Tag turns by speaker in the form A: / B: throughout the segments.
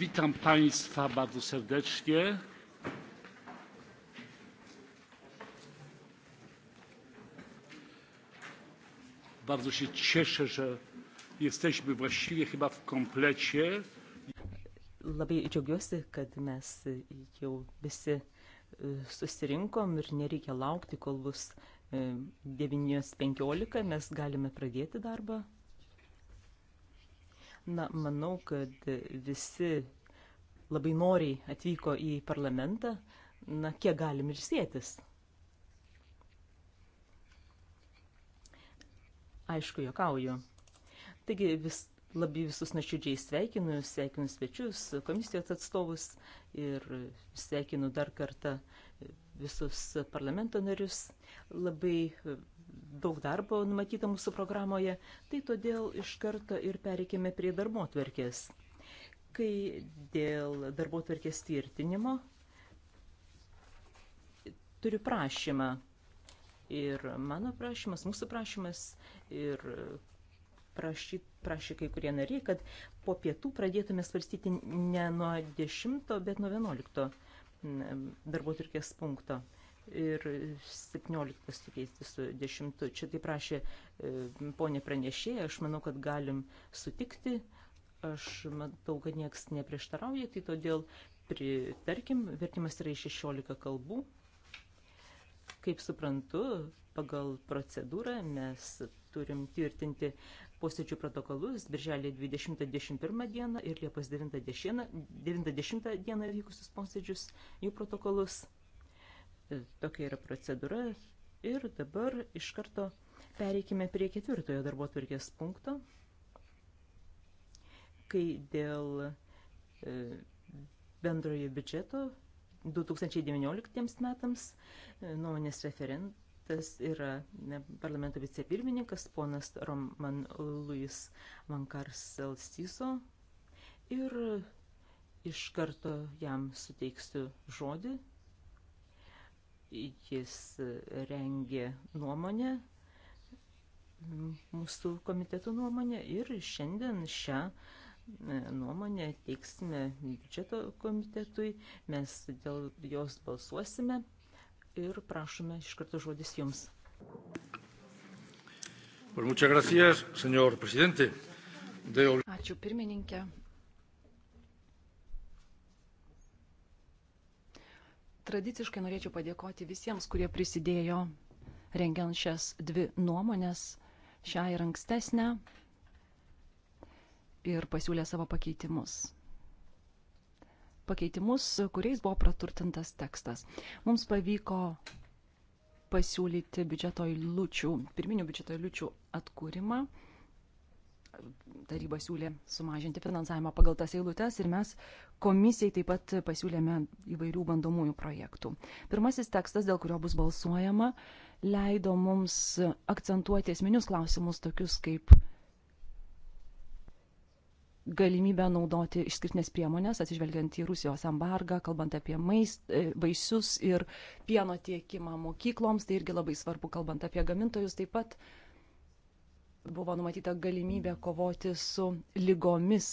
A: witam państwa bardzo serdecznie bardzo się cieszę że jesteśmy właściwie chyba w komplecie
B: labai džiaugiuosi kad mes jau visi e, susirinkom ir nereikia laukti kol bus e, devynios penkiolika mes galime pradėti darbą Na, manau, kad visi labai noriai atvyko į parlamentą. Na, kiek galim ir sėtis? Aišku, jokauju. Taigi vis, labai visus nuoširdžiai sveikinu, sveikinu svečius, komisijos atstovus ir sveikinu dar kartą visus parlamento narius. Labai daug darbo numatyta mūsų programoje, tai todėl iš karto ir pereikime prie darbo tvarkės. Kai dėl darbo tvarkės tvirtinimo turiu prašymą ir mano prašymas, mūsų prašymas ir prašy, prašy kai kurie nariai, kad po pietų pradėtume svarstyti ne nuo 10, bet nuo 11 darbo tvarkės punkto ir 17 sukeisti su 10. Čia taip prašė e, ponė pranešėja, aš manau, kad galim sutikti, aš matau, kad nieks neprieštarauja, tai todėl pritarkim, vertimas yra iš 16 kalbų. Kaip suprantu, pagal procedūrą mes turim tvirtinti posėdžių protokolus birželį 20-21 dieną ir liepos 90 dieną vykusius posėdžius jų protokolus. E, tokia yra procedūra. Ir dabar iš karto pereikime prie ketvirtojo darbo tvarkės punkto, kai dėl e, bendrojo biudžeto 2019 metams e, nuomonės referentas yra parlamento vicepirmininkas ponas Roman Luis Mankarsel Siso ir iš karto jam suteiksiu žodį Jis rengė nuomonę, mūsų komiteto nuomonę ir šiandien šią e, nuomonę teiksime biudžeto komitetui, mes dėl jos balsuosime ir prašome iš karto žodis jums.
C: Ačiū pirmininkė. Tradiciškai norėčiau padėkoti visiems, kurie prisidėjo rengiant šias dvi nuomonės, šią ir ankstesnę, ir pasiūlė savo pakeitimus pakeitimus, kuriais buvo praturtintas tekstas. Mums pavyko pasiūlyti biudžeto įlučių, pirminių biudžeto įlučių atkūrimą taryba siūlė sumažinti finansavimą pagal tas eilutes ir mes komisijai taip pat pasiūlėme įvairių bandomųjų projektų. Pirmasis tekstas, dėl kurio bus balsuojama, leido mums akcentuoti esminius klausimus tokius kaip galimybę naudoti išskirtinės priemonės, atsižvelgiant į Rusijos embargą, kalbant apie maist, e, vaisius ir pieno tiekimą mokykloms, tai irgi labai svarbu, kalbant apie gamintojus, taip pat uh, buvo numatyta galimybė kovoti su lygomis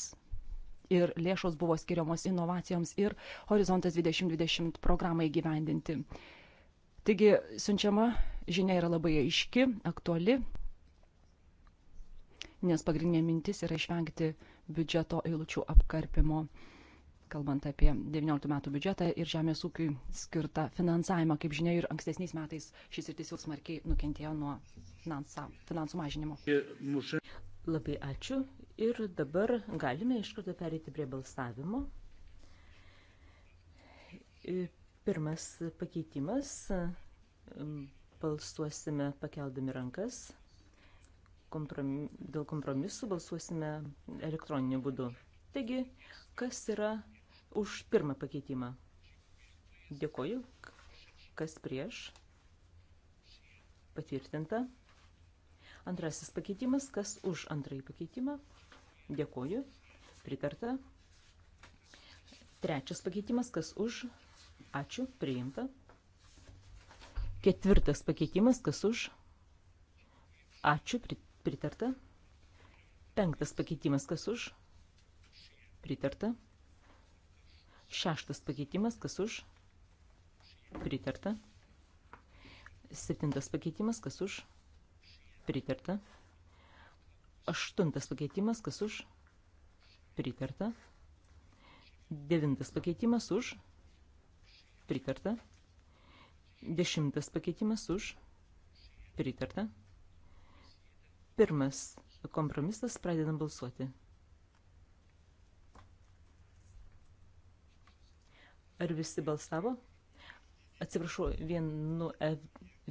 C: ir lėšos buvo skiriamos inovacijoms ir Horizontas 2020 programai gyvendinti. Taigi siunčiama žinia yra labai aiški, aktuali, nes pagrindinė mintis yra išvengti biudžeto eilučių apkarpimo kalbant apie 19 metų biudžetą ir žemės ūkiui skirtą finansavimą. Kaip žinia, ir ankstesniais metais šis rytis jau smarkiai
B: nukentėjo nuo finansą, finansų mažinimo. Labai ačiū. Ir dabar galime iš karto pereiti prie balsavimo. E, pirmas pakeitimas. E, balsuosime pakeldami rankas. Kompromis, dėl kompromisų balsuosime elektroniniu būdu. Taigi, kas yra už pirmą pakeitimą. Dėkoju. Kas prieš? Patvirtinta. Antrasis pakeitimas. Kas už antrąjį pakeitimą? Dėkoju. Pritarta. Trečias pakeitimas. Kas už? Ačiū. Priimta. Ketvirtas pakeitimas. Kas už? Ačiū. Pritarta. Penktas pakeitimas. Kas už? Pritarta. Šeštas pakeitimas, kas už? Pritarta. Septintas pakeitimas, kas už? Pritarta. Aštuntas pakeitimas, kas už? Pritarta. Devintas pakeitimas už? Pritarta. Dešimtas pakeitimas už? Pritarta. Pirmas kompromisas, pradedam balsuoti. Ar visi balsavo? Atsiprašau, vienu, nu, e,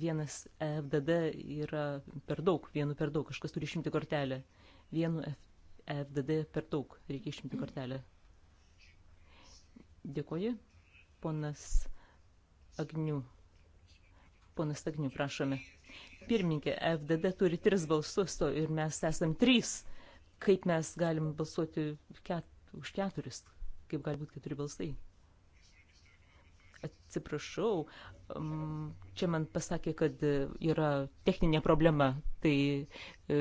B: vienas FDD e yra per daug, vienu per daug, kažkas turi išimti kortelę. Vienu FDD e per daug, reikia išimti kortelę. Dėkoju. Ponas Agnių. Ponas Agnių, prašome. Pirmininkė, FDD turi tris balsus to ir mes esam trys. Kaip mes galim balsuoti ket, už keturis? Kaip galbūt keturi balsai? Atsiprašau, čia man pasakė, kad e, yra techninė problema, tai e,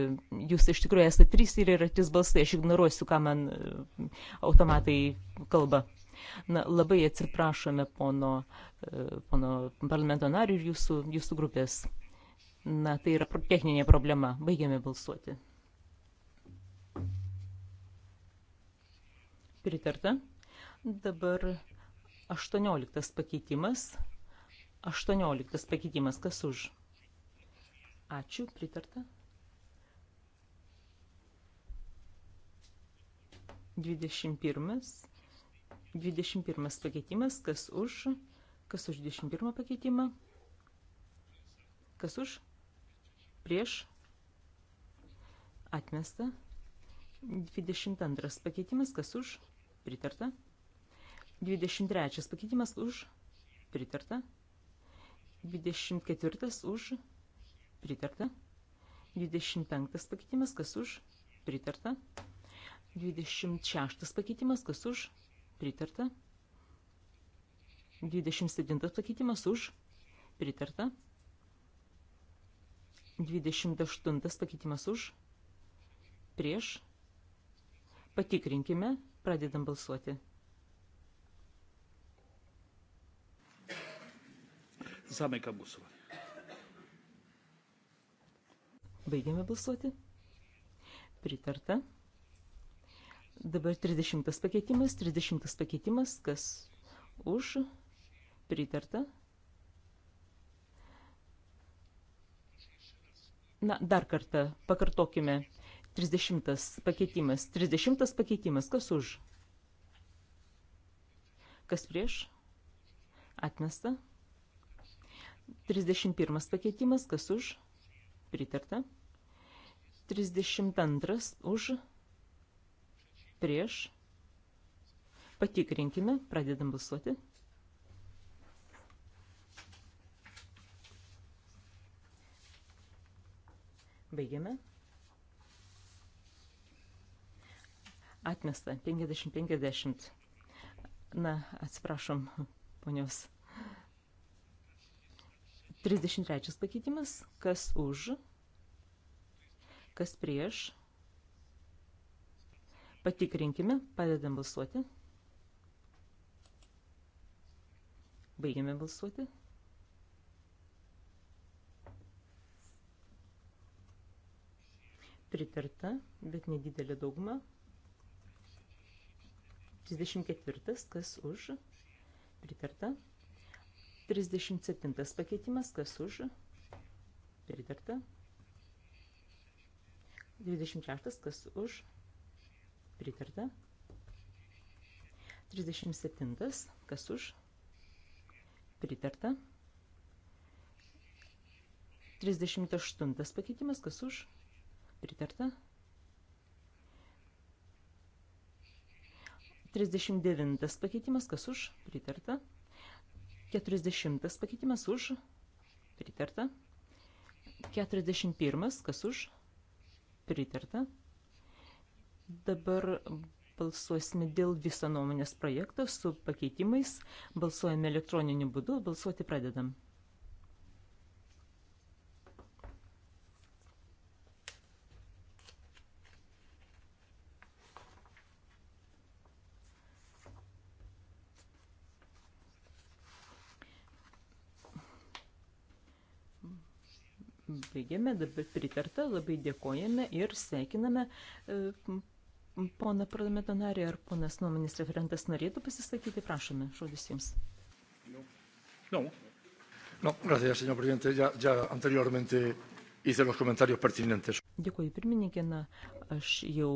B: jūs iš tikrųjų esate trys ir yra trys balsai, aš ignoruosiu, ką man e, automatai kalba. Na, labai atsiprašome pono, pono parlamento narių ir jūsų, jūsų grupės. Na, tai yra techninė problema. Baigiame balsuoti. Pritarta. Dabar 18 pakeitimas. 18 pakeitimas, kas už? Ačiū, pritarta. 21. 21 pakeitimas, kas už? Kas už 21 pakeitimą? Kas už? Prieš? Atmesta. 22 pakeitimas, kas už? Pritarta. 23 pakeitimas už pritarta. 24 už pritarta. 25 pakeitimas kas už pritarta. 26 pakeitimas kas už pritarta. 27 pakeitimas už pritarta. 28 pakeitimas už prieš. Patikrinkime, pradedam balsuoti.
A: Zamykam głosowanie.
B: Baigiame balsuoti. Pritarta. Dabar 30 pakeitimas, 30 pakeitimas, kas už, pritarta. Na, dar kartą pakartokime. 30 pakeitimas, 30 pakeitimas, kas už, kas prieš, atmesta. 31 pakeitimas, kas už, pritarta. 32 už, prieš. Patikrinkime, pradedam balsuoti. Baigiame. Atmesta 50-50. Na, atsiprašom, ponios 33 pakeitimas. Kas už? Kas prieš? Patikrinkime, padedam balsuoti. Baigiame balsuoti. Pritarta, bet nedidelė dauguma. 34. Kas už? Pritarta. 37 pakeitimas, kas už, pritarta. 26, kas už, pritarta. 37, kas už, pritarta. 38 pakeitimas, kas už, pritarta. 39 pakeitimas, kas už, pritarta. 40 pakeitimas už, pritarta. 41, kas už, pritarta. Dabar balsuosime dėl viso nuomonės projekto su pakeitimais. Balsuojame elektroniniu būdu, balsuoti pradedam. baigiame, dabar pritarta, labai dėkojame ir sveikiname e, poną parlamento narį ar ponas nuomonės referentas norėtų pasisakyti, prašome, žodis jums. No.
A: No, gracias, señor presidente. Ya, ya anteriormente hice los comentarios pertinentes.
B: Dėkuoju, pirmininkė, na, aš jau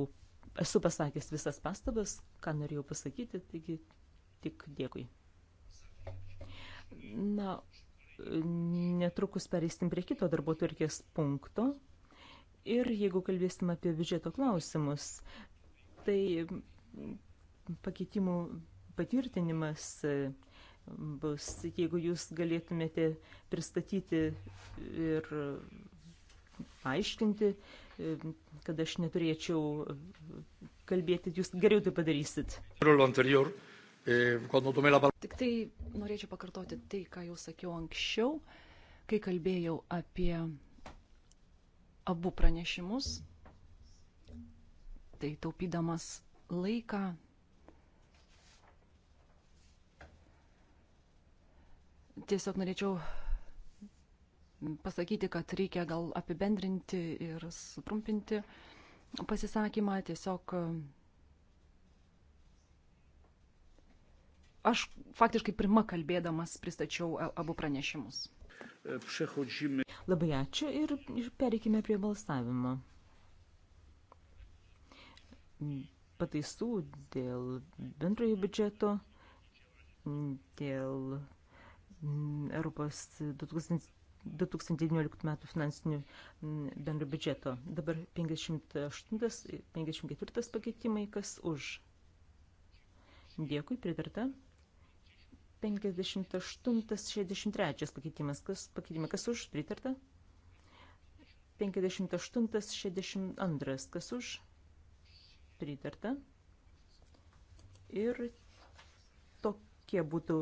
B: esu pasakęs visas pastabas, ką norėjau pasakyti, taigi tik dėkui. Na, Netrukus pereisim prie kito darbo turkės punkto. Ir jeigu kalbėsim apie biudžeto klausimus, tai pakeitimų patvirtinimas e, bus, jeigu jūs galėtumėte pristatyti ir aiškinti, e, kad aš neturėčiau kalbėti, jūs geriau tai padarysit.
A: E, Tik tai
C: norėčiau pakartoti tai, ką jau sakiau anksčiau, kai kalbėjau apie abu pranešimus. Tai taupydamas laiką tiesiog norėčiau pasakyti, kad reikia gal apibendrinti ir sutrumpinti pasisakymą, tiesiog aš faktiškai pirma
B: kalbėdamas pristačiau e, abu pranešimus.
A: E, Priechodžymi.
B: Labai ačiū ir pereikime prie balsavimo. Pataisų dėl bendrojo biudžeto, dėl mm, Europos 2019 metų finansinių mm, bendro biudžeto. Dabar 58-54 pakeitimai, kas už. Dėkui, pritarta. 58-63 pakeitimas. Kas pakeitimai? Kas už? Pritarta. 58-62. Kas už? Pritarta. Ir tokie būtų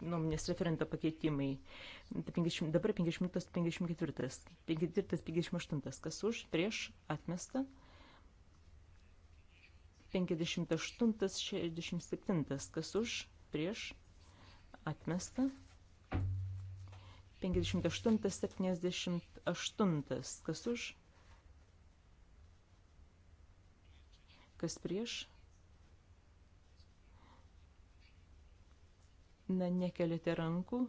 B: nuomonės referento pakeitimai. 50, dabar 50-54. 54-58. Kas už? Prieš? Atmesta. 58-67. Kas už? Prieš? atmesta. 58, 78, kas už, kas prieš. Na, nekeliate rankų,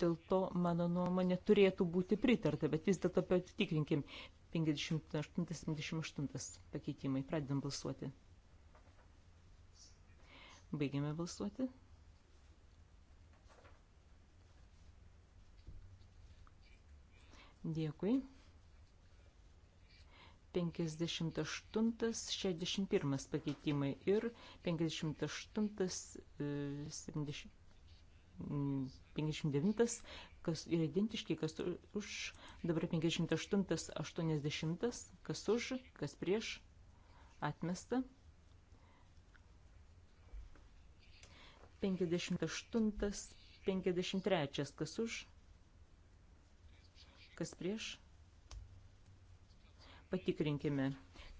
B: dėl to mano nuomonė turėtų būti pritarta, bet vis dėlto patikrinkim 58-78 pakeitimai, pradedam balsuoti. Baigiame balsuoti. Dėkui. 58-61 pakeitimai ir 58-59, e, kas yra identiški, kas už, dabar 58-80, kas už, kas prieš, atmesta. 58-53, kas už, Kas prieš? Patikrinkime.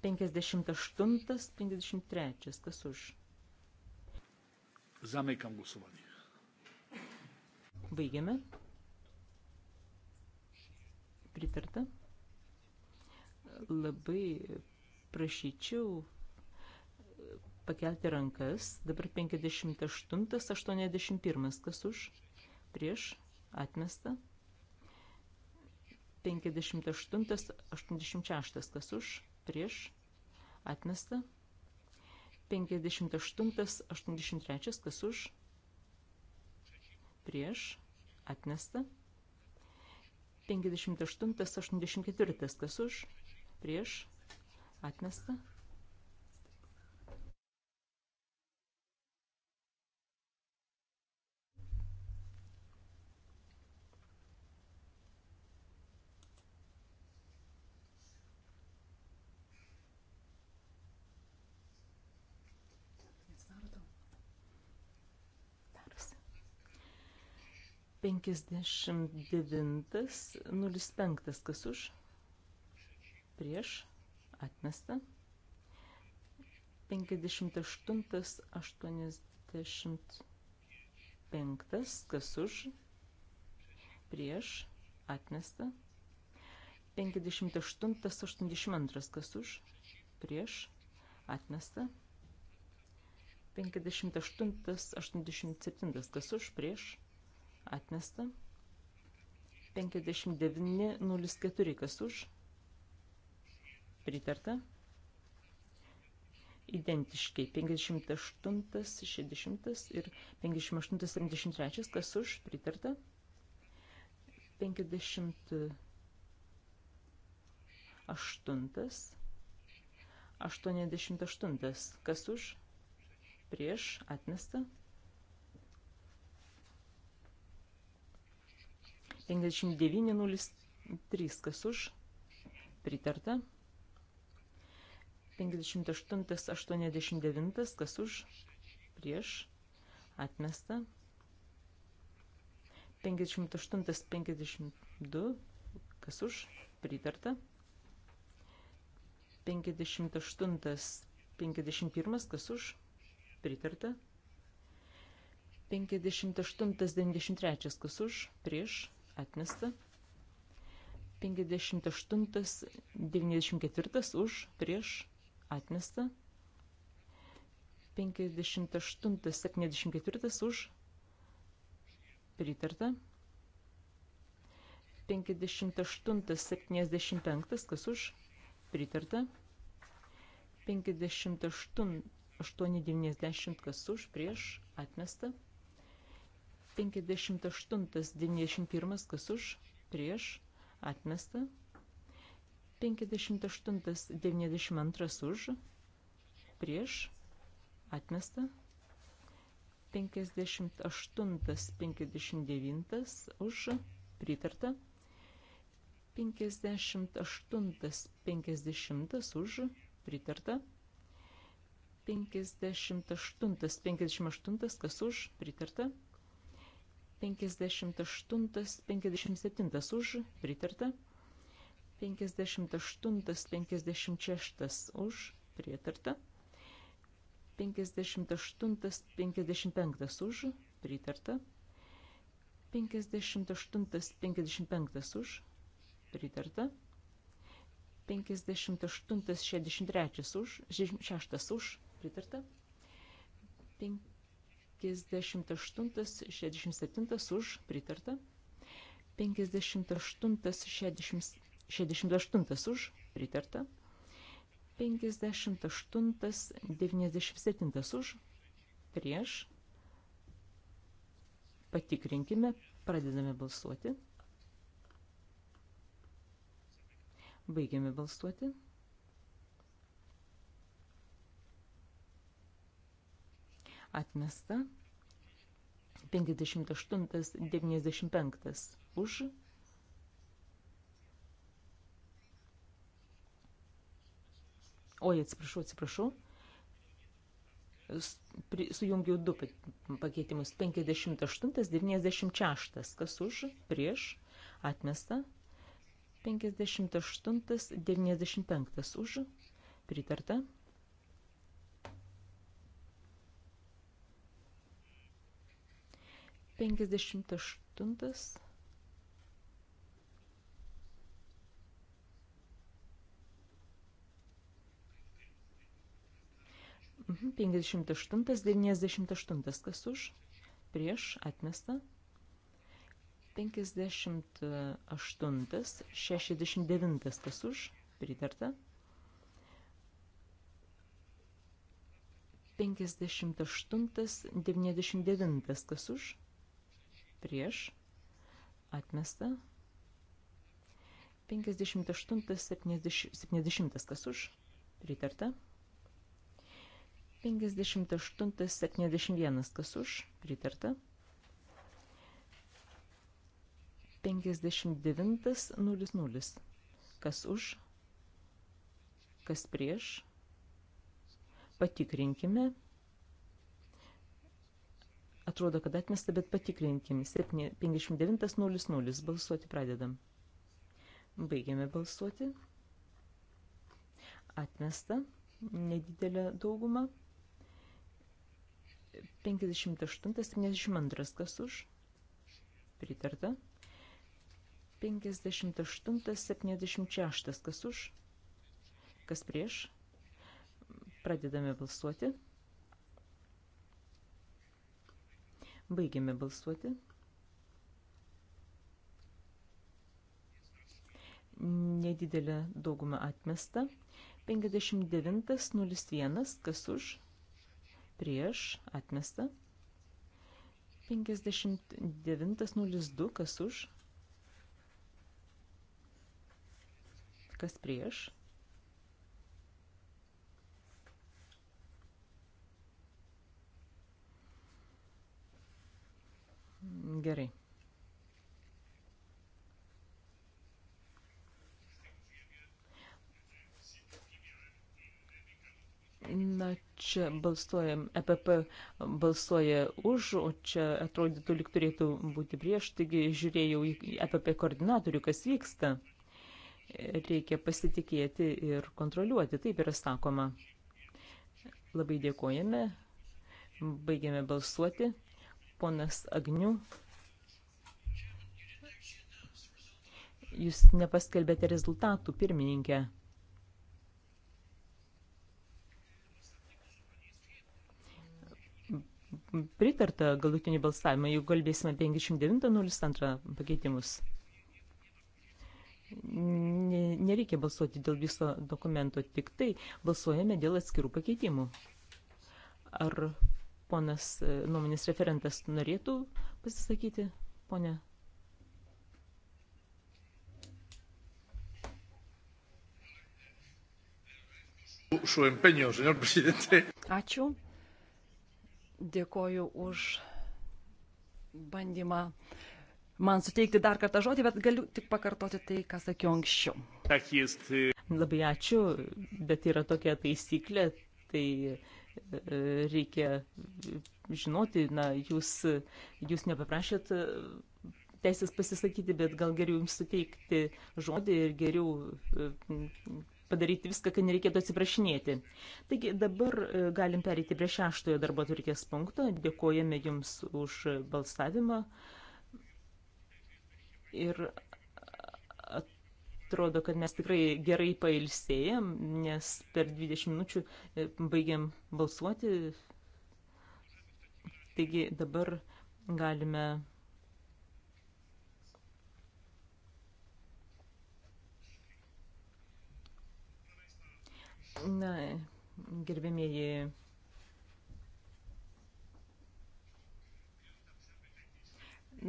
B: 58, 53. Kas už?
A: Zamykam głosowanie.
B: Baigiame. Pritarta. Labai prašyčiau pakelti rankas. Dabar 58, 81. Kas už? Prieš? Atmesta. 58-86, kas už, prieš, atmesta. 58-83, kas už, prieš, atmesta. 58-84, kas už, prieš, atmesta. 59.05. Kas už? Prieš. Atmesta. 58.85. Kas už? Prieš. Atmesta. 58.82. Kas už? Prieš. Atmesta. 58.87. Kas už? Prieš Atmesta. 59.04 kas už. Pritarta. Identiškai 58, 60 ir 58, 73 kas už. Pritarta. 58, 88 kas už. Prieš atmesta. 59.03, kas už, pritarta. 58.89, kas už, prieš, atmesta. 58.52, kas už, pritarta. 58.51, kas už, pritarta. 58.93, kas už, prieš, atmesta. 58, 94 už, prieš, atmesta. 58, 74 už, pritarta. 58, 75 kas už, pritarta. 58, 890 kas už, prieš, atmesta. 58-91, kas už, prieš, atmesta. 58-92 už, prieš, atmesta. 58-59 už, pritarta. 58-50 už, pritarta. 58-58, kas už, pritarta. 58-57 už, pritarta. 58-56 už, pritarta. 58-55 už, pritarta. 58-55 už, pritarta. 58-63 už, 6 už, pritarta. 58, 58-67 už pritarta, 58-68 už pritarta, 58-97 už prieš. Patikrinkime, pradedame balsuoti. Baigiame balsuoti. atmesta. 58-95 už. Oi, atsiprašau, atsiprašau. Sujungiau du pakeitimus. 58-96. Kas už? Prieš. Atmesta. 58-95 už. Pritarta. 58. Mhm, 58, 98, kas už, prieš, atmesta. 58, 69, kas už, pritarta. 58, 99, kas už, prieš, atmesta. 58, 70, 70 kas už, pritarta. 58, 71 kas už, pritarta. 59.00. Kas už, kas prieš. Patikrinkime. Atrodo, kad atmesta, bet patikrinkim. 59.00. Balsuoti pradedam. Baigiame balsuoti. Atmesta. Nedidelė dauguma. 58.72. Kas už? Pritarta. 58.76. Kas už? Kas prieš? Pradedame balsuoti. Baigėme balsuoti. Nedidelė dauguma atmesta. 59.01. Kas už? Prieš atmesta. 59.02. Kas už? Kas prieš? Gerai. Na, čia balsuojam, EPP balsuoja už, o čia atrodytų lik turėtų būti prieš, taigi žiūrėjau į EPP koordinatorių, kas vyksta. Reikia pasitikėti ir kontroliuoti, taip yra sakoma. Labai dėkojame, baigiame balsuoti. Ponas Agnių jūs nepaskelbėte rezultatų pirmininkė. Pritarta galutinį balsavimą, jeigu kalbėsime 59.02 pakeitimus. Nereikia balsuoti dėl viso dokumento, tik tai balsuojame dėl atskirų pakeitimų. Ar ponas e, nuomonės referentas norėtų pasisakyti, ponė?
A: Su empeño, señor presidente.
C: Ačiū. Dėkoju už bandymą man suteikti dar kartą žodį, bet galiu tik pakartoti tai, ką sakiau anksčiau.
B: Labai ačiū, bet yra tokia taisyklė, tai e, reikia žinoti, na, jūs, jūs nepaprašėt e, teisės pasisakyti, bet gal geriau jums suteikti žodį ir geriau e, padaryti viską, kad nereikėtų atsiprašinėti. Taigi dabar e, galim perėti prie šeštojo darbo turkės punkto. Dėkojame Jums už balsavimą. Ir atrodo, kad mes tikrai gerai pailsėjom, nes per 20 minučių e, baigiam balsuoti. Taigi dabar galime Na, gerbėmėji.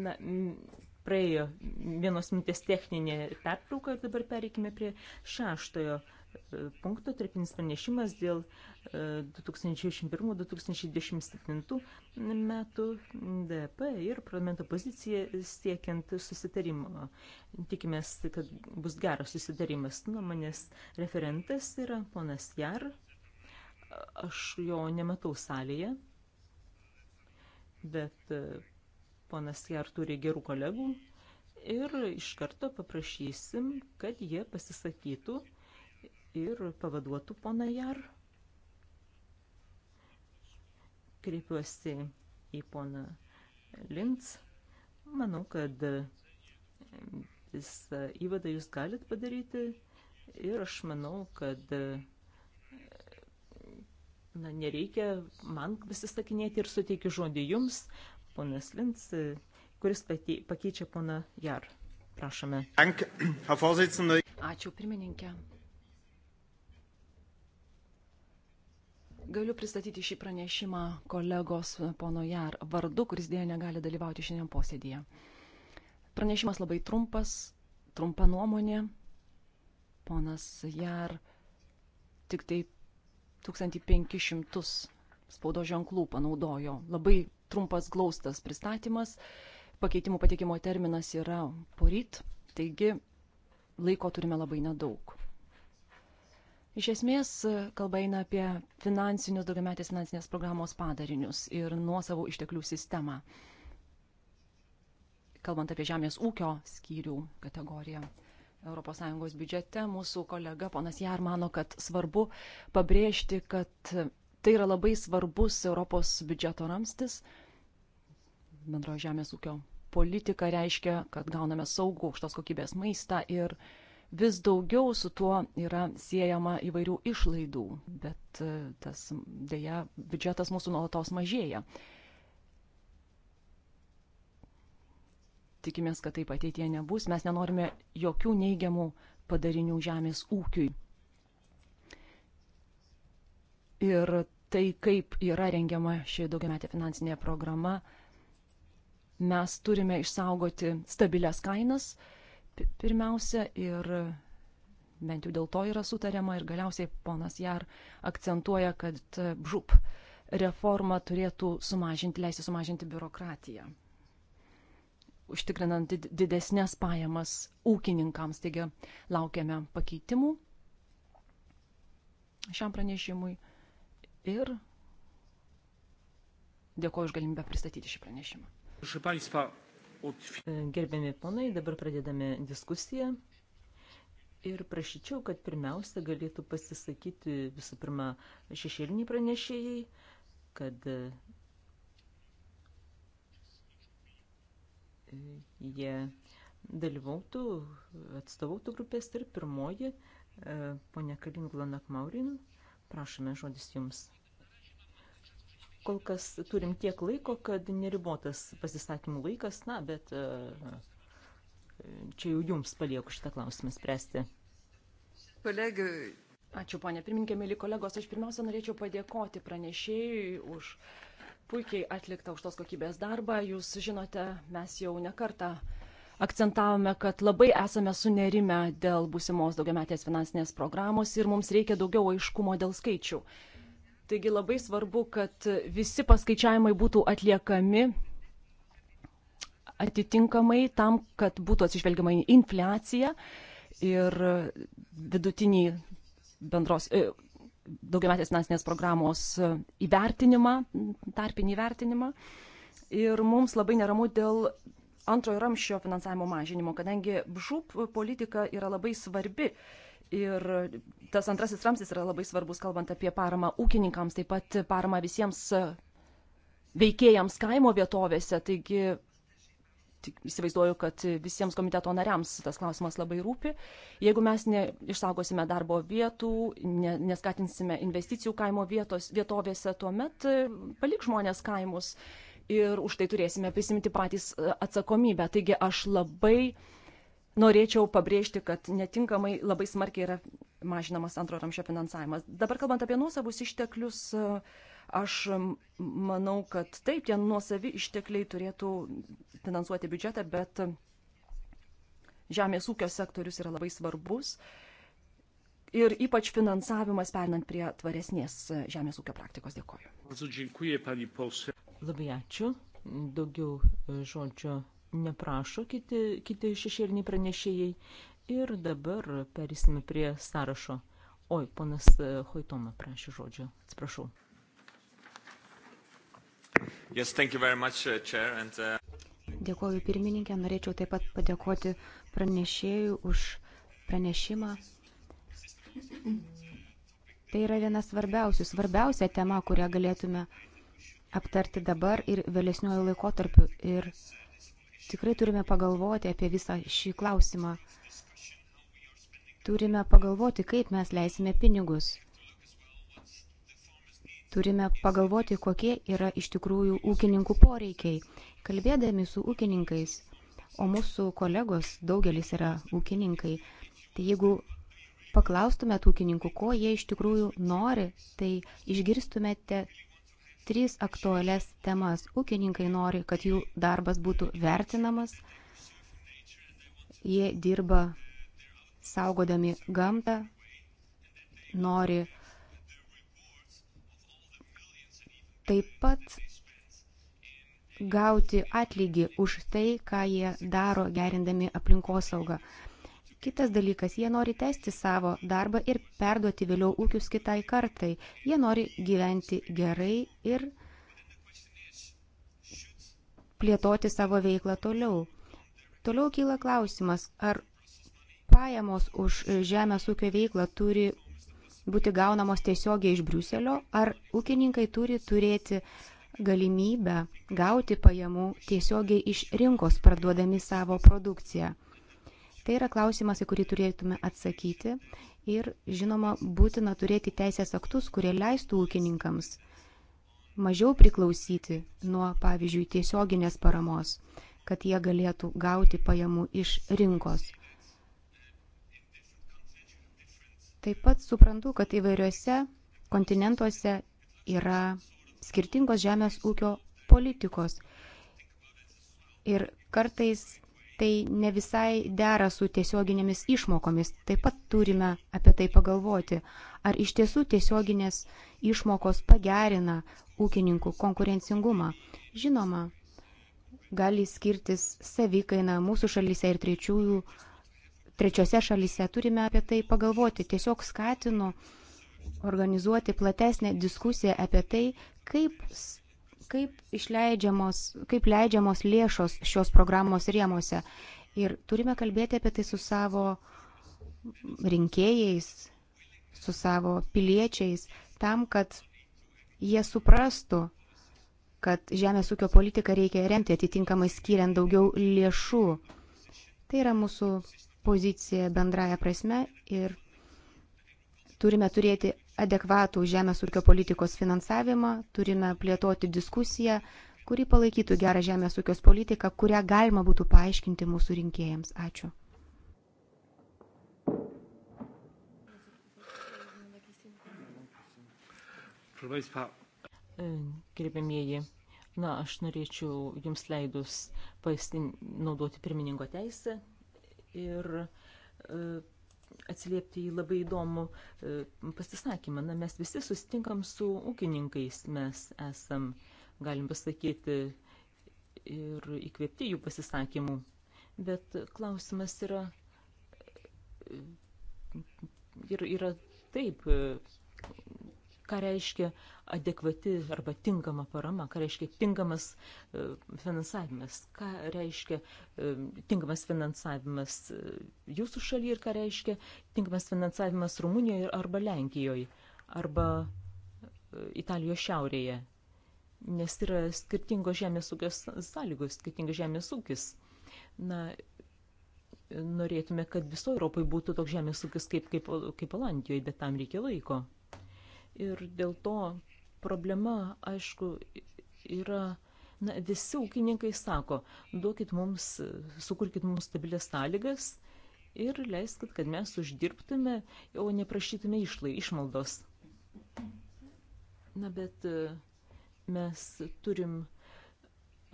B: Na, praėjo vienos minutės techninė pertrauka ir dabar pereikime prie šeštojo punkto tarpinis pranešimas dėl 2021-2027 e, metų DP ir parlamento poziciją siekiant susitarimo. Tikimės, kad bus geras susitarimas. Nuomonės referentas yra ponas Jar. Aš jo nematau salėje, bet e, ponas Jar turi gerų kolegų. Ir iš karto paprašysim, kad jie pasisakytų ir pavaduotų poną Jar. Kreipiuosi į poną Linz. Manau, kad visą įvadą jūs galit padaryti ir aš manau, kad na, nereikia man pasistakinėti ir suteikiu žodį jums, ponas Lins, kuris patei, pakeičia poną Jar. Prašome. Ačiū, pirmininkė.
C: Galiu pristatyti šį pranešimą kolegos pono Jar vardu, kuris dėja negali dalyvauti šiandien posėdėje. Pranešimas labai trumpas, trumpa nuomonė. Ponas Jar tik tai 1500 spaudo ženklų panaudojo. Labai trumpas glaustas pristatymas. Pakeitimų patikimo terminas yra poryt, taigi laiko turime labai nedaug. Iš esmės, kalba eina apie finansinius daugiametės finansinės programos padarinius ir nuosavų išteklių sistemą. Kalbant apie žemės ūkio skyrių kategoriją ES biudžete, mūsų kolega ponas Jar mano, kad svarbu pabrėžti, kad tai yra labai svarbus Europos biudžeto ramstis. Bendro žemės ūkio politika reiškia, kad gauname saugų aukštos kokybės maistą ir uh, vis daugiau su tuo yra siejama įvairių išlaidų, bet e, tas dėja biudžetas mūsų nuolatos mažėja. Tikimės, kad taip ateitie nebus, mes nenorime jokių neigiamų padarinių žemės ūkiui. Ir tai, kaip yra rengiama ši daugiametė finansinė programa, mes turime išsaugoti stabilias kainas, uh, pirmiausia ir bent jau dėl to yra sutariama ir galiausiai ponas Jar akcentuoja, kad BŽUP reforma turėtų sumažinti, leisti sumažinti biurokratiją, užtikrinant didesnės pajamas ūkininkams. Taigi laukiame pakeitimų šiam pranešimui
B: ir dėkoju už galimybę pristatyti šį pranešimą. Proszę Państwa, Gerbiami ponai, dabar pradedame diskusiją. Ir prašyčiau, kad pirmiausia galėtų pasisakyti visų pirma šešėliniai pranešėjai, kad e, jie dalyvautų, atstovautų grupės ir pirmoji, e, ponia Kalingla Nakmaurin, prašome žodis jums kol kas turim tiek laiko, kad neribotas pasisakymų laikas, na, bet e, čia jau jums palieku šitą klausimą spręsti.
C: Kolegai. Ačiū, ponė pirmininkė, mėly kolegos. Aš pirmiausia norėčiau padėkoti pranešėjui už puikiai atliktą aukštos kokybės darbą. Jūs žinote, mes jau nekartą akcentavome, kad labai esame sunerime dėl būsimos daugiametės finansinės programos ir mums reikia daugiau aiškumo dėl skaičių. Taigi labai svarbu, kad visi paskaičiavimai būtų atliekami atitinkamai tam, kad būtų atsižvelgiama į infliaciją ir vidutinį bendros e, daugiametės finansinės programos įvertinimą, tarpinį įvertinimą. Ir mums labai neramu dėl antrojo ramščio finansavimo mažinimo, kadangi BŽUP politika yra labai svarbi Ir tas antrasis ramstis yra labai svarbus, kalbant apie paramą ūkininkams, taip pat paramą visiems e, veikėjams kaimo vietovėse. Taigi įsivaizduoju, kad visiems komiteto nariams tas klausimas labai rūpi. Jeigu mes neišsaugosime darbo vietų, ne, neskatinsime investicijų kaimo vietos, vietovėse, tuomet e, palik žmonės kaimus ir už tai turėsime prisimti patys e, atsakomybę. Taigi aš labai uh, norėčiau pabrėžti, kad netinkamai labai smarkiai yra mažinamas antro ramšio finansavimas. Dabar kalbant apie nuosavus išteklius, aš manau, kad taip, tie nuosavi ištekliai turėtų finansuoti biudžetą, bet žemės ūkio sektorius yra labai svarbus. Ir ypač finansavimas pernant prie tvaresnės
B: žemės ūkio praktikos. Dėkoju. Labai ačiū. Daugiau žodžio neprašo kiti, kiti šešėliniai pranešėjai. Ir dabar perėsime prie sąrašo. Oi, ponas e, Hoitoma prašė žodžio. Atsiprašau. Yes, much, uh, chair, and, uh...
D: Dėkoju pirmininkė, norėčiau taip pat padėkoti pranešėjui už pranešimą. Tai yra viena svarbiausių, svarbiausia tema, kurią galėtume aptarti dabar ir vėlesniuoju laikotarpiu. Ir uh, Tikrai turime pagalvoti apie visą šį klausimą. Turime pagalvoti, kaip mes leisime pinigus. Turime pagalvoti, kokie yra iš tikrųjų ūkininkų poreikiai. Kalbėdami su ūkininkais, o mūsų kolegos daugelis yra ūkininkai, tai jeigu paklaustumėt ūkininkų, ko jie iš tikrųjų nori, tai išgirstumėte tris aktualias temas. Ūkininkai nori, kad jų darbas būtų vertinamas. Jie dirba saugodami gamtą, nori taip pat gauti atlygį už tai, ką jie daro gerindami aplinkosaugą. saugą Kitas dalykas, jie nori tęsti savo darbą ir perduoti vėliau ūkius kitai kartai. Jie nori gyventi gerai ir plėtoti savo veiklą toliau. Toliau kyla klausimas, ar pajamos už žemės ūkio veiklą turi būti gaunamos tiesiogiai iš Briuselio, ar ūkininkai turi turėti galimybę gauti pajamų tiesiogiai iš rinkos parduodami savo produkciją. Tai yra klausimas, į kurį turėtume atsakyti ir, žinoma, būtina turėti teisės aktus, kurie leistų ūkininkams mažiau priklausyti nuo, pavyzdžiui, tiesioginės paramos, kad jie galėtų gauti pajamų iš rinkos. Taip pat suprantu, kad įvairiuose kontinentuose yra skirtingos žemės ūkio politikos. Ir kartais tai ne visai dera su tiesioginėmis išmokomis. Taip pat turime apie tai pagalvoti, ar iš tiesų tiesioginės išmokos pagerina ūkininkų konkurencingumą. Žinoma, gali skirtis savikaina mūsų šalyse ir trečiųjų, trečiose šalyse. Turime apie tai pagalvoti. Tiesiog skatinu organizuoti platesnę diskusiją apie tai, kaip kaip išleidžiamos, kaip leidžiamos lėšos šios programos rėmose. Ir turime kalbėti apie tai su savo rinkėjais, su savo piliečiais, tam, kad jie suprastų, kad žemės ūkio politiką reikia remti atitinkamai skiriant daugiau lėšų. Tai yra mūsų pozicija bendraja prasme ir turime turėti adekvatų žemės ūkio politikos finansavimą, turime plėtoti diskusiją, kuri palaikytų gerą žemės ūkios politiką, kurią galima būtų paaiškinti mūsų rinkėjams. Ačiū.
B: E, Gerbėmieji, na, aš norėčiau jums leidus naudoti pirmininko teisę ir e, atsiliepti į labai įdomų e, pasisakymą. Na, mes visi sustinkam su ūkininkais, mes esam, galim pasakyti, ir įkvėpti jų pasisakymų. Bet klausimas yra, yra, e, yra taip, ką reiškia adekvati arba tinkama parama, ką reiškia tinkamas e, finansavimas, ką reiškia e, tinkamas finansavimas e, jūsų šalyje ir ką reiškia tinkamas finansavimas Rumunijoje arba Lenkijoje arba Italijos šiaurėje. Nes yra skirtingos žemės ūkio sąlygos, skirtingas žemės ūkis. Na, norėtume, kad viso Europai būtų toks žemės ūkis kaip, kaip, kaip Olandijoje, bet tam reikia laiko. Ir dėl to problema, aišku, yra, na, visi ūkininkai sako, duokit mums, sukurkit mums stabilias sąlygas ir leiskit, kad mes uždirbtume, o neprašytume išlai, išmaldos. Na, bet e, mes turim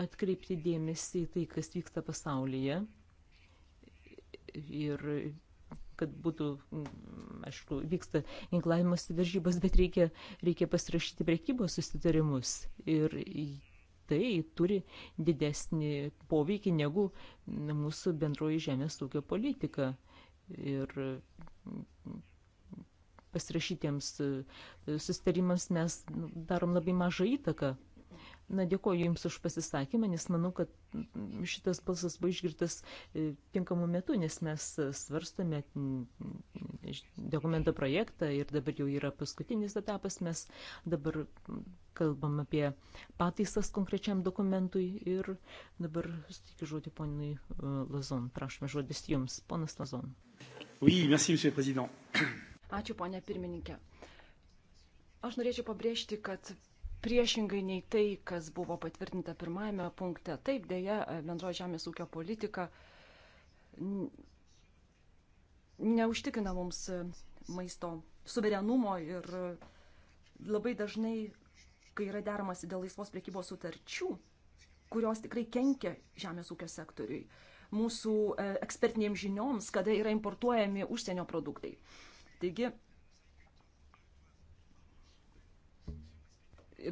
B: atkreipti dėmesį į tai, kas vyksta pasaulyje ir kad būtų, aišku, vyksta ginklavimas varžybos, bet reikia, reikia pasirašyti prekybos susitarimus. Ir tai turi didesnį poveikį negu mūsų bendroji žemės ūkio politika. Ir pasirašytiems e, susitarimams mes nu, darom labai mažą įtaką. Na, dėkoju Jums už pasisakymą, nes manau, kad šitas balsas buvo išgirtas e, tinkamu metu, nes mes e, svarstome dokumento projektą ir dabar jau yra paskutinis etapas, mes dabar kalbam apie pataisas konkrečiam dokumentui ir dabar sutikiu žodį ponui e, Lazon. Prašome žodis Jums, ponas Lazon.
A: Oui, merci,
C: Ačiū, ponė pirmininkė. Aš norėčiau pabrėžti, kad priešingai nei tai, kas buvo patvirtinta pirmajame punkte. Taip, dėja, bendroji žemės ūkio politika neužtikina mums maisto suverenumo ir labai dažnai, kai yra deramasi dėl laisvos priekybos sutarčių, kurios tikrai kenkia žemės ūkio sektoriui, mūsų e, ekspertinėms žinioms, kada yra importuojami užsienio produktai. Taigi,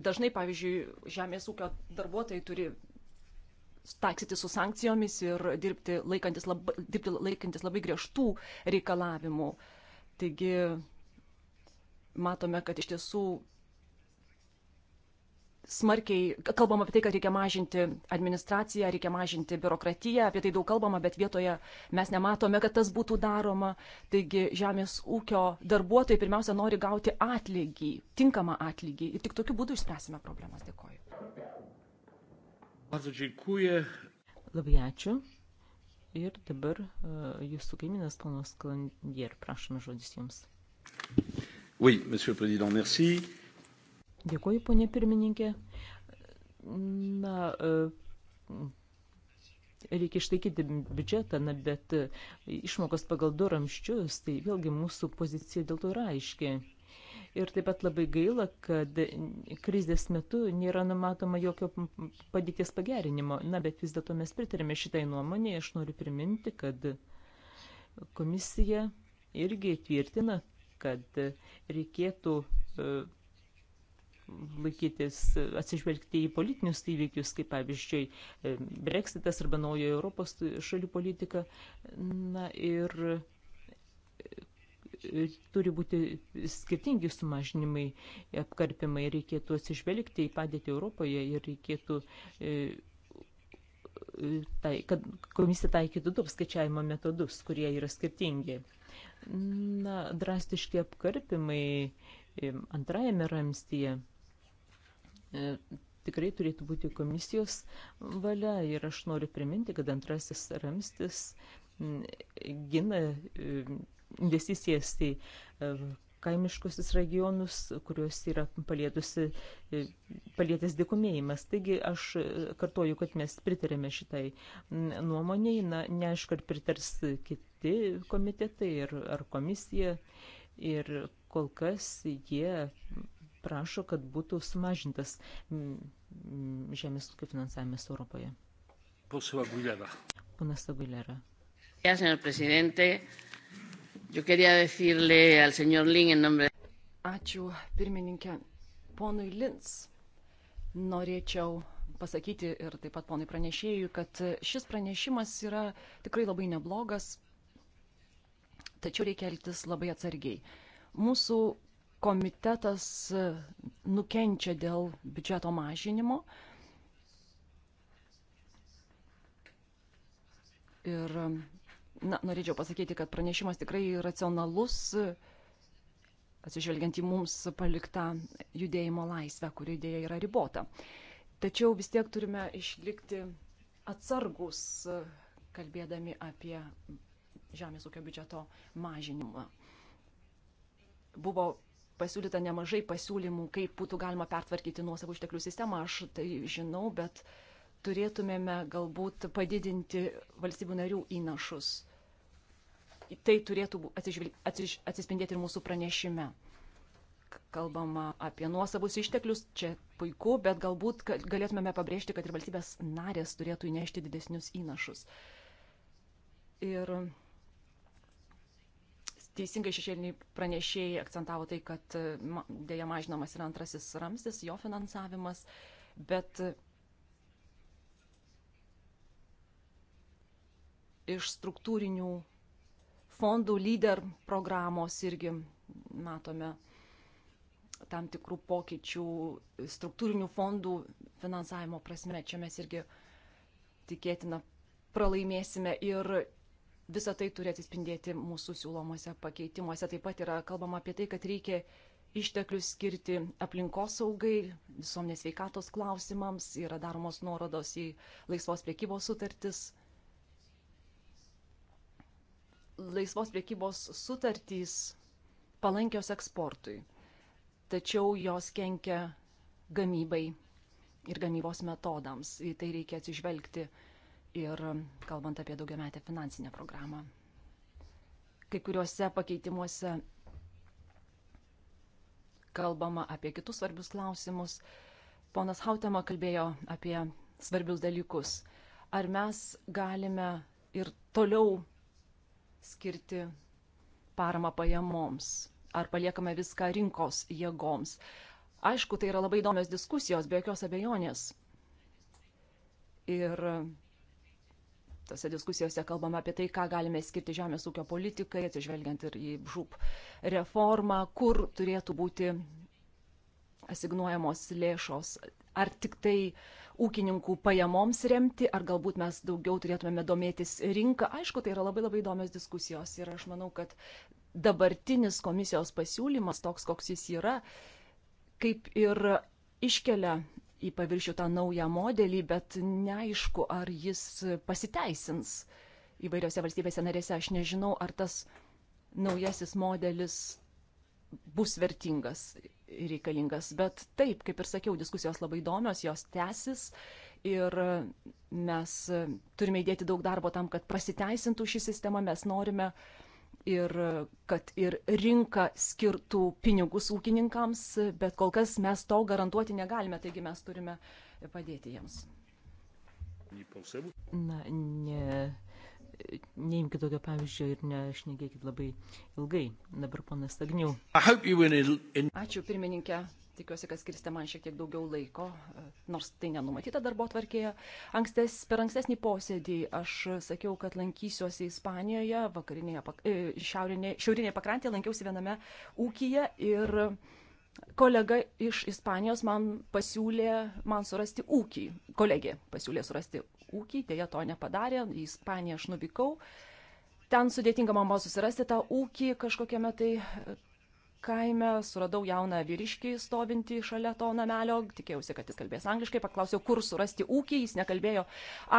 C: dažnai, pavyzdžiui, žemės ūkio darbuotojai turi taksyti su sankcijomis ir dirbti laikantis labai, dirbti laikantis labai griežtų reikalavimų. Taigi matome, kad iš tiesų smarkiai kalbama apie tai, kad reikia mažinti administraciją, reikia mažinti biurokratiją, apie tai daug kalbama, bet vietoje mes nematome, kad tas būtų daroma. Taigi žemės ūkio darbuotojai pirmiausia nori gauti atlygį, tinkamą atlygį
B: ir tik tokiu būdu išspręsime problemas. Dėkoju. Labai ačiū. Ir dabar e, jūsų kaiminas ponas Klandier, prašome žodis jums.
A: Oui, monsieur le président, merci. Euh,
B: Dėkuoju, ponė pirmininkė. Na, e, reikia išlaikyti biudžetą, na, bet e, išmokos pagal du ramščius, tai vėlgi mūsų pozicija dėl to yra aiški. Ir taip pat labai gaila, kad krizės metu nėra numatoma jokio padėties pagerinimo. Na, bet vis dėlto mes pritarėme šitai nuomonė. Aš noriu priminti, kad komisija irgi tvirtina, kad reikėtų e, laikytis, atsižvelgti į politinius įvykius, kaip pavyzdžiui e, Brexitas arba naujojo Europos šalių politika. Na ir e, e, turi būti skirtingi sumažinimai, apkarpimai, reikėtų atsižvelgti į padėtį Europoje ir reikėtų, tai, kad komisija taikytų du apskaičiavimo metodus, kurie yra skirtingi. Na, drastiški apkarpimai antrajame ramstyje E, tikrai turėtų būti komisijos valia ir aš noriu priminti, kad antrasis ramstis gina e, investicijas į e, kaimiškusis regionus, kuriuos yra palėtusi, palėtęs dėkumėjimas. Taigi aš kartuoju, kad mes pritarėme šitai nuomonėjai, na, neaišku, ar pritars kiti komitetai ir, ar komisija. Ir kol kas jie prašo, kad būtų sumažintas žemės ūkio finansavimas Europoje.
A: Ponas
B: Aguilera. Ačiū, pirmininkė.
C: Ponui Lins norėčiau pasakyti ir taip pat ponui pranešėjui, kad šis pranešimas yra tikrai labai neblogas, tačiau reikia elgtis labai atsargiai. Mūsų komitetas e, nukenčia dėl biudžeto mažinimo. Ir na, norėčiau pasakyti, kad pranešimas tikrai racionalus, e, atsižvelgiant į mums paliktą judėjimo laisvę, kuri idėja yra ribota. Tačiau vis tiek turime išlikti atsargus, e, kalbėdami apie žemės ūkio biudžeto mažinimą. Buvo pasiūlyta nemažai pasiūlymų, kaip būtų galima pertvarkyti nuosavų išteklių sistemą, aš tai žinau, bet turėtumėme galbūt padidinti valstybių narių įnašus. Tai turėtų atsižvelg... atsiž... atsispindėti ir mūsų pranešime. Kalbama apie nuosavus išteklius, čia puiku, bet galbūt galėtumėme pabrėžti, kad ir valstybės narės turėtų įnešti didesnius įnašus. Ir teisingai šešėliniai pranešėjai akcentavo tai, kad e, dėja mažinamas yra antrasis ramstis, jo finansavimas, bet e, iš struktūrinių fondų lyder programos irgi matome tam tikrų pokyčių struktūrinių fondų finansavimo prasme. Čia mes irgi tikėtina pralaimėsime ir Visą tai turi atsispindėti mūsų siūlomuose pakeitimuose. Taip pat yra kalbama apie tai, kad reikia išteklius skirti aplinkosaugai, visuomenės veikatos klausimams, yra daromos nuorodos į laisvos priekybos sutartis. Laisvos priekybos sutartys palankios eksportui, tačiau jos kenkia gamybai ir gamybos metodams. Į tai reikia atsižvelgti ir kalbant apie daugiametę finansinę programą. Kai kuriuose pakeitimuose kalbama apie kitus svarbius klausimus. Ponas Hautema kalbėjo apie svarbius dalykus. Ar mes galime ir toliau skirti paramą pajamoms? Ar paliekame viską rinkos jėgoms? Aišku, tai yra labai įdomios diskusijos, be jokios abejonės. Ir tose diskusijose kalbama apie tai, ką galime skirti žemės ūkio politikai, atsižvelgiant ir į žūp reformą, kur turėtų būti asignuojamos lėšos. Ar tik tai ūkininkų pajamoms remti, ar galbūt mes daugiau turėtumėme domėtis rinką. Aišku, tai yra labai labai įdomios diskusijos ir aš manau, kad dabartinis komisijos pasiūlymas, toks koks jis yra, kaip ir iškelia į paviršių tą naują modelį, bet neaišku, ar jis pasiteisins įvairiose valstybėse narėse. Aš nežinau, ar tas naujasis modelis bus vertingas ir reikalingas. Bet taip, kaip ir sakiau, diskusijos labai įdomios, jos tęsis ir mes turime įdėti daug darbo tam, kad prasiteisintų ši sistema. Mes norime uh, ir kad ir rinka skirtų pinigus ūkininkams, bet kol kas mes to garantuoti negalime, taigi mes turime padėti jiems.
B: Na, ne, neimkite tokio pavyzdžio ir nešnekėkit labai ilgai. Dabar ponas Agniau. Ačiū
C: pirmininkė. Tikiuosi, kad skirsite man šiek tiek daugiau laiko, e, nors tai nenumatyta darbo tvarkėje. Ankstes, per ankstesnį posėdį aš sakiau, kad lankysiuosi Ispanijoje, vakarinėje, e, šiaurinėje, šiaurinėje pakrantėje, lankiausi viename ūkyje ir kolega iš Ispanijos man pasiūlė man surasti ūkį. Kolegė pasiūlė surasti ūkį, dėja to nepadarė, į Ispaniją aš nuvykau. Ten sudėtinga man buvo susirasti tą ūkį kažkokiame tai kaime, suradau jauną vyriškį stovintį šalia to namelio, tikėjausi, kad jis kalbės angliškai, paklausiau, kur surasti ūkį, jis nekalbėjo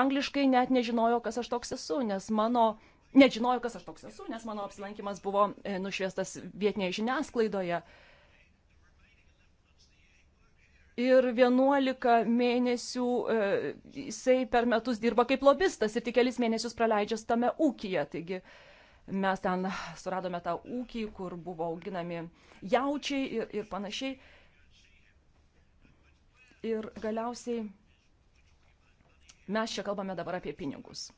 C: angliškai, net nežinojo, kas aš toks esu, nes mano, nežinojo, kas aš toks esu, nes mano apsilankimas buvo e, nušviestas vietinėje žiniasklaidoje. Ir 11 mėnesių e, jisai per metus dirba kaip lobistas ir tik kelis mėnesius praleidžia tame ūkyje. Taigi, uh, Mes ten suradome tą ūkį, kur buvo auginami jaučiai ir, ir panašiai. Ir galiausiai mes čia kalbame dabar apie pinigus.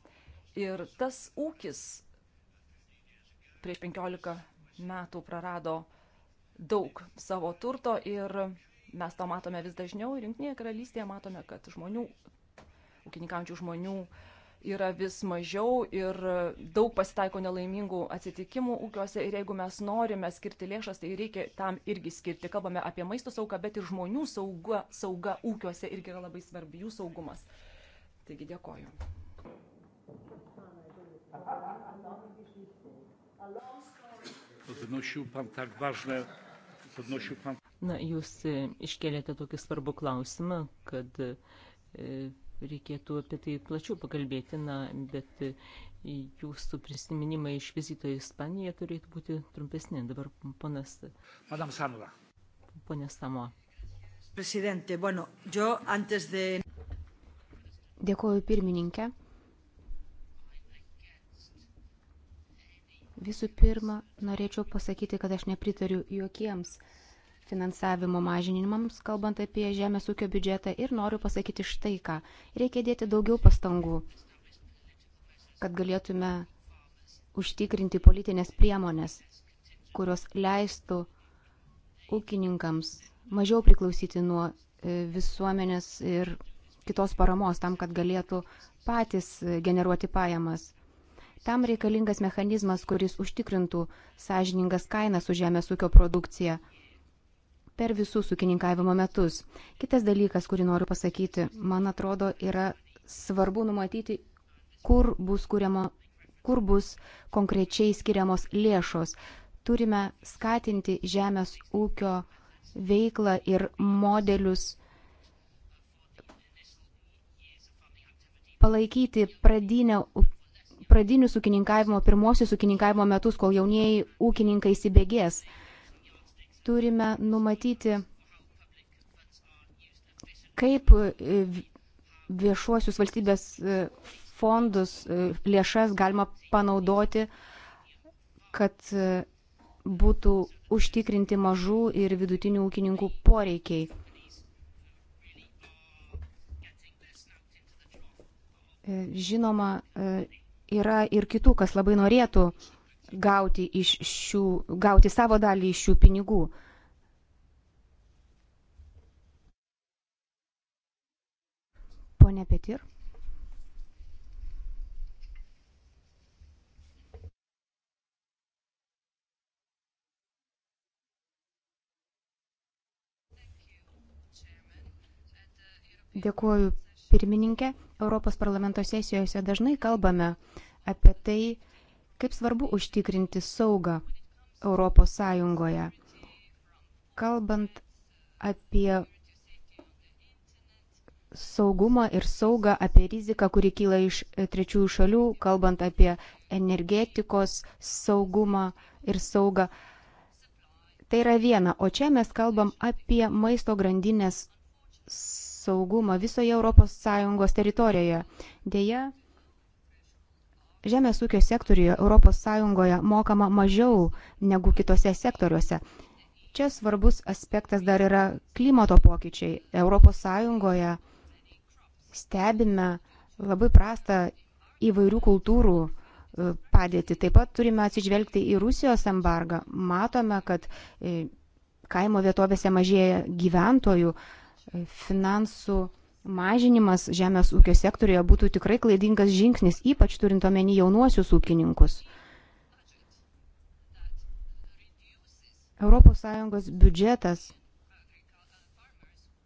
C: Ir tas ūkis prieš 15 metų prarado daug savo turto ir mes to matome vis dažniau ir Junktinėje karalystėje matome, kad žmonių, ūkininkaujančių žmonių uh, yra vis mažiau ir daug pasitaiko nelaimingų atsitikimų ūkiuose ir jeigu mes norime skirti lėšas, tai reikia tam irgi skirti. Kalbame apie maisto saugą, bet ir žmonių sauga, sauga ūkiuose irgi yra labai svarbi, jų saugumas. Taigi dėkoju.
B: Na, jūs iškėlėte tokį svarbų klausimą, kad e, reikėtų apie tai plačiau pakalbėti, na, bet jūsų prisiminimai iš vizito į Ispaniją turėtų būti trumpesni. Dabar ponas. Madam Sanova. Pone Samo.
C: Presidente, bueno, yo antes de.
D: Dėkuoju pirmininkė. Visų pirma, norėčiau pasakyti, kad aš nepritariu jokiems uh, finansavimo mažinimams, kalbant apie žemės ūkio biudžetą ir noriu pasakyti štai ką. Reikia dėti daugiau pastangų, kad galėtume užtikrinti politinės priemonės, kurios leistų ūkininkams mažiau priklausyti nuo e, visuomenės ir kitos paramos tam, kad galėtų patys e, generuoti pajamas. Tam reikalingas mechanizmas, kuris užtikrintų sąžiningas kainas už žemės ūkio produkciją per visus ūkininkavimo metus. Kitas dalykas, kurį noriu pasakyti, man atrodo, yra svarbu numatyti, kur bus, kuriama, kur bus konkrečiai skiriamos lėšos. Turime skatinti žemės ūkio veiklą ir modelius palaikyti pradinę, pradinius ūkininkavimo, pirmosius ūkininkavimo metus, kol jaunieji ūkininkai įsibėgės turime numatyti, kaip e, viešuosius valstybės e, fondus, e, lėšas galima panaudoti, kad būtų užtikrinti mažų ir vidutinių ūkininkų poreikiai. Žinoma, yra ir kitų, kas labai norėtų gauti, šių, gauti savo dalį iš šių pinigų. Pone Petir. Dėkuoju pirmininkė. Europos parlamento sesijose dažnai kalbame apie tai, Kaip svarbu užtikrinti saugą Europos Sąjungoje. Kalbant apie saugumą ir saugą, apie riziką, kuri kyla iš e, trečiųjų šalių, kalbant apie energetikos saugumą ir saugą. Tai yra viena, o čia mes kalbam apie maisto grandinės saugumą visoje ES teritorijoje. Deja, žemės ūkio sektoriuje ES mokama mažiau negu kitose sektoriuose. Čia svarbus aspektas dar yra klimato pokyčiai. ES stebime labai prastą įvairių kultūrų e, padėtį. Taip pat turime atsižvelgti į Rusijos embargą. Matome, kad e, kaimo vietovėse mažėja gyventojų, e, finansų mažinimas žemės ūkio sektorioje būtų tikrai klaidingas žingsnis, ypač turint omeny jaunuosius ūkininkus. ES biudžetas,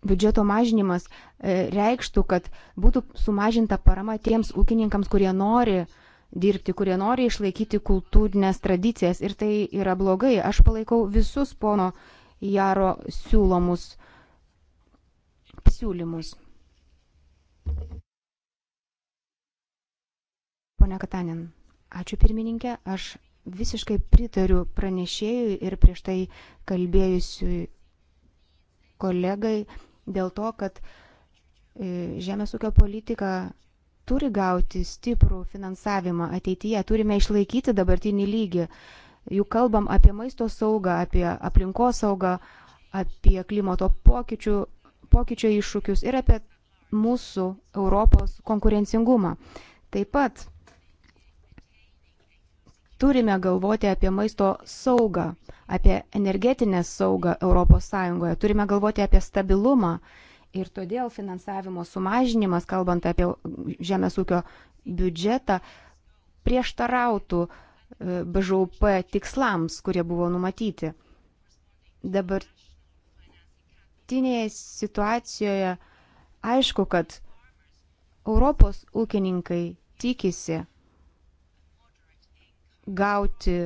D: biudžeto mažinimas e, reikštų, kad būtų sumažinta parama tiems ūkininkams, kurie nori dirbti, kurie nori išlaikyti kultūrinės tradicijas. Ir tai yra blogai. Aš palaikau visus pono Jaro siūlomus siūlymus. Pone Katanin, ačiū pirmininkė. Aš visiškai pritariu pranešėjui ir prieš tai kalbėjusiui kolegai dėl to, kad e, žemės ūkio politika turi gauti stiprų finansavimą ateityje, turime išlaikyti dabartinį lygį. Juk kalbam apie maisto saugą, apie aplinkos saugą, apie klimato pokyčių, pokyčio iššūkius ir apie mūsų Europos konkurencingumą. Taip pat turime galvoti apie maisto saugą, apie energetinę saugą ES, turime galvoti apie stabilumą ir todėl finansavimo sumažinimas, kalbant apie žemės ūkio biudžetą, prieštarautų e, BŽUP tikslams, kurie buvo numatyti. Dabartinėje situacijoje Aišku, kad Europos ūkininkai tikisi gauti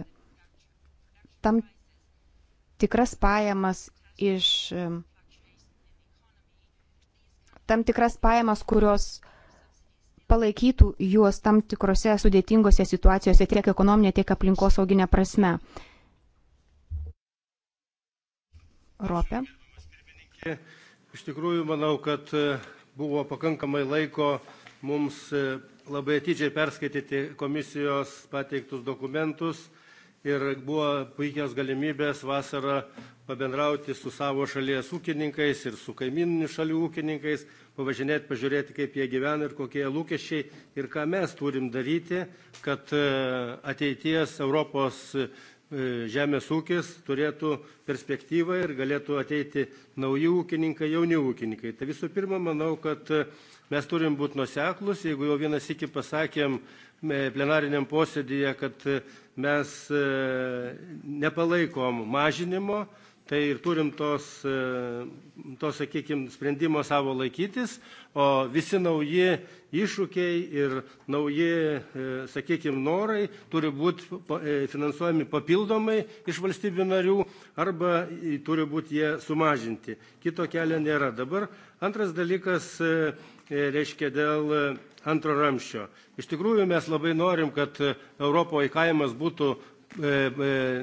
D: tam tikras pajamas iš tam tikras pajamas, kurios palaikytų juos tam tikrose sudėtingose situacijose tiek ekonominė, tiek aplinkosauginė prasme. Ropė.
A: Iš tikrųjų, manau, kad e, buvo pakankamai laiko mums e, labai atidžiai perskaityti komisijos pateiktus dokumentus ir buvo puikios galimybės vasarą pabendrauti su savo šalies ūkininkais ir su kaimininių šalių ūkininkais, pavažinėti, pažiūrėti, kaip jie gyvena ir kokie lūkesčiai ir ką mes turim daryti, kad e, ateities Europos E, žemės ūkis turėtų perspektyvą ir galėtų ateiti nauji ūkininkai, jauni ūkininkai. Tai visų pirma, manau, kad e, mes turim būti nuseklus, jeigu jau vienas iki pasakėm e, plenariniam posėdėje, kad mes nepalaikom mažinimo, tai ir turim tos, e, tos sakykime, sprendimo savo laikytis, o visi nauji iššūkiai ir nauji, e, sakykime, norai turi būti e, finansuojami papildomai iš valstybių narių arba turi būti jie sumažinti. Kito kelio nėra. Dabar antras dalykas, reiškia, dėl antro ramščio. Iš tikrųjų, mes labai norim, kad Europoje kaimas būtų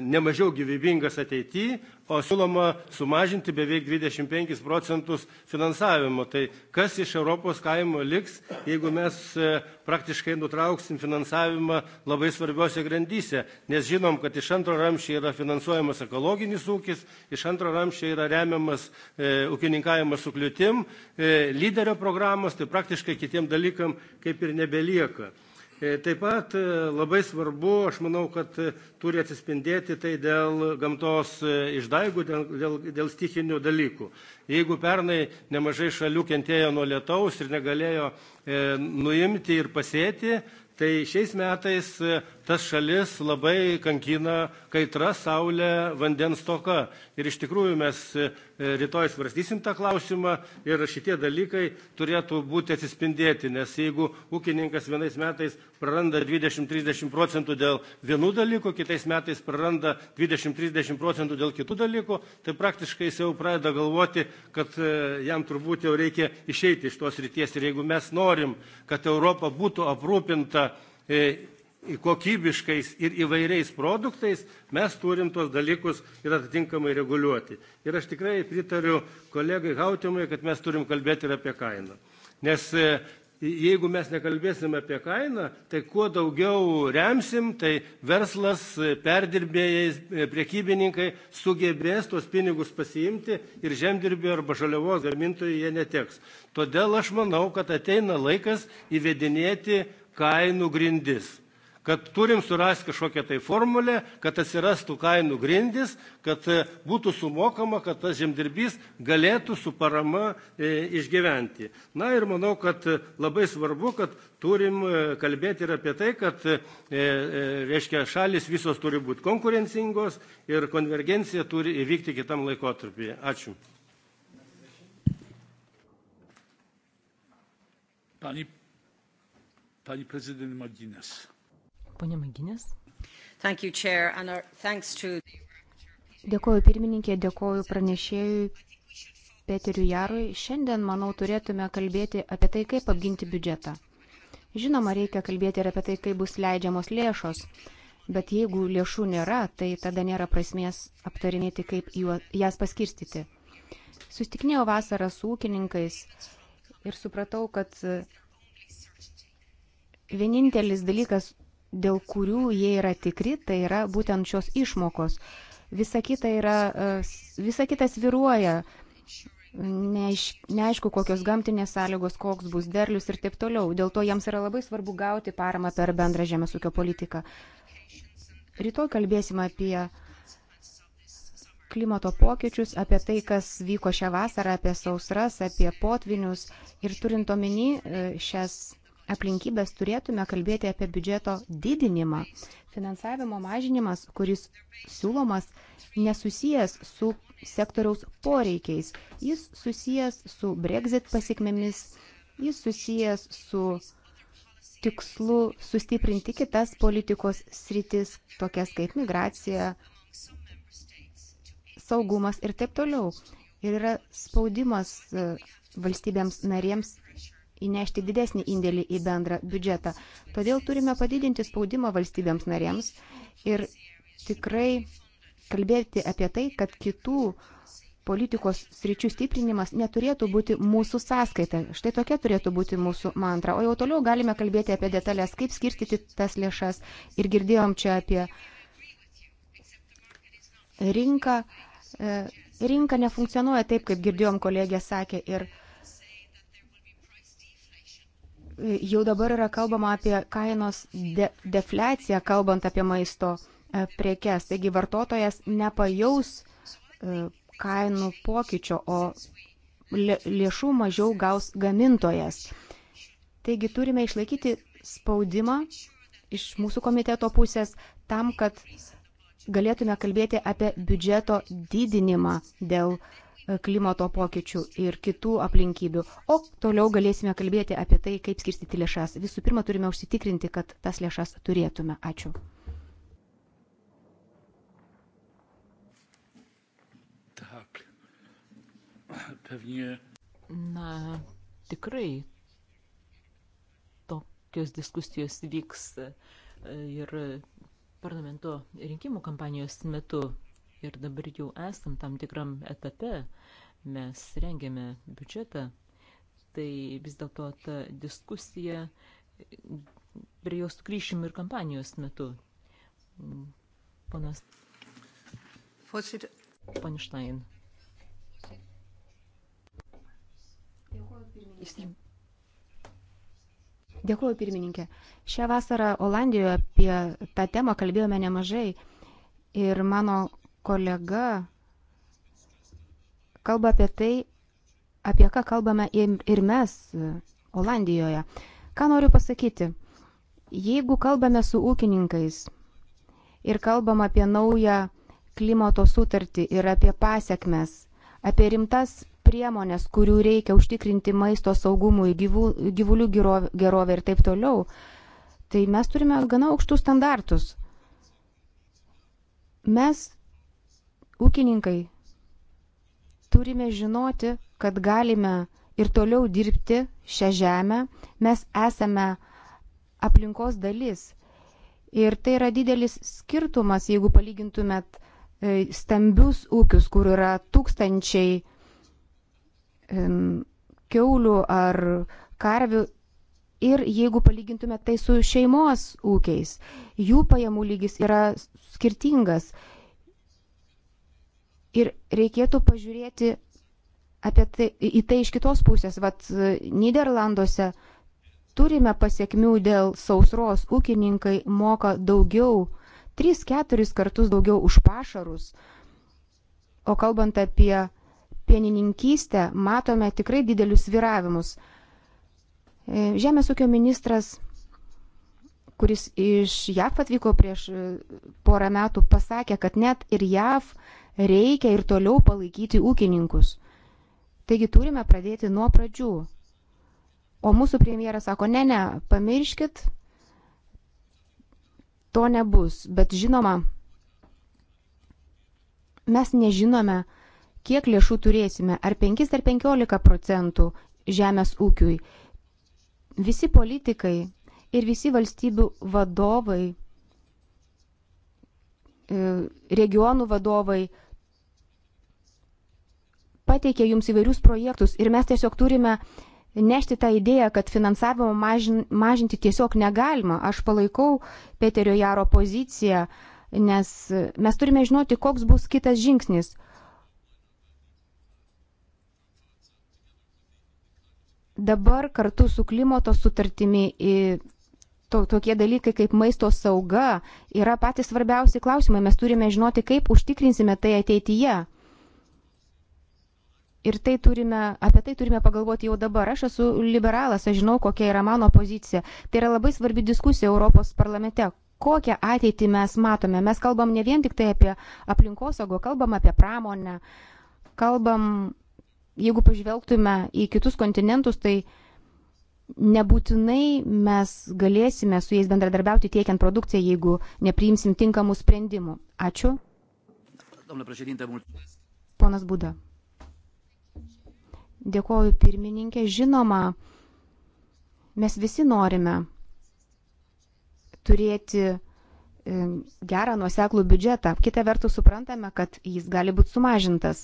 A: nemažiau gyvybingas ateityje, o siūloma sumažinti beveik 25 procentus finansavimo. Tai kas iš Europos kaimo liks, jeigu mes e, praktiškai nutrauksim finansavimą labai svarbiose grandyse, nes žinom, kad iš antro ramščiai yra finansuojamas ekologinis ūkis, iš antro ramščiai yra remiamas e, ūkininkavimas su kliūtim, e, lyderio programos, tai praktiškai kitiem dalykam kaip ir nebelieka. E, taip pat e, labai svarbu, aš manau, kad e, turi atsispindėti tai dėl gamtos išdaigų, dėl, dėl, dėl stichinių dalykų. Jeigu pernai nemažai šalių kentėjo nuo lietaus ir negalėjo e, nuimti ir pasėti, tai šiais metais tas šalis labai kankina kaitra, saulė, vandens toka. Ir iš tikrųjų mes e, rytoj svarstysim tą klausimą ir šitie dalykai turėtų būti atsispindėti, nes jeigu ūkininkas vienais metais praranda 20-30 procentų dėl vienų dalykų, kitais metais praranda 20-30 procentų dėl kitų dalykų, tai praktiškai jis jau pradeda galvoti, kad e, jam turbūt jau reikia išeiti iš tos ryties. Ir jeigu mes norim, kad Europa būtų aprūpinta e, kokybiškais ir įvairiais produktais mes turim tuos dalykus ir atitinkamai reguliuoti. Ir aš tikrai pritariu kolegai Hautimui, kad mes turim kalbėti ir apie kainą. Nes e, jeigu mes nekalbėsim apie kainą, tai kuo daugiau remsim, tai verslas, e, perdirbėjai, e, priekybininkai sugebės tuos pinigus pasiimti ir žemdirbio arba žaliavos gamintojai jie neteks. Todėl aš manau, kad ateina laikas įvedinėti kainų grindis kad turim surasti kažkokią tai formulę, kad atsirastų kainų grindis, kad e, būtų sumokama, kad tas žemdirbys galėtų su parama e, išgyventi. Na ir manau, kad e, labai svarbu, kad turim kalbėti ir apie tai, kad reiškia, šalis visos turi būti konkurencingos ir konvergencija turi įvykti kitam laikotarpyje. Ačiū. Pani, pani prezydent Maginas.
D: Pone Maginės.
A: Uh,
D: dėkoju pirmininkė, dėkoju pranešėjui Peteriu Jarui. Šiandien, manau, turėtume kalbėti apie tai, kaip apginti biudžetą. Žinoma, reikia kalbėti ir apie tai, kaip bus leidžiamos lėšos, bet jeigu lėšų nėra, tai tada nėra prasmės aptarinėti, kaip jas paskirstyti. Sustiknėjau vasarą su ūkininkais ir supratau, kad vienintelis dalykas, dėl kurių jie yra tikri, tai yra būtent šios išmokos. Visa kita, yra, e, visa kita sviruoja, neaiš, neaišku, kokios gamtinės sąlygos, koks bus derlius ir taip toliau. Dėl to jiems yra labai svarbu gauti paramą per bendrą žemės ūkio politiką. Rytoj kalbėsime apie klimato pokyčius, apie tai, kas vyko šią vasarą, apie sausras, apie potvinius ir turint omeny e, šias aplinkybės turėtume kalbėti apie biudžeto didinimą. Finansavimo mažinimas, kuris siūlomas, nesusijęs su sektoriaus poreikiais. Jis susijęs su Brexit pasiekmėmis, jis susijęs su tikslu sustiprinti kitas politikos sritis, tokias kaip migracija, saugumas ir taip toliau. Ir yra spaudimas e, valstybėms narėms įnešti didesnį indėlį į bendrą biudžetą. Todėl turime padidinti spaudimą valstybėms narėms ir tikrai kalbėti apie tai, kad kitų politikos sričių stiprinimas neturėtų būti mūsų sąskaita. Štai tokia turėtų būti mūsų mantra. O jau toliau galime kalbėti apie detalės, kaip skirstyti tas lėšas. Ir girdėjom čia apie rinką. E, rinka nefunkcionuoja taip, kaip girdėjom kolegė sakė. Ir Jau dabar yra kalbama apie kainos de defliaciją, kalbant apie maisto e, prekes. Taigi vartotojas nepajaus e, kainų pokyčio, o lėšų mažiau gaus gamintojas. Taigi turime išlaikyti spaudimą iš mūsų komiteto pusės tam, kad galėtume kalbėti apie biudžeto didinimą dėl uh, klimato pokyčių ir kitų aplinkybių. O toliau galėsime kalbėti apie tai, kaip skirstyti lėšas. Visų pirma, turime užsitikrinti, kad tas lėšas turėtume. Ačiū.
A: Tak. Pewnie.
B: Na, tikrai tokios diskusijos vyks e, ir parlamento rinkimų kampanijos metu ir dabar jau esam tam tikram etape, mes rengiame biudžetą, tai vis dėlto ta diskusija prie jos grįšim ir kampanijos metu. Ponas.
D: Pane Štain. Dėkuoju pirmininkė. Šią vasarą Olandijoje apie tą temą kalbėjome nemažai ir mano kolega kalba apie tai, apie ką kalbame ir mes e, Olandijoje. Ką noriu pasakyti? Jeigu kalbame su ūkininkais ir kalbam apie naują klimato sutartį ir apie pasiekmes, apie rimtas priemonės, kurių reikia užtikrinti maisto saugumui, gyvų, gyvulių gerovę ir taip toliau, tai mes turime gana aukštus standartus. Mes, ūkininkai, turime žinoti, kad galime ir toliau dirbti šią žemę, mes esame aplinkos dalis. Ir tai yra didelis skirtumas, jeigu palygintumėt e, stambius ūkius, kur yra tūkstančiai keulių ar karvių ir jeigu palygintume tai su šeimos ūkiais, jų pajamų lygis yra skirtingas Ir reikėtų pažiūrėti apie tai, į tai iš kitos pusės. Vat e, Niderlanduose turime pasiekmių dėl sausros, ūkininkai moka daugiau, 3-4 kartus daugiau už pašarus. O kalbant apie pienininkystę, matome tikrai didelius sviravimus. E, Žemės ūkio ministras, kuris iš JAF atvyko prieš e, porą metų, pasakė, kad net ir JAF uh, reikia ir toliau palaikyti ūkininkus. Taigi turime pradėti nuo pradžių. O mūsų premjeras sako, ne, ne, pamirškit, to nebus. Bet žinoma, mes nežinome, kiek lėšų turėsime, ar 5 ar 15 procentų žemės ūkiui. Visi politikai ir visi valstybių vadovai, e, regionų vadovai pateikė jums įvairius projektus ir mes tiesiog turime nešti tą idėją, kad finansavimo mažin, mažinti tiesiog negalima. Aš palaikau Peterio Jaro poziciją, nes mes turime žinoti, koks bus kitas žingsnis. Dabar kartu su klimato sutartimi to, tokie dalykai kaip maisto sauga yra patys svarbiausi klausimai. Mes turime žinoti, kaip užtikrinsime tai ateityje. Ir tai turime, apie tai turime pagalvoti jau dabar. Aš esu liberalas, aš žinau, kokia yra mano pozicija. Tai yra labai svarbi diskusija Europos parlamente. Kokią ateitį mes matome? Mes kalbam ne vien tik tai apie aplinkosaugą, kalbam apie pramonę, kalbam, jeigu pažvelgtume į kitus kontinentus, tai nebūtinai mes galėsime su jais bendradarbiauti tiekiant produkciją, jeigu nepriimsim tinkamų sprendimų. Ačiū. Ponas Būda. Dėkoju pirmininkė. Žinoma, mes visi norime turėti e, gerą nuoseklų biudžetą. Kita vertus suprantame, kad jis gali būti sumažintas.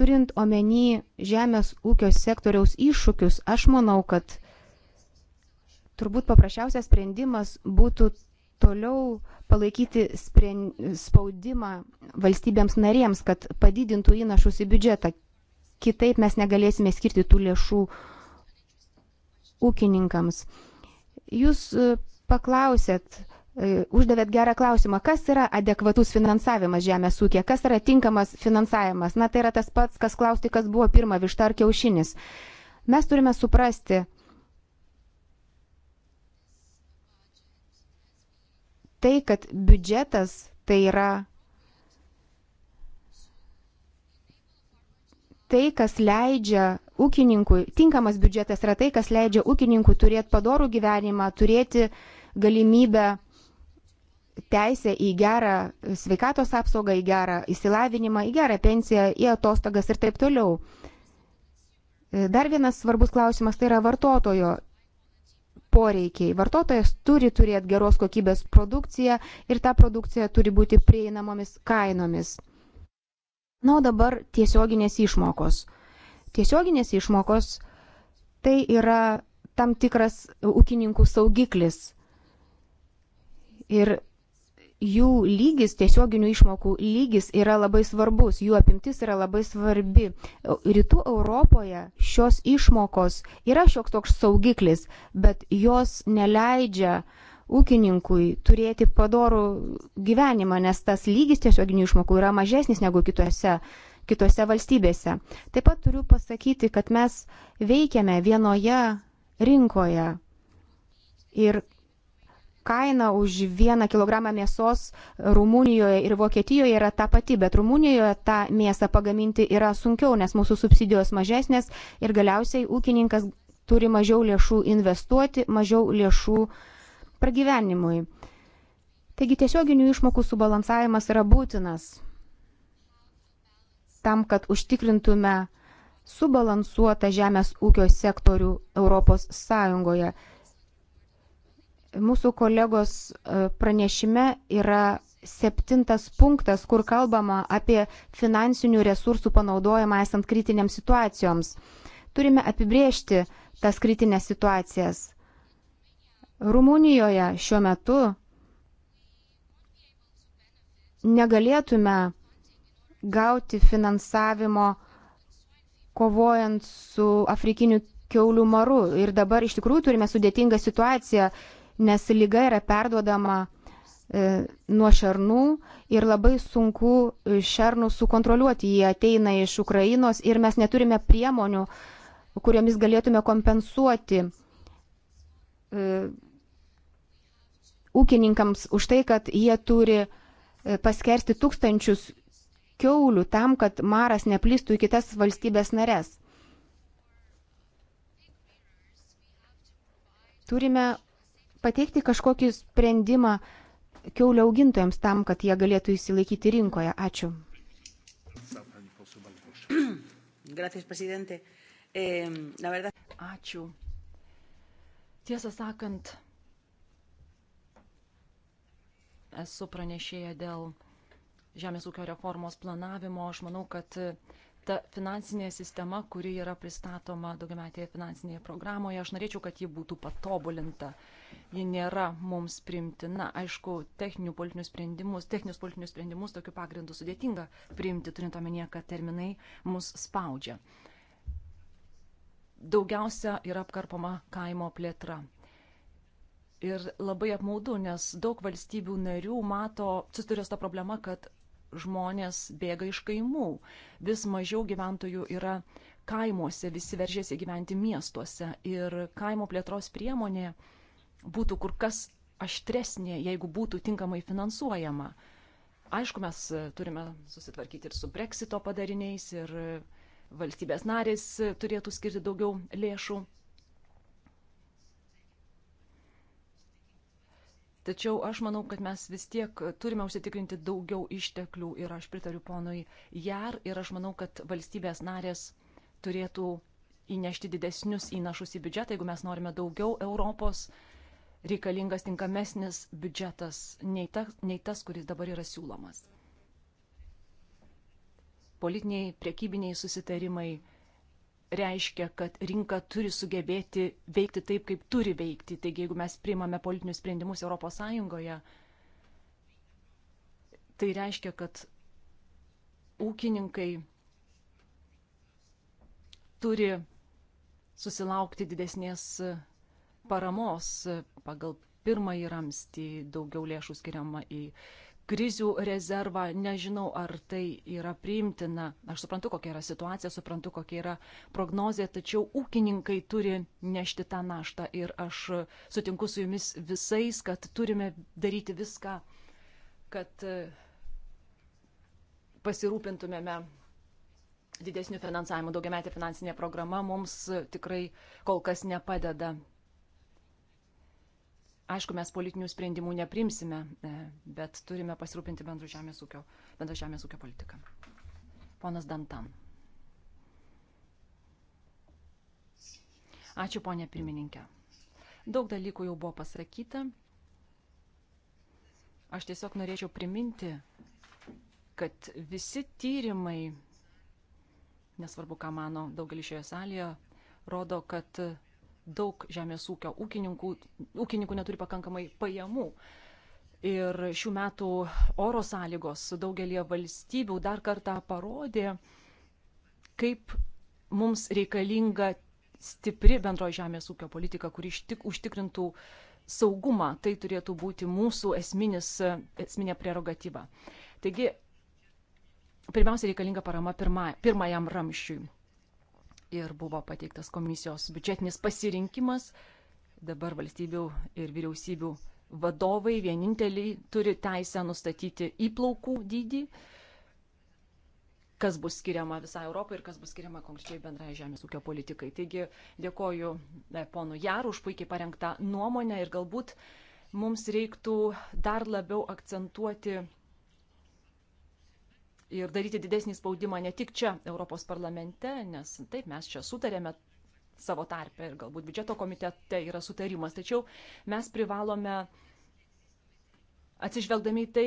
D: Turint omeny žemės ūkio sektoriaus iššūkius, aš manau, kad turbūt paprasčiausias sprendimas būtų toliau palaikyti spaudimą valstybėms narėms, kad padidintų įnašus į biudžetą. Kitaip mes negalėsime skirti tų lėšų ūkininkams. Jūs e, paklausėt, e, uždavėt gerą klausimą, kas yra adekvatus finansavimas žemės ūkė, kas yra tinkamas finansavimas. Na tai yra tas pats, kas klausti, kas buvo pirma višta ar kiaušinis. Mes turime suprasti, tai, kad biudžetas tai yra tai, kas leidžia ūkininkui, tinkamas biudžetas yra tai, kas leidžia ūkininkui turėti padorų gyvenimą, turėti galimybę teisę į gerą sveikatos apsaugą, į gerą įsilavinimą, į gerą pensiją, į atostogas ir taip toliau. Dar vienas svarbus klausimas tai yra vartotojo poreikiai. Vartotojas turi turėti geros kokybės produkciją ir ta produkcija turi būti prieinamomis kainomis. Na, o dabar tiesioginės išmokos. Tiesioginės išmokos tai yra tam tikras ūkininkų saugiklis. Ir jų lygis, tiesioginių išmokų lygis yra labai svarbus, jų apimtis yra labai svarbi. Rytų Europoje šios išmokos yra šioks toks saugiklis, bet jos neleidžia ūkininkui turėti padorų gyvenimą, nes tas lygis tiesioginių išmokų yra mažesnis negu kitose, kitose valstybėse. Taip pat turiu pasakyti, kad mes veikiame vienoje rinkoje. Ir kaina už vieną kilogramą mėsos Rumunijoje ir Vokietijoje yra ta pati, bet Rumunijoje tą mėsą pagaminti yra sunkiau, nes mūsų subsidijos mažesnės ir galiausiai ūkininkas turi mažiau lėšų investuoti, mažiau lėšų pragyvenimui. Taigi tiesioginių išmokų subalansavimas yra būtinas tam, kad užtikrintume subalansuotą žemės ūkio sektorių Europos Sąjungoje Mūsų kolegos e, pranešime yra septintas punktas, kur kalbama apie finansinių resursų panaudojimą esant kritiniams situacijoms. Turime apibriežti tas kritinės situacijas. Rumunijoje šiuo metu negalėtume gauti finansavimo kovojant su afrikiniu keulių maru. Ir dabar iš tikrųjų turime sudėtingą situaciją nes lyga yra perduodama e, nuo šernų ir labai sunku e, šernų sukontroliuoti. Jie ateina iš Ukrainos ir mes neturime priemonių, kuriomis galėtume kompensuoti e, ūkininkams už tai, kad jie turi paskersti tūkstančius keulių tam, kad maras neplistų į kitas valstybės nares. Turime pateikti kažkokį sprendimą kiaulio augintojams tam, kad jie galėtų įsilaikyti rinkoje. Ačiū.
C: Eh, Ačiū. Tiesą sakant, esu pranešėja dėl žemės ūkio reformos planavimo. Aš manau, kad ta finansinė sistema, kuri yra pristatoma daugiametėje finansinėje programoje, aš norėčiau, kad ji būtų patobulinta. Ji nėra mums primtina. Aišku, techninius politinius sprendimus, techninius politinius sprendimus tokiu pagrindu sudėtinga priimti, turint omenyje, kad terminai mus spaudžia. Daugiausia yra apkarpama kaimo plėtra. Ir labai apmaudu, nes daug valstybių narių mato, susiduria su ta problema, kad žmonės bėga iš kaimų. Vis mažiau gyventojų yra kaimuose, visi veržiasi gyventi miestuose. Ir kaimo plėtros priemonė būtų kur kas aštresnė, jeigu būtų tinkamai finansuojama. Aišku, mes turime susitvarkyti ir su breksito padariniais, ir valstybės narės turėtų skirti daugiau lėšų Tačiau aš manau, kad mes vis tiek turime užsitikrinti daugiau išteklių ir aš pritariu ponui JAR ir aš manau, kad valstybės narės turėtų įnešti didesnius įnašus į biudžetą, jeigu mes norime daugiau Europos, reikalingas tinkamesnis biudžetas nei, ta, nei tas, kuris dabar yra siūlomas. Politiniai, priekybiniai susitarimai reiškia, kad rinka turi sugebėti veikti taip, kaip turi veikti. Taigi, jeigu mes priimame politinius sprendimus ES, tai reiškia, kad ūkininkai turi susilaukti didesnės paramos pagal pirmąjį ramstį, daugiau lėšų skiriama į krizių rezervą. Nežinau, ar tai yra priimtina. Aš suprantu, kokia yra situacija, suprantu, kokia yra prognozija, tačiau ūkininkai turi nešti tą naštą ir aš sutinku su jumis visais, kad turime daryti viską, kad e, pasirūpintumėme didesnių finansavimų. Daugiametė finansinė programa mums tikrai kol kas nepadeda Aišku, mes politinių sprendimų neprimsime, e, bet turime pasirūpinti bendro žemės ūkio, bendro žemės ūkio politiką. Ponas Dantan. Ačiū, ponė pirmininkė. Daug dalykų jau buvo pasakyta. Aš tiesiog norėčiau priminti, kad visi tyrimai, nesvarbu, ką mano daugelis šioje salėje, rodo, kad daug žemės ūkio ūkininkų, ūkininkų neturi pakankamai pajamų. Ir šių metų oro sąlygos daugelie valstybių dar kartą parodė, kaip mums reikalinga stipri bendroji žemės ūkio politika, kuri ištik, užtikrintų saugumą. Tai turėtų būti mūsų esminis, esminė prerogatyva. Taigi, pirmiausia, reikalinga parama pirma, pirmajam ramščiui ir buvo pateiktas komisijos biudžetinis pasirinkimas. Dabar valstybių ir vyriausybių vadovai vieninteliai turi teisę nustatyti įplaukų dydį, kas bus skiriama visai Europai ir kas bus skiriama konkrečiai bendrai žemės ūkio politikai. Taigi dėkoju e, ponu Jaru už puikiai parengtą nuomonę ir galbūt mums reiktų dar labiau akcentuoti ir daryti didesnį spaudimą ne tik čia, Europos parlamente, nes taip mes čia sutarėme savo tarpę ir galbūt biudžeto komitete yra sutarimas, tačiau mes privalome atsižvelgdami į tai,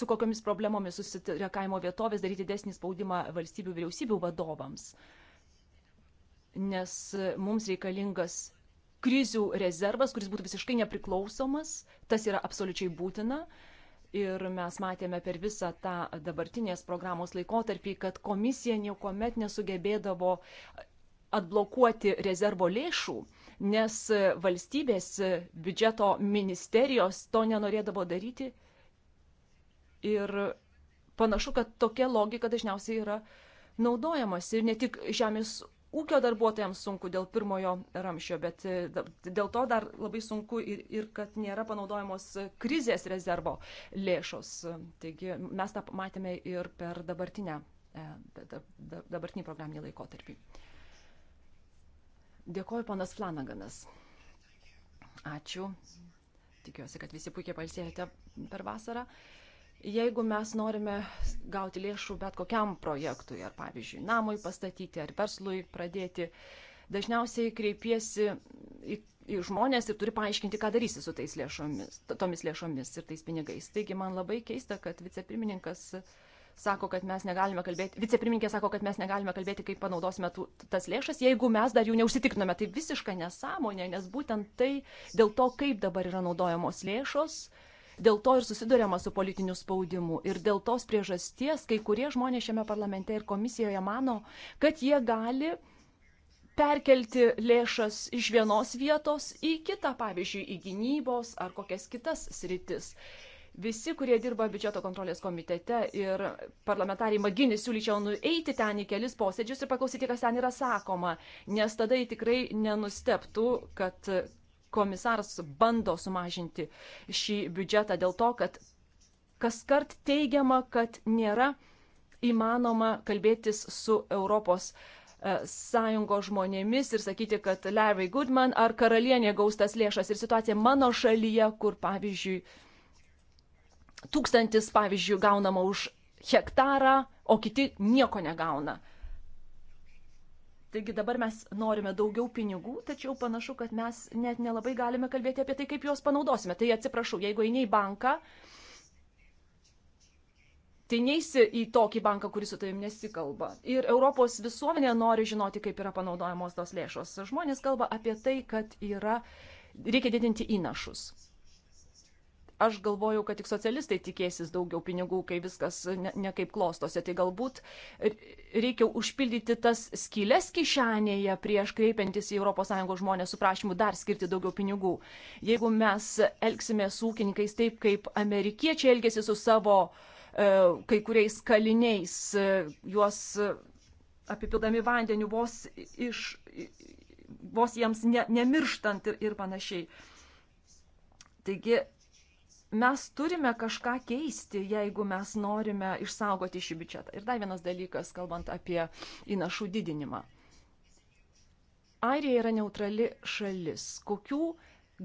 C: su kokiamis problemomis susitiria kaimo vietovės, daryti didesnį spaudimą valstybių vyriausybių vadovams, nes mums reikalingas krizių rezervas, kuris būtų visiškai nepriklausomas, tas yra absoliučiai būtina. Ir mes matėme per visą tą dabartinės programos laikotarpį, kad komisija niekuomet nesugebėdavo atblokuoti rezervo lėšų, nes valstybės biudžeto ministerijos to nenorėdavo daryti. Ir panašu, kad tokia logika dažniausiai yra naudojamasi ir ne tik žemės ūkio darbuotojams sunku dėl pirmojo ramšio, bet e, dėl to dar labai sunku ir, ir kad nėra panaudojamos krizės rezervo lėšos. Taigi mes tą matėme ir per dabartinę, e, dabartinį programinį laikotarpį. Dėkoju, panas Flanaganas. Ačiū. Tikiuosi, kad visi puikiai palsėjote per vasarą. Uh, jeigu mes norime gauti lėšų bet kokiam projektui, ar pavyzdžiui, namui pastatyti, ar verslui pradėti, dažniausiai kreipiesi į, į žmonės ir turi paaiškinti, ką darysi su tais lėšomis, tomis lėšomis ir tais pinigais. Taigi man labai keista, kad vicepirmininkas sako, kad mes negalime kalbėti, vicepirmininkė sako, kad mes negalime kalbėti, kaip panaudosime tų, tas lėšas, jeigu mes dar jų neužsitikrinome. Tai visiška nesąmonė, nes būtent tai dėl to, kaip dabar yra naudojamos lėšos, uh, Dėl to ir susidurėma su politiniu spaudimu. Ir dėl tos priežasties kai kurie žmonės šiame parlamente ir komisijoje mano, kad jie gali perkelti lėšas iš vienos vietos į kitą, pavyzdžiui, į gynybos ar kokias kitas sritis. Visi, kurie dirba biudžeto kontrolės komitete ir parlamentariai maginis, siūlyčiau nueiti ten į kelis posėdžius ir paklausyti, kas ten yra sakoma, nes tada jie tikrai nenusteptų, kad komisaras bando sumažinti šį biudžetą dėl to, kad kas kart teigiama, kad nėra įmanoma kalbėtis su Europos e, sąjungos žmonėmis ir sakyti, kad Larry Goodman ar karalienė gaus tas lėšas. Ir situacija mano šalyje, kur pavyzdžiui, tūkstantis, pavyzdžiui, gaunama už hektarą, o kiti nieko negauna. Taigi dabar mes norime daugiau pinigų, tačiau panašu, kad mes net nelabai galime kalbėti apie tai, kaip juos panaudosime. Tai atsiprašau, jeigu eini į banką, tai neisi į tokį banką, kuris su tavim nesikalba. Ir Europos visuomenė nori žinoti, kaip yra panaudojamos tos lėšos. Žmonės kalba apie tai, kad yra, reikia didinti įnašus aš galvojau, kad tik socialistai tikėsis daugiau pinigų, kai viskas nekaip ne, ne klostosi. Tai galbūt reikia užpildyti tas skylės kišenėje prieš kreipiantis į ES žmonės su prašymu dar skirti daugiau pinigų. Jeigu mes elgsime su ūkininkais taip, kaip amerikiečiai elgėsi su savo e, kai kuriais kaliniais, e, juos apipildami vandeniu vos, iš, vos jiems ne, nemirštant ir, ir panašiai. Taigi mes turime kažką keisti, jeigu mes norime išsaugoti šį biudžetą. Ir dar vienas dalykas, kalbant apie įnašų didinimą. Airija yra neutrali šalis. Kokių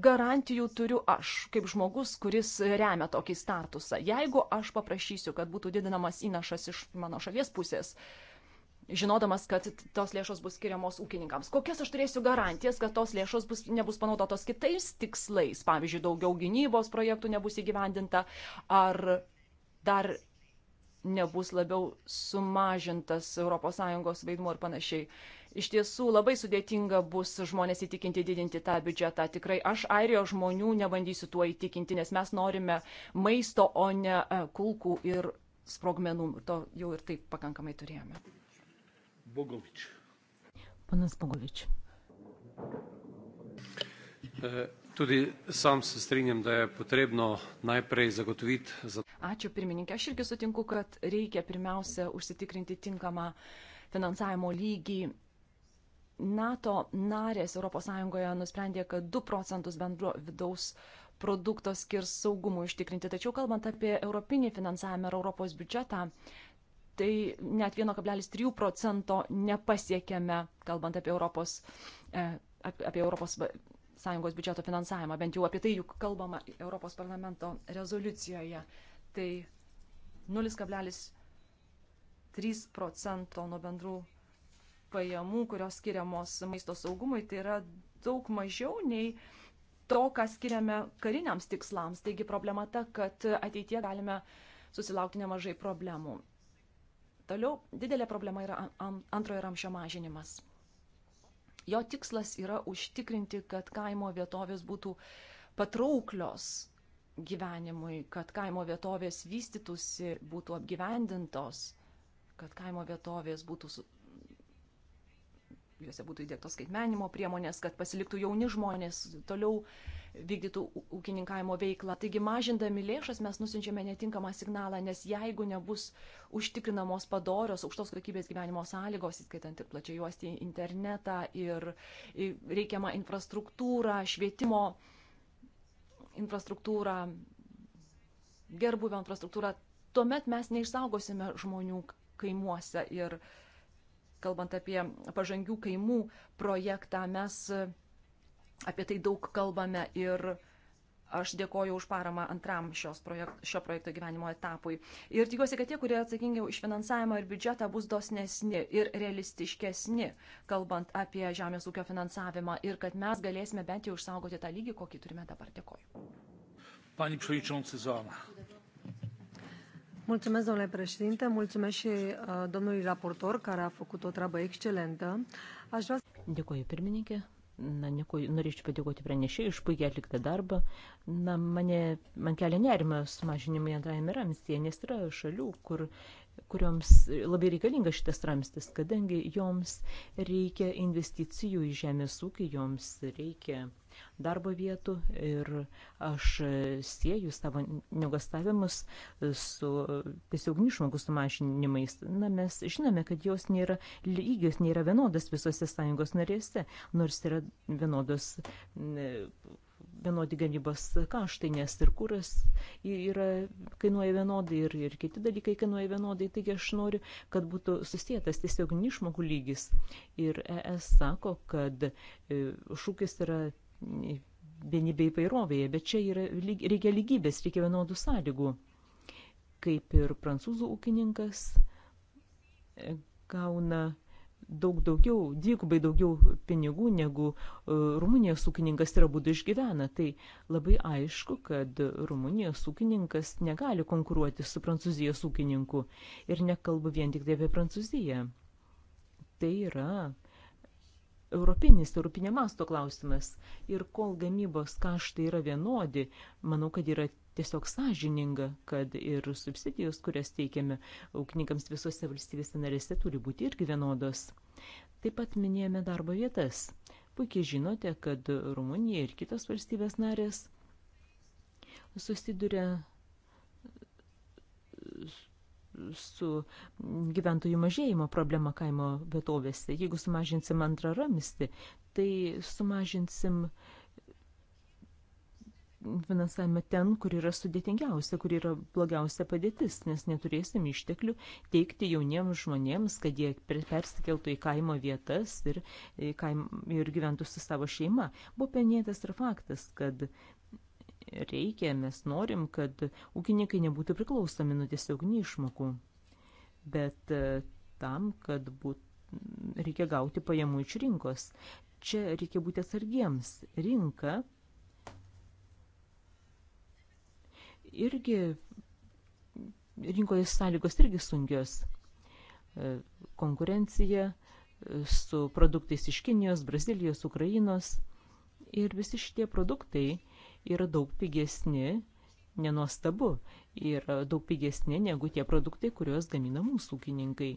C: garantijų turiu aš, kaip žmogus, kuris remia tokį statusą? Jeigu aš paprašysiu, kad būtų didinamas įnašas iš mano šalies pusės, uh, žinodamas, kad tos lėšos bus skiriamos ūkininkams. Kokias aš turėsiu garantijas, kad tos lėšos bus, nebus panaudotos kitais tikslais, pavyzdžiui, daugiau gynybos projektų nebus įgyvendinta, ar dar nebus labiau sumažintas ES vaidmuo ir panašiai. Iš tiesų labai sudėtinga bus žmonės įtikinti didinti tą biudžetą. Tikrai aš airijos žmonių nebandysiu tuo įtikinti, nes mes norime maisto, o ne e, kulkų ir sprogmenų. To jau ir taip pakankamai turėjome.
A: Bogovič.
B: Panas Bogovič.
A: E, tudi sam se strinjam, da je potrebno najprej zagotoviti. Za...
C: Ačiū pirmininkė, aš irgi sutinku, kad reikia pirmiausia užsitikrinti tinkamą finansavimo lygį. NATO narės ES nusprendė, kad 2 procentus bendro vidaus produkto skirs saugumui užtikrinti. Tačiau kalbant apie europinį finansavimą ir Europos biudžetą, tai net 1,3 procento nepasiekėme, kalbant apie Europos, e, apie Europos Sąjungos biudžeto finansavimą, bent jau apie tai juk kalbama Europos parlamento rezoliucijoje. Tai 0,3 procento nuo bendrų pajamų, kurios skiriamos maisto saugumui, tai yra daug mažiau nei to, ką skiriame kariniams tikslams. Taigi problema ta, kad ateitie galime susilaukti nemažai problemų. Toliau didelė problema yra antrojo ramšio mažinimas. Jo tikslas yra užtikrinti, kad kaimo vietovės būtų patrauklios gyvenimui, kad kaimo vietovės vystytųsi, būtų apgyvendintos, kad kaimo vietovės būtų juose būtų įdėktos skaitmenimo priemonės, kad pasiliktų jauni žmonės toliau vykdytų ūkininkavimo veiklą. Taigi mažindami lėšas mes nusinčiame netinkamą signalą, nes jeigu nebus užtikrinamos padorios aukštos kokybės gyvenimo sąlygos, įskaitant ir plačiai juosti internetą ir reikiamą infrastruktūrą, švietimo infrastruktūrą, gerbuvio infrastruktūrą, tuomet mes neišsaugosime žmonių kaimuose ir uh, kalbant apie pažangių kaimų projektą, mes apie tai daug kalbame ir aš dėkoju už paramą antram projekt, šio projekto gyvenimo etapui. Ir tikiuosi, kad tie, kurie atsakingi už finansavimą ir biudžetą, bus dosnesni ir realistiškesni, kalbant apie žemės ūkio finansavimą ir kad mes galėsime bent jau išsaugoti tą lygį, kokį turime
A: dabar. Dėkoju. Pani Przewodniczący Zona.
C: Mulțumesc, domnule președinte, mulțumesc și uh, domnului raportor, care a făcut o treabă excelentă.
B: Aš vėl... Dėkuoju, pirmininkė. Na, dėkuoju, norėčiau padėkoti pranešėjai už puikiai atliktą darbą. Na, mane, man kelia nerima sumažinimai antrajame ramstyje, nes yra šalių, kur kurioms labai reikalinga šitas ramstis, kadangi joms reikia investicijų į žemės ūkį, joms reikia darbo vietų ir aš sieju savo nuogastavimus su tiesiog išmokų sumažinimais. Na, mes žinome, kad jos nėra lygios, nėra vienodas visose sąjungos narėse, nors yra vienodos vienodi gamybos kaštai, nes ir kuras yra, kainuoja vienodai ir, ir kiti dalykai kainuoja vienodai. Taigi aš noriu, kad būtų susijęs tiesiog nišmokų lygis. Ir ES sako, kad e, šūkis yra vienybė įvairovėje, bet čia yra, reikia lygybės, reikia vienodų sąlygų. Kaip ir prancūzų ūkininkas e, gauna daug daugiau, dvigubai daugiau pinigų negu e, Rumunijos ūkininkas yra būdų išgyvena. Tai labai aišku, kad Rumunijos ūkininkas negali konkuruoti su Prancūzijos ūkininku ir nekalbu vien tik tai apie Prancūziją. Tai yra uh, europinis, europinė masto klausimas. Ir kol gamybos kaštai yra vienodi, manau, kad yra tiesiog sąžininga, kad ir subsidijos, kurias teikiame ūkininkams visose valstybėse narėse, turi būti irgi vienodos. Taip pat minėjome darbo vietas. Puikiai žinote, kad Rumunija ir kitos valstybės narės susiduria su gyventojų mažėjimo problema kaimo vietovėse. Jeigu sumažinsim antrą ramistį, tai sumažinsim finansavimą ten, kur yra sudėtingiausia, kur yra blogiausia padėtis, nes neturėsim išteklių teikti jauniems žmonėms, kad jie persikeltų į kaimo vietas ir, kaim, ir gyventų su savo šeima. Buvo penėtas ir faktas, kad reikia, mes norim, kad ūkininkai nebūtų priklausomi nuo tiesioginių išmokų. Bet e, tam, kad būt, reikia gauti pajamų iš rinkos. Čia reikia būti atsargiems. Rinka irgi, rinkoje sąlygos irgi sunkios. E, konkurencija e, su produktais iš Kinijos, Brazilijos, Ukrainos. Ir visi šitie produktai yra daug pigesni, nenuostabu, yra daug pigesni negu tie produktai, kuriuos gamina mūsų ūkininkai.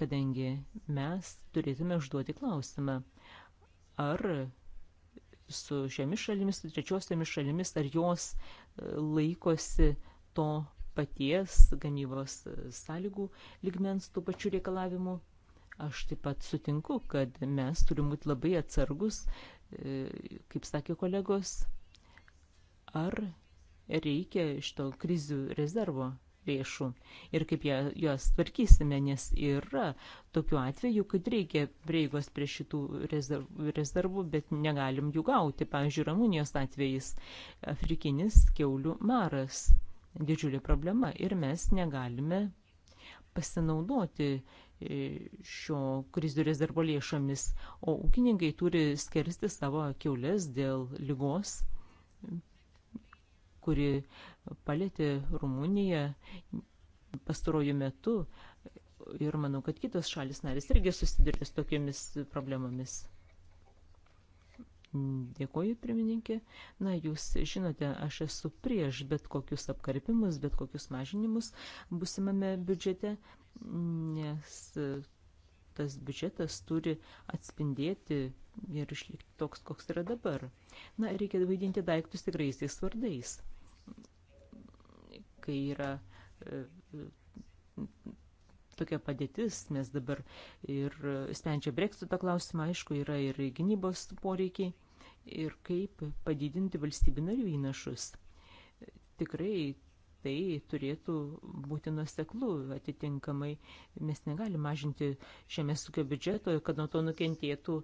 B: Kadangi mes turėtume užduoti klausimą, ar su šiomis šalimis, su trečiosiomis šalimis, ar jos e, laikosi to paties gamybos e, sąlygų ligmens tų pačių reikalavimų. Aš taip pat sutinku, kad mes turim būti labai atsargus, e, kaip sakė kolegos, ar reikia šito krizių rezervo lėšų ir kaip ją, juos tvarkysime, nes yra tokių atvejų, kad reikia prieigos prie šitų rezervų, rezervų bet negalim jų gauti. Pavyzdžiui, Ramunijos atvejais afrikinis keulių maras - didžiulė problema ir mes negalime pasinaudoti e, šio krizių rezervo lėšomis, o ūkininkai turi skersti savo keulės dėl lygos kuri palėtė Rumuniją pastarojų metų ir manau, kad kitos šalis narės irgi susidurė su tokiamis problemomis. Dėkoju, pirmininkė. Na, jūs žinote, aš esu prieš bet kokius apkarpimus, bet kokius mažinimus busimame biudžete, nes tas biudžetas turi atspindėti ir išlikti toks, koks yra dabar. Na, reikia vaidinti daiktus tikraisiais vardais kai yra e, tokia padėtis, mes dabar ir sprendžia breksito klausimą, aišku, yra ir gynybos poreikiai, ir kaip padidinti valstybių narių įnašus. Tikrai tai turėtų būti nuseklu, atitinkamai mes negalime mažinti žemės ūkio biudžeto, kad nuo to nukentėtų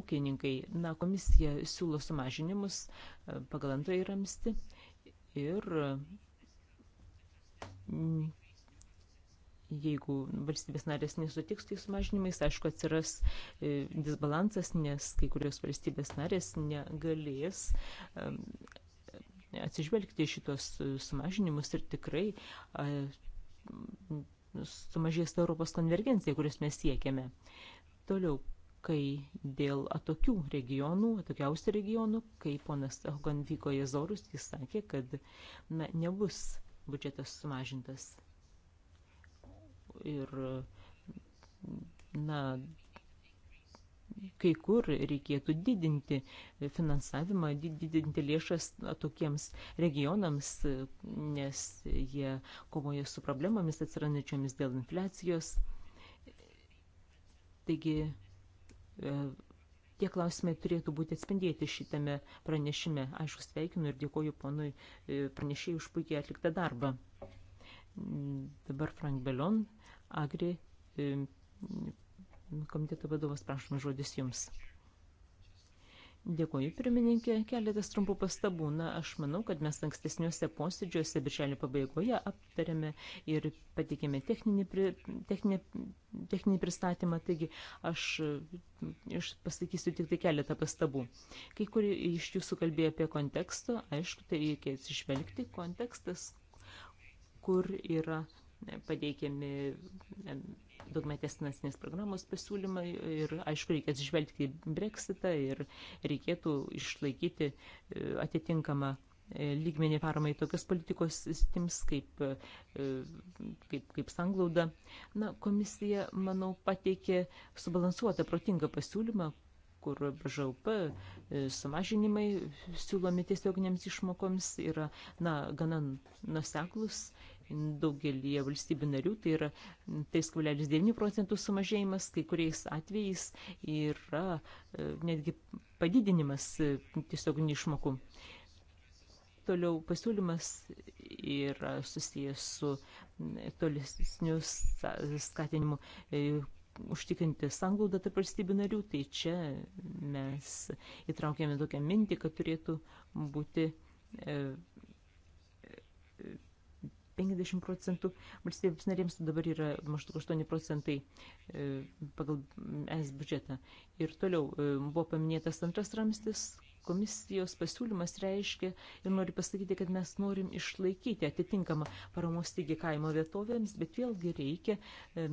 B: ūkininkai. Na, komisija siūlo sumažinimus e, pagal antrąjį ramsti ir Mm. jeigu valstybės narės nesutiks tais sumažinimais, aišku, atsiras e, disbalansas, nes kai kurios valstybės narės negalės atsižvelgti šitos e, sumažinimus ir tikrai sumažės Europos konvergencija, kurios mes siekiame. Toliau, kai dėl atokių regionų, atokiausių regionų, kai ponas Hogan vyko į Zorus, jis sakė, kad na, nebus biudžetas sumažintas. Ir, na, kai kur reikėtų didinti finansavimą, didinti lėšas tokiems regionams, nes jie kovoja su problemomis atsirandančiomis dėl infliacijos. Taigi e, Tie klausimai turėtų būti atspindėti šitame pranešime. Aišku, sveikinu ir dėkoju ponui e, pranešėjui už puikiai atliktą darbą. Mm, dabar Frank Belon, Agri e, komiteto vadovas, prašome žodis jums. Dėkuoju, pirmininkė. Keletas trumpų pastabų. Na, aš manau, kad mes ankstesniuose posėdžiuose birželio pabaigoje aptarėme ir patikėme techninį, pri, techninį, techninį pristatymą, taigi aš, aš pasakysiu tik tai keletą pastabų. Kai kurie iš jūsų kalbėjo apie kontekstą, aišku, tai reikia atsižvelgti. Kontekstas, kur yra pateikiami daugmetės finansinės programos pasiūlymai ir, aišku, reikia atsižvelgti į breksitą ir reikėtų išlaikyti e, atitinkamą e, lygmenį paramai tokios politikos sistims kaip, e, kaip, kaip sanglauda. Na, komisija, manau, pateikė subalansuotą, protingą pasiūlymą, kur BŽP sumažinimai siūlomi tiesioginėms išmokoms yra, na, gana nuseklus daugelį valstybių narių, tai yra 3,9 procentų sumažėjimas, kai kuriais atvejais yra e, netgi padidinimas e, tiesiog neišmokų. Toliau pasiūlymas yra susijęs su tolesniu skatinimu e, užtikrinti sanglaudą tarp valstybių narių, tai čia mes įtraukėme tokią mintį, kad turėtų būti 50 procentų, valstybės narėms tai dabar yra maždaug 8 procentai e, pagal es biudžetą. Ir toliau e, buvo paminėtas antras ramstis, komisijos pasiūlymas reiškia ir noriu pasakyti, kad mes norim išlaikyti atitinkamą paramos tygį kaimo vietovėms, bet vėlgi reikia e,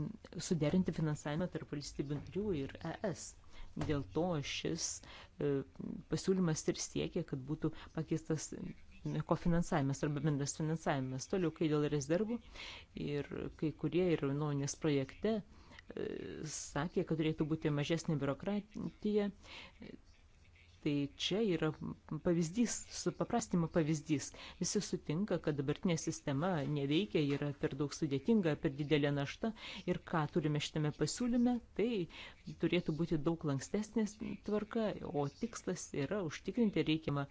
B: suderinti finansavimą tarp valstybių narių ir ES. Dėl to šis pasiūlymas ir siekia, kad būtų pakeistas kofinansavimas arba bendras finansavimas. Toliau, kai dėl rezervų ir kai kurie yra nuomonės projekte, e, sakė, kad turėtų būti mažesnė biurokratija. Tai čia yra pavyzdys, supaprastimo pavyzdys. Visi sutinka, kad dabartinė sistema neveikia, yra per daug sudėtinga, per didelė našta ir ką turime šitame pasiūlyme, tai turėtų būti daug lankstesnės tvarka, o tikslas yra užtikrinti reikiamą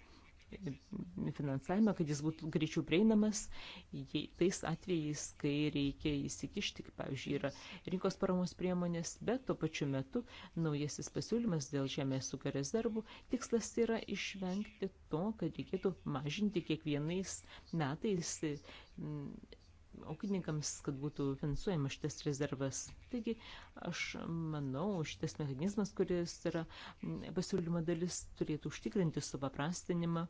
B: finansavimą, kad jis būtų greičiau prieinamas tais atvejais, kai reikia įsikišti, kaip pavyzdžiui, yra rinkos paramos priemonės, bet tuo pačiu metu naujasis pasiūlymas dėl žemės ūkio rezervų tikslas yra išvengti to, kad reikėtų mažinti kiekvienais metais aukininkams, kad būtų finansuojama šitas rezervas. Taigi, aš manau, šitas mechanizmas, kuris yra pasiūlymo dalis, turėtų užtikrinti supaprastinimą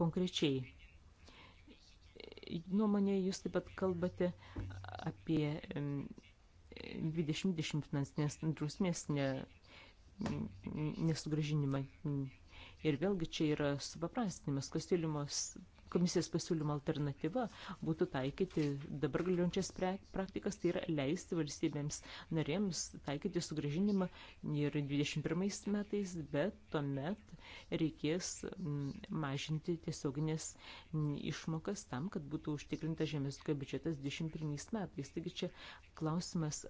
B: konkrečiai. Nuomonė, jūs taip pat kalbate apie 2020 finansinės drausmės ne, nesugražinimą. Ir vėlgi čia yra supaprastinimas, kostiliumos komisijos pasiūlymo alternatyva būtų taikyti dabar galiojančias praktikas, tai yra leisti valstybėms narėms taikyti sugražinimą ir 21 metais, bet tuomet reikės mažinti tiesioginės išmokas tam, kad būtų užtikrintas žemės ūkio biudžetas 21 metais. Taigi čia klausimas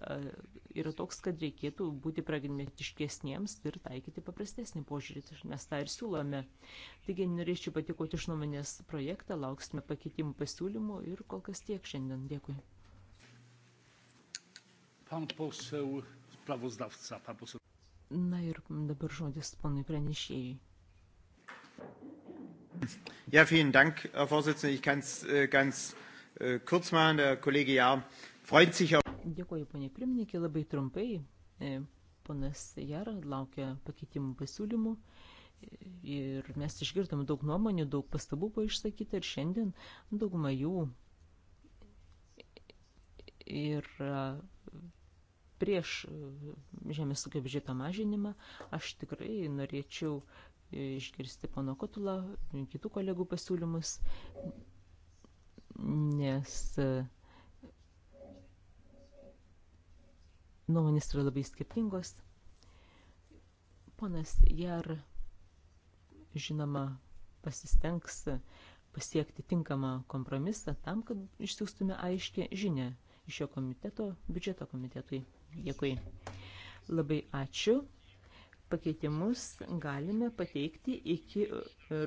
B: yra toks, kad reikėtų būti pragmatiškesniems ir taikyti paprastesnį požiūrį. Mes tą ir siūlome. Taigi norėčiau patikoti iš nuomonės projektą projektą, lauksime pakeitimų pasiūlymų ir kol kas tiek šiandien. Dėkui. Na ir dabar žodis ponui pranešėjai. Ja, vielen Dank, Herr Vorsitzender. Ich kann es äh, ganz äh, kurz machen. Der Kollege Jahr freut sich auf. Dėkuoju, ponė pirmininkė, labai trumpai. E, ponas Jar laukia pakeitimų pasiūlymų. Ir mes išgirdom daug nuomonių, daug pastabų buvo išsakyta ir šiandien dauguma jų ir prieš žemės ūkio biudžeto mažinimą aš tikrai norėčiau išgirsti pono Kotulą, kitų kolegų pasiūlymus, nes nuomonės yra labai skirtingos. Ponas Jar žinoma, pasistengs pasiekti tinkamą kompromisą tam, kad išsiųstume aiškę žinę iš jo komiteto, biudžeto komitetui. Dėkui. Labai ačiū. Pakeitimus galime pateikti iki e,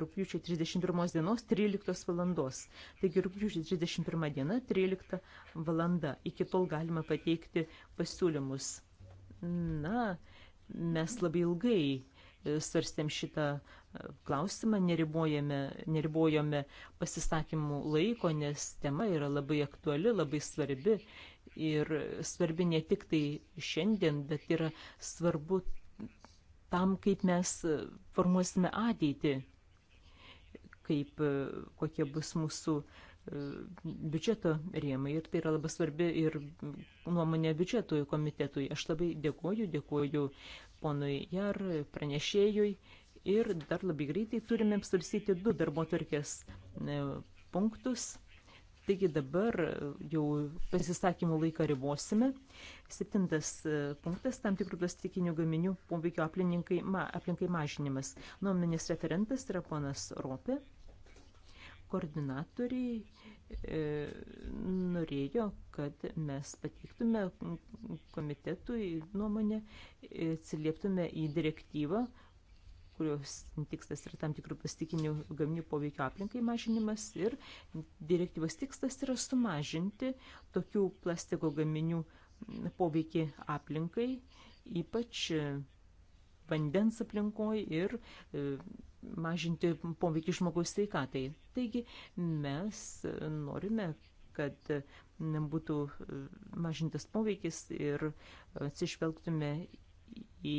B: rūpjūčio 31 dienos 13 valandos. Taigi rūpjūčio 31 diena 13 valanda. Iki tol galima pateikti pasiūlymus. Na, mes labai ilgai e, svarstėm šitą klausimą, neribojame pasisakymų laiko, nes tema yra labai aktuali, labai svarbi ir svarbi ne tik tai šiandien, bet yra svarbu tam, kaip mes formuosime ateitį, kaip kokie bus mūsų e, biudžeto rėmai ir tai yra labai svarbi ir nuomonė biudžetojų komitetui. Aš labai dėkoju, dėkoju ponui Jar, pranešėjui ir dar labai greitai turime apsvarstyti du darbo tvarkės e, punktus. Taigi dabar e, jau pasisakymų laiką ribosime. Septintas e, punktas - tam tikrų plastikinių gaminių poveikio aplinkai, ma, aplinkai mažinimas. Nuomenės referentas yra ponas Ropė. Koordinatoriai e, norėjo, kad mes pateiktume komitetui nuomonę, atsilieptume į direktyvą, kurios tikslas yra tam tikrų plastikinių gaminių poveikio aplinkai mažinimas ir direktyvos tikslas yra sumažinti tokių plastiko gaminių poveikį aplinkai, ypač e, vandens aplinkoj ir e, mažinti poveikį žmogaus sveikatai. Taigi mes e, norime, kad būtų mažintas poveikis ir atsižvelgtume į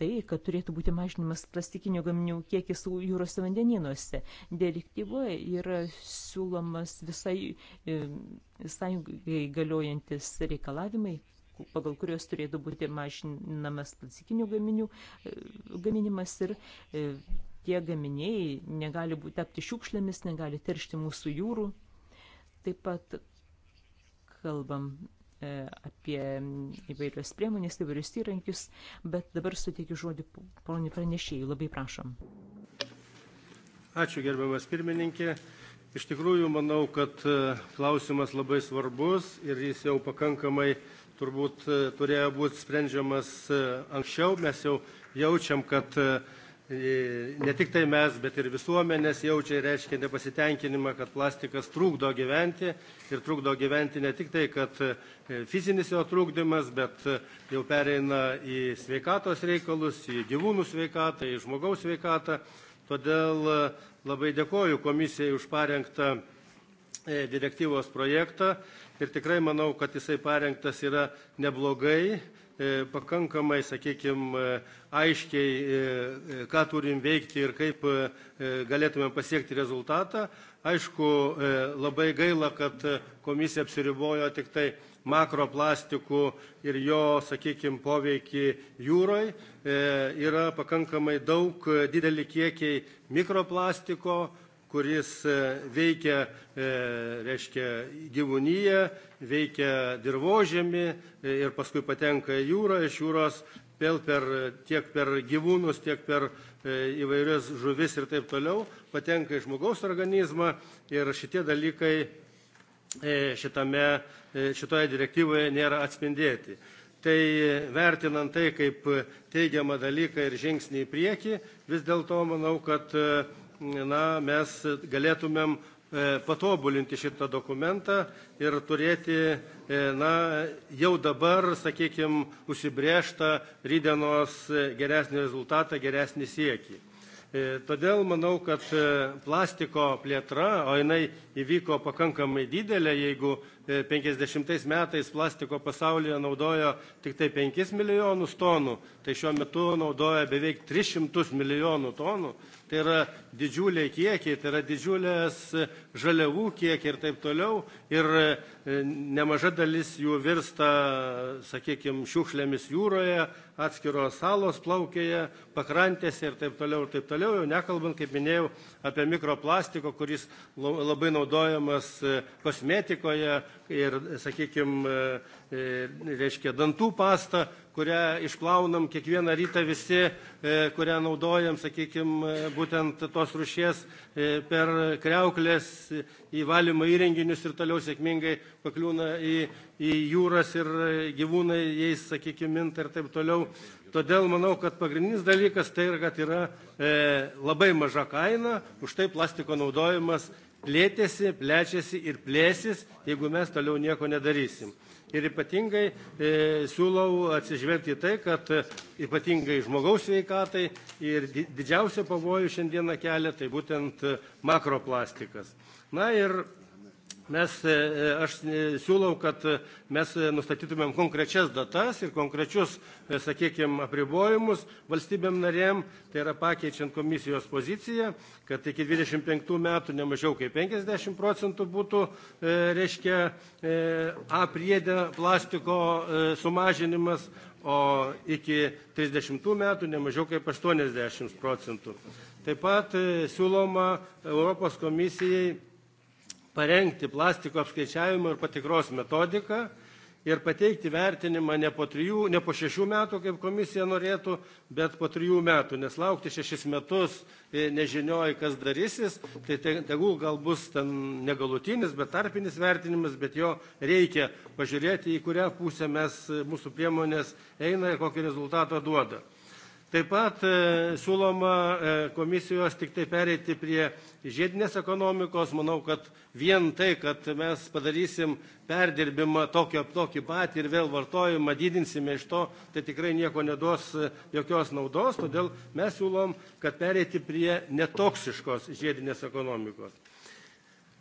B: tai, kad turėtų būti mažinimas plastikinių gaminių kiekis jūros vandenynuose. Direktyvoje yra siūlomas visai e, sąjungai galiojantis reikalavimai pagal kurios turėtų būti mažinamas plastikinių gaminių e, gaminimas ir e, tie gaminiai negali būti tapti šiukšlėmis, negali teršti mūsų jūrų. Taip pat kalbam E, apie įvairias priemonės, įvairius įrankius, bet dabar suteikiu žodį ponui pranešėjui. Labai prašom.
A: Ačiū gerbiamas pirmininkė. Iš tikrųjų, manau, kad e, klausimas labai svarbus ir jis jau pakankamai turbūt e, turėjo būti sprendžiamas anksčiau. Mes jau jaučiam, kad E, ne tik tai mes, bet ir visuomenės jaučia ir reiškia nepasitenkinimą, kad plastikas trukdo gyventi ir trukdo gyventi ne tik tai, kad e, fizinis jo trukdymas, bet e, jau pereina į sveikatos reikalus, į gyvūnų sveikatą, į žmogaus sveikatą. Todėl labai dėkoju komisijai už parengtą direktyvos projektą ir tikrai manau, kad jisai parengtas yra neblogai E, pakankamai, sakykime, aiškiai, e, e, ką turim veikti ir kaip galėtume pasiekti rezultatą. Aišku, labai gaila, kad komisija apsiribojo tik tai makroplastikų ir jo, sakykime, poveikį jūroje. E, yra pakankamai daug dideli kiekiai mikroplastiko, kuris e, veikia, e, reiškia, gyvūnyje, veikia dirbožėmi e, ir paskui patenka į jūrą, iš jūros vėl per, tiek per gyvūnus, tiek per įvairias žuvis ir taip toliau patenka į žmogaus organizmą ir šitie dalykai šitame, šitoje direktyvoje nėra atspindėti. Tai vertinant tai kaip teigiamą dalyką ir žingsnį į priekį, vis dėlto manau, kad na, mes galėtumėm e, patobulinti šitą dokumentą ir turėti e, na, jau dabar, sakykime, užsibrėžtą rydienos e, geresnį rezultatą, geresnį siekį. Todėl manau, kad plastiko plėtra, o jinai įvyko pakankamai didelė, jeigu 50 metais plastiko pasaulyje naudojo tik tai 5 milijonus tonų, tai šiuo metu naudoja beveik 300 milijonų tonų, tai yra didžiuliai kiekiai, tai yra didžiulės e, žaliavų kiekiai ir taip toliau. Ir e, nemaža dalis jų virsta, sakykime, šiukšlėmis jūroje, atskiros salos plaukėje, pakrantėse ir taip toliau ir taip toliau. Jau nekalbant, kaip minėjau, apie mikroplastiko, kuris labai naudojamas e, kosmetikoje ir, sakykime, reiškia dantų pastą, kurią išplaunam kiekvieną rytą visi, e, kurią naudojam, sakykime, būtent tos rušies e, per kreuklės į valymo įrenginius ir toliau sėkmingai pakliūna į, į jūras ir gyvūnai jais, sakykime, minta ir taip toliau. Todėl manau, kad pagrindinis dalykas tai yra, kad yra e, labai maža kaina, už tai plastiko naudojimas plėtėsi, plečiasi ir plėsis, jeigu mes toliau nieko nedarysim ir ypatingai e, siūlau atsižvelgti į tai, kad e, ypatingai žmogaus sveikatai ir didžiausia pavojų šiandieną kelia tai būtent e, makroplastikas. Na ir mes, e, e, aš e, siūlau, kad mes nustatytumėm konkrečias datas ir konkrečius, sakykime, apribojimus valstybėm narėm, tai yra pakeičiant komisijos poziciją, kad iki 25 metų nemažiau kaip 50 procentų būtų, reiškia, A priedė plastiko sumažinimas, o iki 30 metų nemažiau kaip 80 procentų. Taip pat siūloma Europos komisijai parengti plastiko apskaičiavimo ir patikros metodiką ir pateikti vertinimą ne po, trijų, ne po šešių metų, kaip komisija norėtų, bet po trijų metų, nes laukti šešis metus e, nežinioj, kas darysis, tai tegul gal bus ten negalutinis, bet tarpinis vertinimas, bet jo reikia pažiūrėti, į kurią pusę mes, e, mūsų priemonės eina ir kokį rezultatą duoda. Taip pat e, siūloma e, komisijos tik tai pereiti prie žiedinės ekonomikos. Manau, kad vien tai, kad mes padarysim perdirbimą tokio, tokį patį ir vėl vartojimą didinsime iš to, tai tikrai nieko neduos e, jokios naudos. Todėl mes siūlom, kad pereiti prie netoksiškos žiedinės ekonomikos.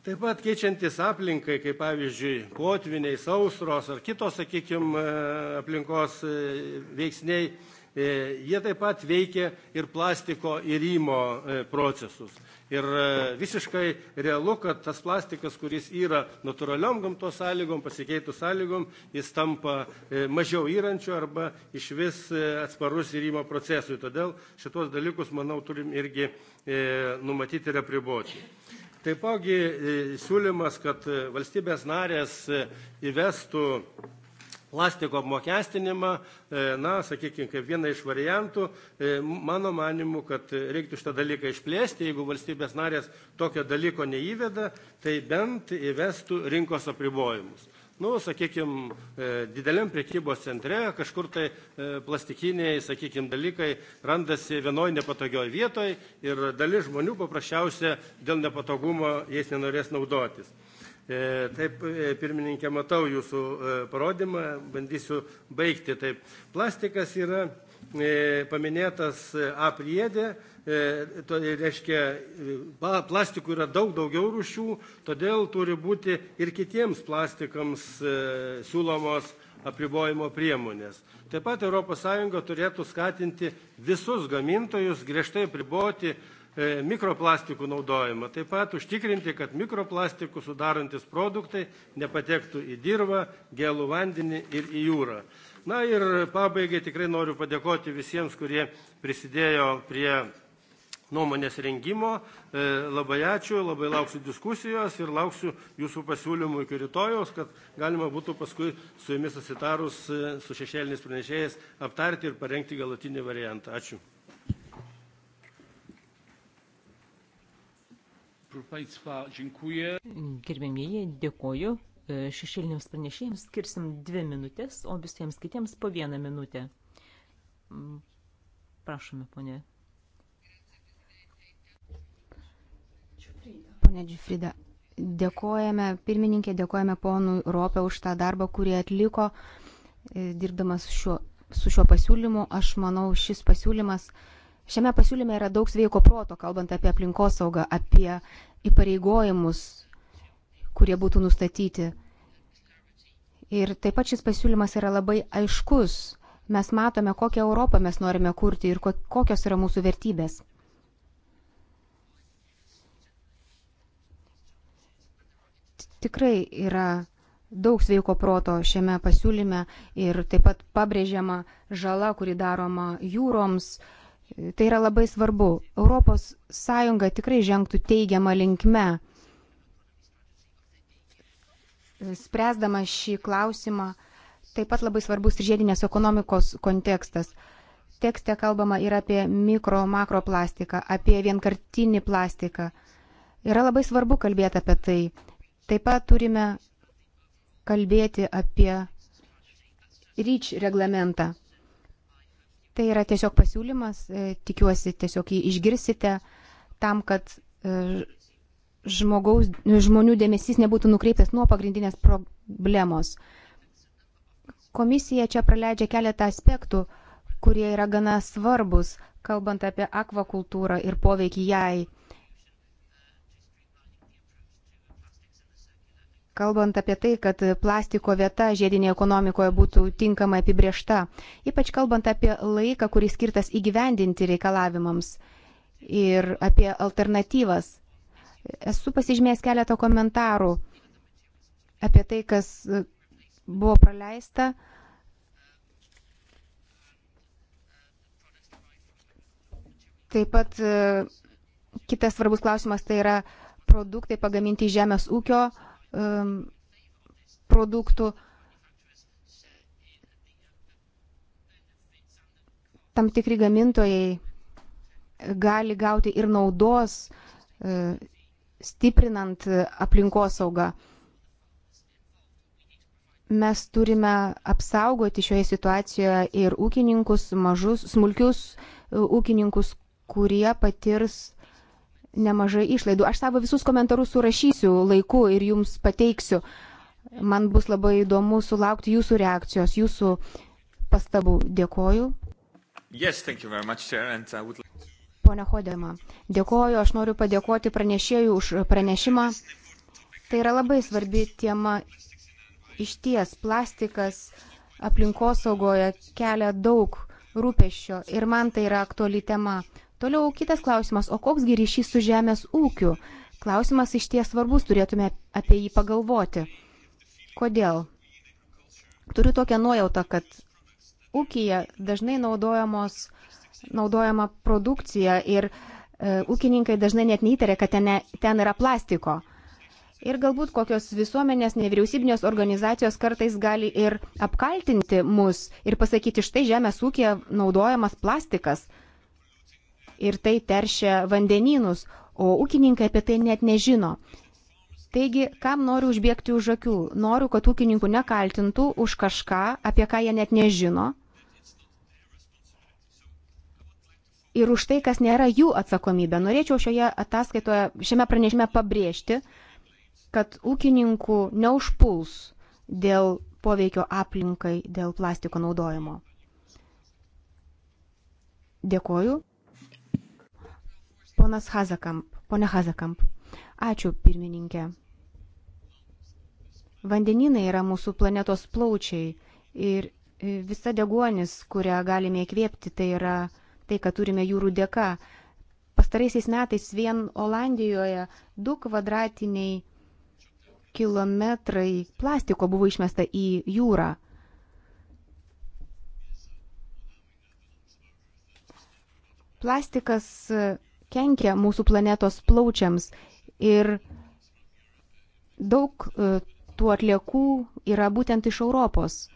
A: Taip pat keičiantis aplinkai, kaip pavyzdžiui, potviniai, sausros ar kitos, sakykime, aplinkos veiksniai E, jie taip pat veikia ir plastiko įrimo e, procesus. Ir e, visiškai realu, kad tas plastikas, kuris yra natūraliom gamtos sąlygom, pasikeitų sąlygom, jis tampa mažiau įrančių arba iš vis atsparus įrimo procesui. Todėl šitos dalykus, manau, turim irgi numatyti ir apriboti. Taipogi siūlymas, kad valstybės narės įvestų plastiko apmokestinimą, e, na, sakykime, kaip vieną iš variantų, e, mano manimu, kad reiktų šitą dalyką išplėsti, jeigu valstybės narės tokio dalyko neįveda, tai bent įvestų rinkos apribojimus. Nu, sakykime, dideliam prekybos centre kažkur tai e, plastikiniai, sakykime, dalykai randasi vienoj nepatogioj vietoj ir dalis žmonių paprasčiausia dėl nepatogumo jais nenorės naudotis. E, taip, e, pirmininkė, matau jūsų e, parodymą, bandysiu baigti. Taip, plastikas yra paminėtas A priedė, tai reiškia, plastikų yra daug daugiau rūšių, todėl turi būti ir kitiems plastikams siūlomos apribojimo priemonės. Taip pat ES turėtų skatinti visus gamintojus griežtai priboti E, mikroplastikų naudojimą. Taip pat užtikrinti, kad mikroplastikų sudarantis produktai nepatektų į dirbą, gėlų vandenį ir į jūrą. Na ir pabaigai tikrai noriu padėkoti visiems, kurie prisidėjo prie nuomonės rengimo. E, labai ačiū, labai lauksiu diskusijos ir lauksiu jūsų pasiūlymų iki rytojaus, kad galima būtų paskui su jumis susitarus e, su šešėliniais pranešėjais aptarti ir parengti galutinį variantą. Ačiū.
B: Gerbėmieji, dėkoju. E, šešėliniams pranešėjams skirsim dvi minutės, o visiems kitiems po vieną minutę. Mm, prašome, ponė.
D: Pone Džifrida, dėkojame pirmininkė, dėkojame ponui Ropė už tą darbą, kurį atliko e, dirbdamas šiuo, su šiuo pasiūlymu. Aš manau, šis pasiūlymas uh, Šiame pasiūlyme yra daug sveiko proto, kalbant apie aplinkosaugą, apie įpareigojimus, kurie būtų nustatyti. Ir taip pat šis pasiūlymas yra labai aiškus. Mes matome, kokią Europą mes norime kurti ir kokios yra mūsų vertybės. Tikrai yra daug sveiko proto šiame pasiūlyme ir taip pat pabrėžiama žala, kuri daroma jūroms, uh, Tai yra labai svarbu. ES tikrai žengtų teigiamą linkmę, spręsdama šį klausimą. Taip pat labai svarbus ir žiedinės ekonomikos kontekstas. Tekste kalbama ir apie mikro, makroplastiką, apie vienkartinį plastiką. Yra labai svarbu kalbėti apie tai. Taip pat turime kalbėti apie ryč reglamentą. Tai yra tiesiog pasiūlymas, e, tikiuosi tiesiog jį išgirsite tam, kad e, žmogaus, e, žmonių dėmesys nebūtų nukreiptas nuo pagrindinės problemos. Komisija čia praleidžia keletą aspektų, kurie yra gana svarbus, kalbant apie akvakultūrą ir poveikį jai. kalbant apie tai, kad plastiko vieta žiedinėje ekonomikoje būtų tinkamai apibriešta, ypač kalbant apie laiką, kuris skirtas įgyvendinti reikalavimams ir apie alternatyvas. Esu pasižymėjęs keletą komentarų apie tai, kas buvo praleista. Taip pat e, kitas svarbus klausimas tai yra produktai pagaminti iš žemės ūkio Um, produktų. Tam tikri gamintojai gali gauti ir naudos uh, stiprinant aplinkosaugą. Mes turime apsaugoti šioje situacijoje ir ūkininkus, mažus, smulkius uh, ūkininkus, kurie patirs nemažai išlaidų. Aš savo visus komentarus surašysiu laiku ir jums pateiksiu. Man bus labai įdomu sulaukti jūsų reakcijos, jūsų pastabų. Dėkoju.
A: Yes, much, sir, would...
D: Pone Hodema, dėkoju, aš noriu padėkoti pranešėjų už pranešimą. Tai yra labai svarbi tema. Iš ties, plastikas aplinkosaugoje kelia daug rūpešio ir man tai yra aktuali tema. Toliau kitas klausimas, o koksgi ryšys su žemės ūkiu? Klausimas iš ties svarbus, turėtume apie jį pagalvoti. Kodėl? Turiu tokią nuojautą, kad ūkija dažnai naudojama produkcija ir e, ūkininkai dažnai net neįtarė, kad ten, ten yra plastiko. Ir galbūt kokios visuomenės nevyriausybinės organizacijos kartais gali ir apkaltinti mus ir pasakyti, štai žemės ūkija naudojamas plastikas ir tai teršia vandenynus, o ūkininkai apie tai net nežino. Taigi, kam noriu užbėgti už akių? Noriu, kad ūkininkų nekaltintų už kažką, apie ką jie net nežino. Ir už tai, kas nėra jų atsakomybė. Norėčiau šioje ataskaitoje, šiame pranešime pabrėžti, kad ūkininkų neužpuls dėl poveikio aplinkai, dėl plastiko naudojimo. Dėkoju. Ponas Hazakamp. Pone Hazakamp. Ačiū, pirmininkė. Vandeninai yra mūsų planetos plaučiai ir e, visa deguonis, kurią galime įkvėpti, tai yra tai, kad turime jūrų dėka. Pastaraisiais metais vien Olandijoje du kvadratiniai kilometrai plastiko buvo išmesta į jūrą. Plastikas kenkia mūsų planetos plaučiams ir daug e, tų atliekų yra būtent iš Europos. E,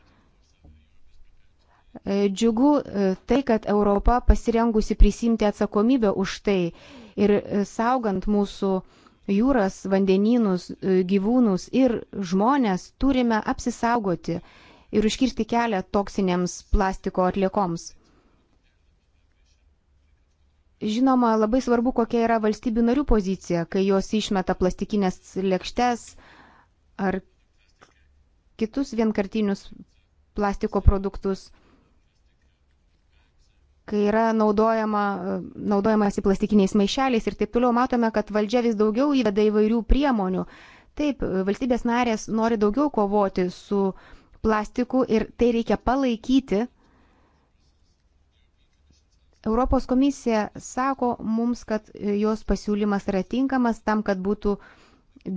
D: džiugu e, tai, kad Europa pasirengusi prisimti atsakomybę už tai ir saugant mūsų jūras, vandenynus, gyvūnus ir žmonės turime apsisaugoti ir užkirsti kelią toksinėms plastiko atliekoms. Žinoma, labai svarbu, kokia yra valstybių narių pozicija, kai jos išmeta plastikinės lėkštes ar kitus vienkartinius plastiko produktus, kai yra naudojama, naudojamasi plastikiniais maišeliais ir taip toliau, matome, kad valdžia vis daugiau įveda įvairių priemonių. Taip, valstybės narės nori daugiau kovoti su plastiku ir tai reikia palaikyti Europos komisija sako mums, kad e, jos pasiūlymas yra tinkamas tam, kad būtų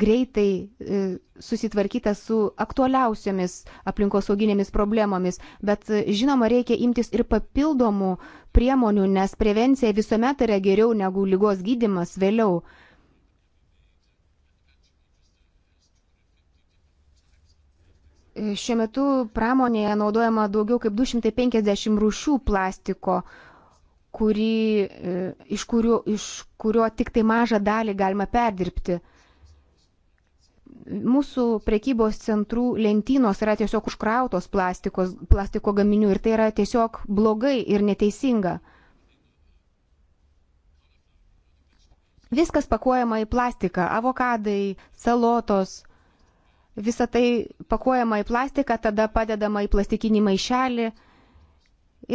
D: greitai e, susitvarkyta su aktualiausiomis aplinkosauginėmis problemomis, bet e, žinoma, reikia imtis ir papildomų priemonių, nes prevencija visuomet yra geriau negu lygos gydimas vėliau. Šiuo metu pramonėje naudojama daugiau kaip 250 rūšių plastiko kurį, e, iš, kurio, iš kurio tik tai mažą dalį galima perdirbti. Mūsų prekybos centrų lentynos yra tiesiog užkrautos plastikos, plastiko gaminių ir tai yra tiesiog blogai ir neteisinga. Viskas pakuojama į plastiką - avokadai, salotos. Visą tai pakuojama į plastiką, tada padedama į plastikinį maišelį.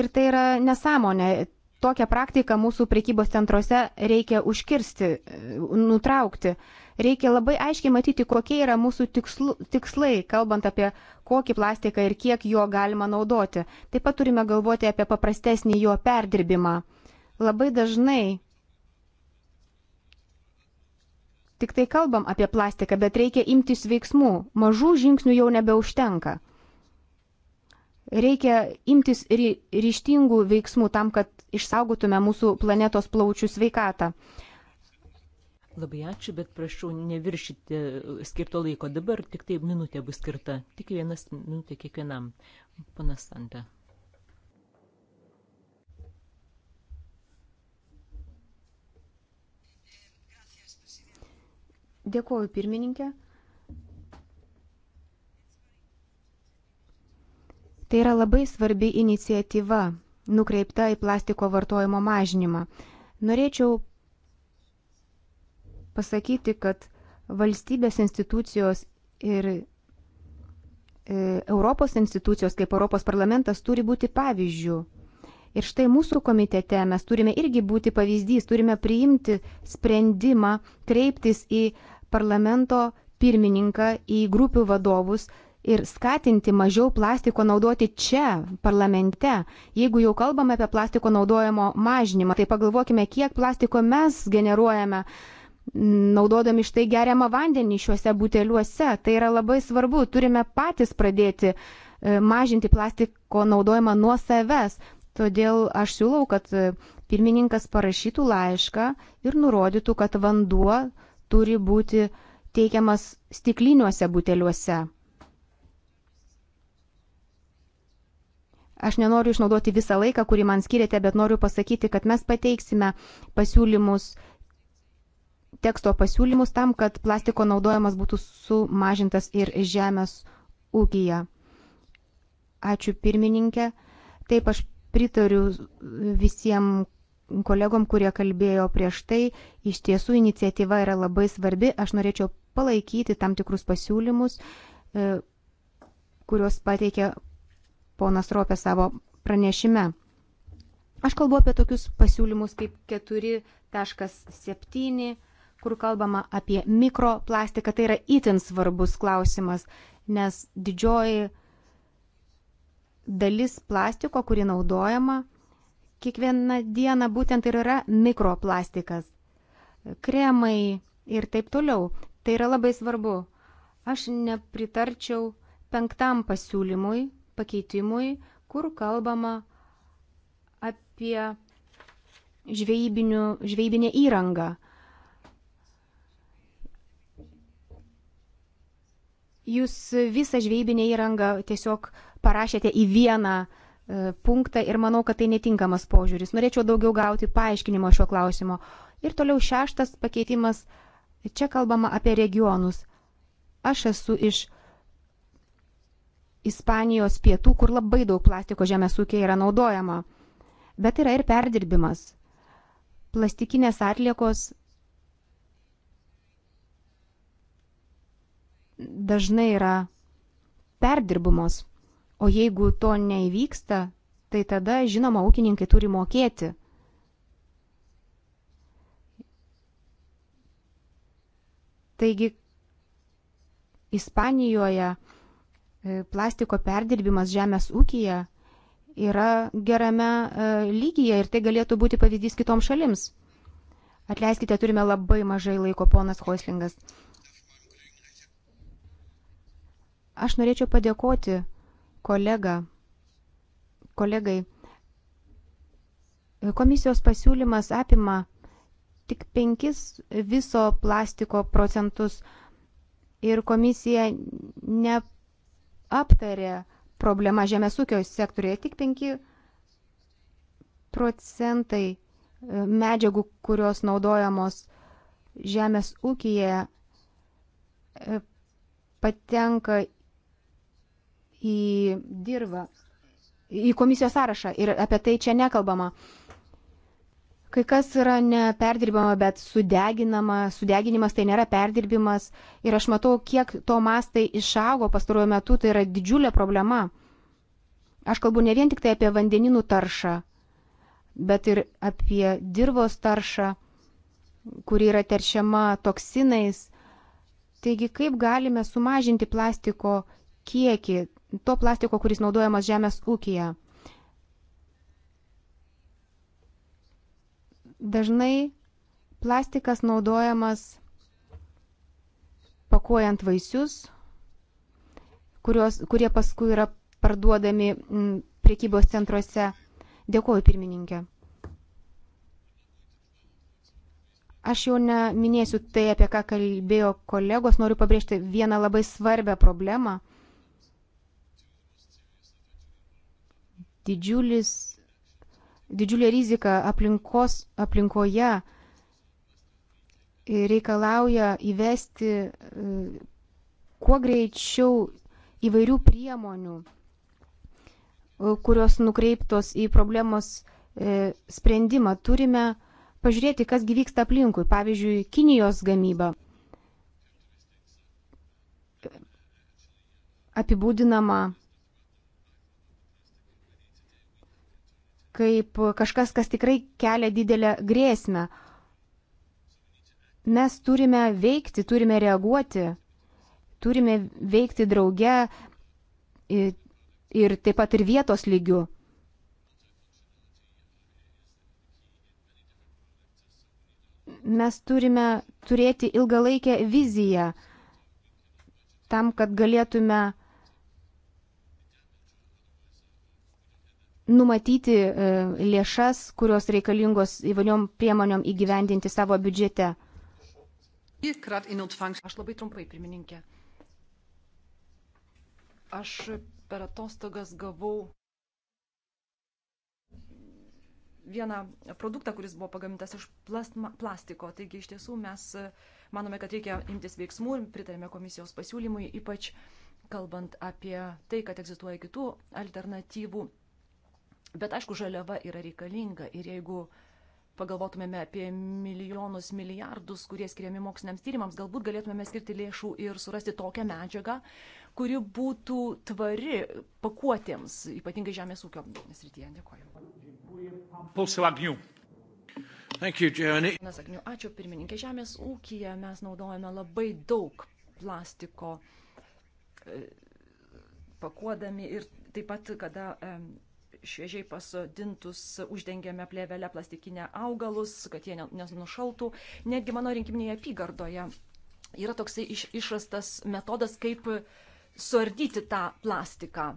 D: Ir tai yra nesąmonė tokią praktiką mūsų prekybos centruose reikia užkirsti, nutraukti. Reikia labai aiškiai matyti, kokie yra mūsų tikslu, tikslai, kalbant apie kokį plastiką ir kiek jo galima naudoti. Taip pat turime galvoti apie paprastesnį jo perdirbimą. Labai dažnai tik tai kalbam apie plastiką, bet reikia imtis veiksmų. Mažų žingsnių jau nebeužtenka. Reikia imtis ryštingų veiksmų tam, kad išsaugotume mūsų planetos plaučių sveikatą.
B: Labai ačiū, bet prašau neviršyti e, skirto laiko. Dabar tik tai minutė bus skirta. Tik vienas minutė kiekvienam. Panas Santa.
D: Dėkuoju pirmininkė. Tai yra labai svarbi iniciatyva nukreipta į plastiko vartojimo mažinimą. Norėčiau pasakyti, kad valstybės institucijos ir e, Europos institucijos, kaip Europos parlamentas, turi būti pavyzdžių. Ir štai mūsų komitete mes turime irgi būti pavyzdys, turime priimti sprendimą kreiptis į parlamento pirmininką, į grupių vadovus, ir skatinti mažiau plastiko naudoti čia, parlamente. Jeigu jau kalbame apie plastiko naudojimo mažinimą, tai pagalvokime, kiek plastiko mes generuojame naudodami štai geriamą vandenį šiuose buteliuose. Tai yra labai svarbu, turime patys pradėti e, mažinti plastiko naudojimą nuo savęs. Todėl aš siūlau, kad e, pirmininkas parašytų laišką ir nurodytų, kad vanduo turi būti teikiamas stikliniuose buteliuose. Aš nenoriu išnaudoti visą laiką, kurį man skiriate, bet noriu pasakyti, kad mes pateiksime pasiūlymus, teksto pasiūlymus tam, kad plastiko naudojimas būtų sumažintas ir žemės ūkija. Ačiū pirmininkė. Taip aš pritariu visiems kolegom, kurie kalbėjo prieš tai. Iš tiesų iniciatyva yra labai svarbi. Aš norėčiau palaikyti tam tikrus pasiūlymus, e, kuriuos pateikė ponas Ropė savo pranešime. Aš kalbu apie tokius pasiūlymus kaip 4.7, kur kalbama apie mikroplastiką. Tai yra itin svarbus klausimas, nes didžioji dalis plastiko, kuri naudojama kiekvieną dieną, būtent ir yra mikroplastikas. Kremai ir taip toliau. Tai yra labai svarbu. Aš nepritarčiau penktam pasiūlymui, pakeitimui, kur kalbama apie žvejybinę įrangą. Jūs visą žvejybinę įrangą tiesiog parašėte į vieną e, punktą ir manau, kad tai netinkamas požiūris. Norėčiau daugiau gauti paaiškinimo šio klausimo. Ir toliau šeštas pakeitimas. Čia kalbama apie regionus. Aš esu iš Ispanijos pietų, kur labai daug plastiko žemės ūkiai yra naudojama. Bet yra ir perdirbimas. Plastikinės atliekos dažnai yra perdirbamos, o jeigu to neįvyksta, tai tada, žinoma, ūkininkai turi mokėti. Taigi, Ispanijoje E, plastiko perdirbimas žemės ūkija yra gerame e, lygyje ir tai galėtų būti pavyzdys kitoms šalims. Atleiskite, turime labai mažai laiko, ponas Hoislingas. Aš norėčiau padėkoti kolega, kolegai. Komisijos pasiūlymas apima tik 5 viso plastiko procentus ir komisija ne aptarė problemą žemės ūkio sektorėje. Tik 5 procentai e, medžiagų, kurios naudojamos žemės ūkyje, e, patenka į dirbą, į komisijos sąrašą ir apie tai čia nekalbama. Kai kas yra neperdirbama, bet sudeginama, sudeginimas tai nėra perdirbimas. Ir aš matau, kiek to mastai išaugo pastaruoju metu, tai yra didžiulė problema. Aš kalbu ne vien tik tai apie vandeninų taršą, bet ir apie dirbos taršą, kuri yra teršiama toksinais. Taigi, kaip galime sumažinti plastiko kiekį, to plastiko, kuris naudojamas žemės ūkija? Dažnai plastikas naudojamas pakuojant vaisius, kurios, kurie paskui yra parduodami mm, priekybos centruose. Dėkuoju, pirmininkė. Aš jau neminėsiu tai, apie ką kalbėjo kolegos, noriu pabrėžti vieną labai svarbę problemą. Didžiulis didžiulė rizika aplinkos, aplinkoje reikalauja įvesti e, kuo greičiau įvairių priemonių, e, kurios nukreiptos į problemos e, sprendimą. Turime pažiūrėti, kas gyvyksta aplinkui. Pavyzdžiui, Kinijos gamyba apibūdinama kaip kažkas, kas tikrai kelia didelę grėsmę. Mes turime veikti, turime reaguoti, turime veikti drauge ir, ir taip pat ir vietos lygių. Mes turime turėti ilgalaikę viziją tam, kad galėtume numatyti e, lėšas, kurios reikalingos įvairiom priemoniom įgyvendinti savo biudžete.
C: Aš labai trumpai, pirmininkė. Aš per atostogas gavau vieną produktą, kuris buvo pagamintas iš plastiko. Taigi iš tiesų mes manome, kad reikia imtis veiksmų ir pritarėme komisijos pasiūlymui, ypač kalbant apie tai, kad egzistuoja kitų alternatyvų Bet aišku, žaliava yra reikalinga ir jeigu pagalvotumėme apie milijonus, milijardus, kurie skiriami moksliniams tyrimams, galbūt galėtumėme skirti lėšų ir surasti tokią medžiagą, kuri būtų tvari pakuotėms, ypatingai žemės ūkio srityje. Dėkoju.
A: You,
C: Ačiū pirmininkė. Žemės ūkija mes naudojame labai daug plastiko e, pakuodami ir taip pat, kada šviežiai pasodintus uždengiame plėvelę plastikinę augalus, kad jie nenušaltų. Netgi mano rinkiminėje apygardoje yra toksai iš, išrastas metodas, kaip suardyti tą plastiką.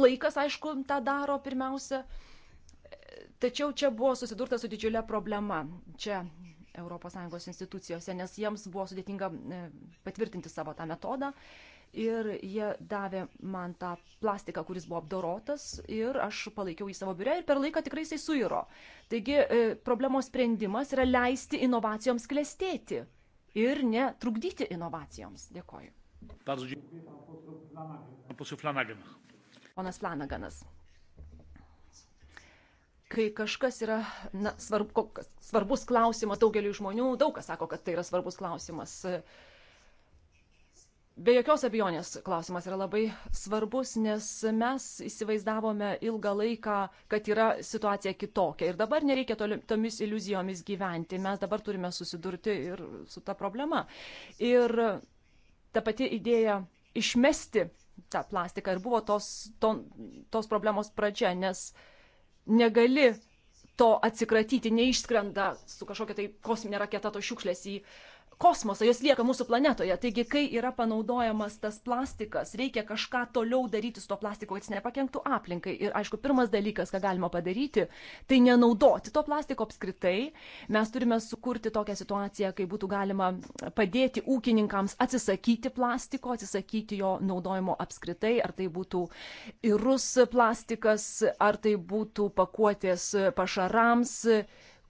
C: Laikas, aišku, tą daro pirmiausia, tačiau čia buvo susidurta su didžiulė problema. Čia ES institucijose, nes jiems buvo sudėtinga e, patvirtinti savo tą metodą ir jie davė man tą plastiką, kuris buvo apdorotas ir aš palaikiau jį savo biure ir per laiką tikrai jisai suiro. Taigi e, problemos sprendimas yra leisti inovacijoms klestėti ir netrukdyti inovacijoms. Dėkoju. Ponas Flanaganas. Kai kažkas yra na, svarb, svarbus klausimas daugeliu žmonių, daug kas sako, kad tai yra svarbus klausimas. Uh, Be jokios abejonės klausimas yra labai svarbus, nes mes įsivaizdavome ilgą laiką, kad yra situacija kitokia ir dabar nereikia toli, tomis iliuzijomis gyventi, mes dabar turime susidurti ir su ta problema. Ir ta pati idėja išmesti tą plastiką ir buvo tos, to, tos problemos pradžia, nes negali to atsikratyti, neišskrenda su kažkokia tai kosminė raketa to šiukšlės į uh, kosmosą, jos lieka mūsų planetoje. Taigi, kai yra panaudojamas tas plastikas, reikia kažką toliau daryti su to plastiku, kad jis nepakenktų aplinkai. Ir aišku, pirmas dalykas, ką galima padaryti, tai nenaudoti to plastiko apskritai. Mes turime sukurti tokią situaciją, kai būtų galima padėti ūkininkams atsisakyti plastiko, atsisakyti jo naudojimo apskritai, ar tai būtų irus plastikas, ar tai būtų pakuotės pašarams,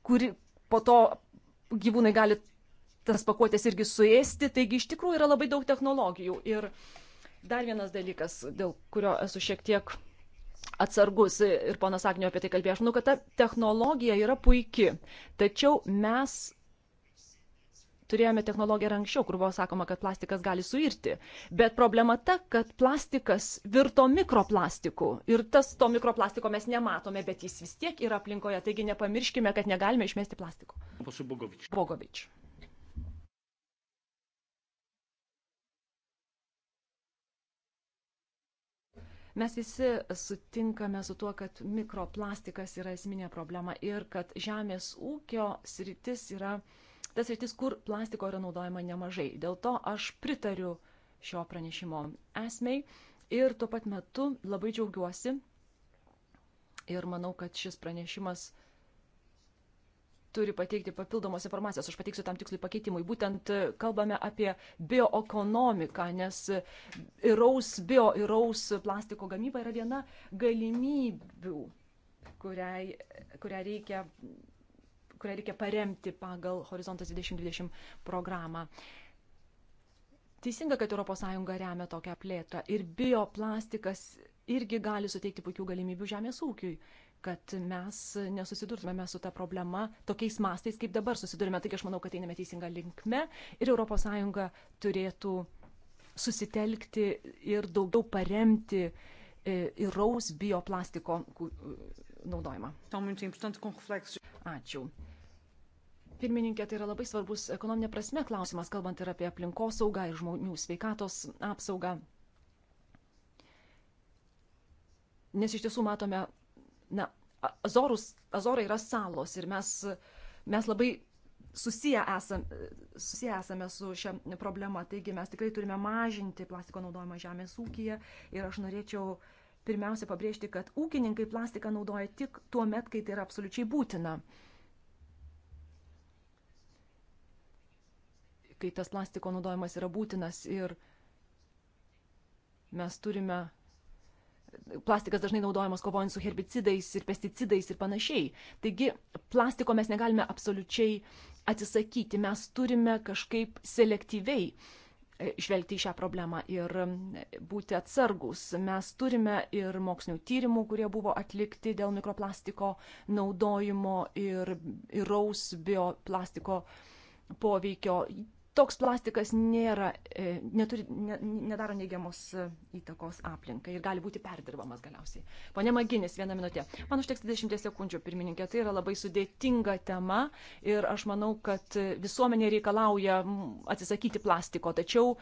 C: kuri po to gyvūnai gali tas pakuotės irgi suėsti, taigi iš tikrųjų yra labai daug technologijų. Ir dar vienas dalykas, dėl kurio esu šiek tiek atsargus ir ponas Agnio apie tai kalbėjo, aš manau, kad ta technologija yra puiki, tačiau mes turėjome technologiją ir anksčiau, kur buvo sakoma, kad plastikas gali suirti. Bet problema ta, kad plastikas virto mikroplastiku ir tas to mikroplastiko mes nematome, bet jis vis tiek yra aplinkoje, taigi nepamirškime, kad negalime išmesti plastiko. Bogovič. Bogovič. Mes visi sutinkame su tuo, kad mikroplastikas yra esminė problema ir kad žemės ūkio sritis yra tas sritis, kur plastiko yra naudojama nemažai. Dėl to aš pritariu šio pranešimo esmei ir tuo pat metu labai džiaugiuosi ir manau, kad šis pranešimas turi pateikti papildomos informacijos. Aš pateiksiu tam tikslui pakeitimui. Būtent e, kalbame apie bioekonomiką, nes įraus, bio įraus plastiko gamyba yra viena galimybių, kuriai, kurią reikia kurią reikia paremti pagal Horizontas 2020 programą. Teisinga, kad ES remia tokią plėtrą ir bioplastikas irgi gali suteikti puikių galimybių žemės ūkiui kad mes nesusidurtumėme su ta problema tokiais mastais, kaip dabar susidurime. Taigi aš manau, kad einame teisinga linkme ir ES turėtų susitelkti ir daugiau paremti e, įraus bioplastiko e, naudojimą. Ačiū. Pirmininkė, tai yra labai svarbus ekonominė prasme klausimas, kalbant ir apie aplinkosaugą ir žmonių sveikatos apsaugą. Nes iš tiesų matome na, Azorus, Azorai yra salos ir mes, mes labai susiję esame, susiję esame su šią problemą, taigi mes tikrai turime mažinti plastiko naudojimą žemės ūkiją ir aš norėčiau pirmiausia pabrėžti, kad ūkininkai plastiką naudoja tik tuo met, kai tai yra absoliučiai būtina. Kai tas plastiko naudojimas yra būtinas ir mes turime plastikas dažnai naudojamas kovojant su herbicidais ir pesticidais ir panašiai. Taigi plastiko mes negalime absoliučiai atsisakyti, mes turime kažkaip selektyviai e, žvelgti į šią problemą ir būti atsargus. Mes turime ir mokslinių tyrimų, kurie buvo atlikti dėl mikroplastiko naudojimo ir įraus bioplastiko poveikio toks plastikas nėra, e, neturi, ne, nedaro neigiamos e, įtakos aplinkai ir gali būti perdirbamas galiausiai. Pone Maginis, vieną minutę. Man užteks 20 sekundžių, pirmininkė. Tai yra labai sudėtinga tema ir aš manau, kad visuomenė reikalauja atsisakyti plastiko, tačiau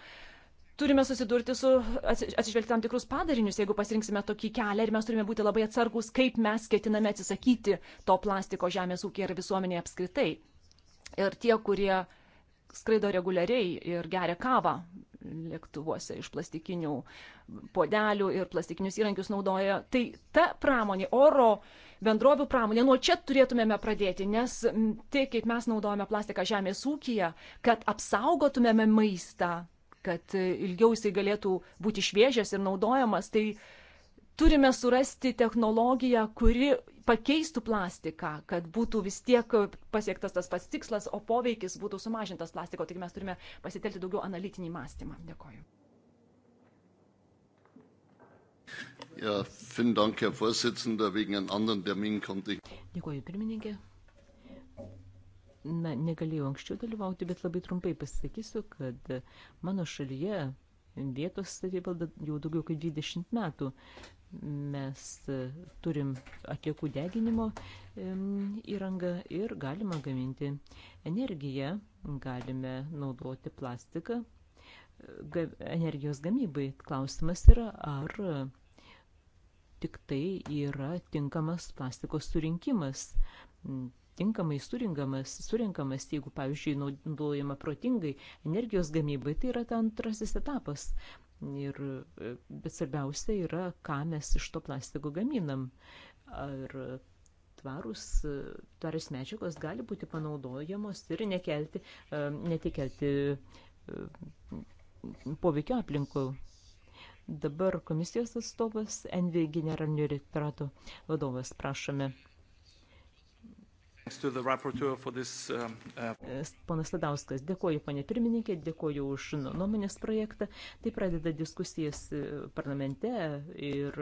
C: turime susidurti su atsižvelgti tam tikrus padarinius, jeigu pasirinksime tokį kelią ir mes turime būti labai atsargus, kaip mes ketiname atsisakyti to plastiko žemės ūkėje ir visuomenėje apskritai. Ir tie, kurie uh, skraido reguliariai ir geria kavą lėktuvuose iš plastikinių podelių ir plastikinius įrankius naudoja. Tai ta pramonė, oro bendrovių pramonė, nuo čia turėtumėme pradėti, nes tai, kaip mes naudojame plastiką žemės ūkiją, kad apsaugotumėme maistą, kad ilgiau jisai galėtų būti šviežias ir naudojamas, tai turime surasti technologiją, kuri pakeistų plastiką, kad būtų vis tiek pasiektas tas pats tikslas, o poveikis būtų sumažintas plastiko. Taigi mes turime pasitelti daugiau analitinį mąstymą. Dėkoju. Ja, vielen Dank, Herr Vorsitzender. Wegen einem anderen Termin konnte ich.
B: Dėkoju, pirmininkė. Na, negalėjau anksčiau dalyvauti, bet labai trumpai pasakysiu, kad mano šalyje vietos savivalda jau daugiau kaip 20 metų. Mes turim atliekų deginimo įrangą ir galima gaminti energiją, galime naudoti plastiką energijos gamybai. Klausimas yra, ar tik tai yra tinkamas plastikos surinkimas tinkamai surinkamas, surinkamas, jeigu, pavyzdžiui, naudojama protingai energijos gamybai, tai yra ta antrasis etapas. Ir, e, bet svarbiausia yra, ką mes iš to plastiko gaminam. Ar tvarus, e, tvarus medžiagos gali būti panaudojamos ir nekelti, e, netikelti poveikio aplinko. Dabar komisijos atstovas NV generalinio rektarato vadovas, prašome.
A: Um, uh,
B: ponas Ladauskas, dėkoju, ponė pirmininkė, dėkoju už nu, nuomonės projektą. Tai pradeda diskusijas e, parlamente ir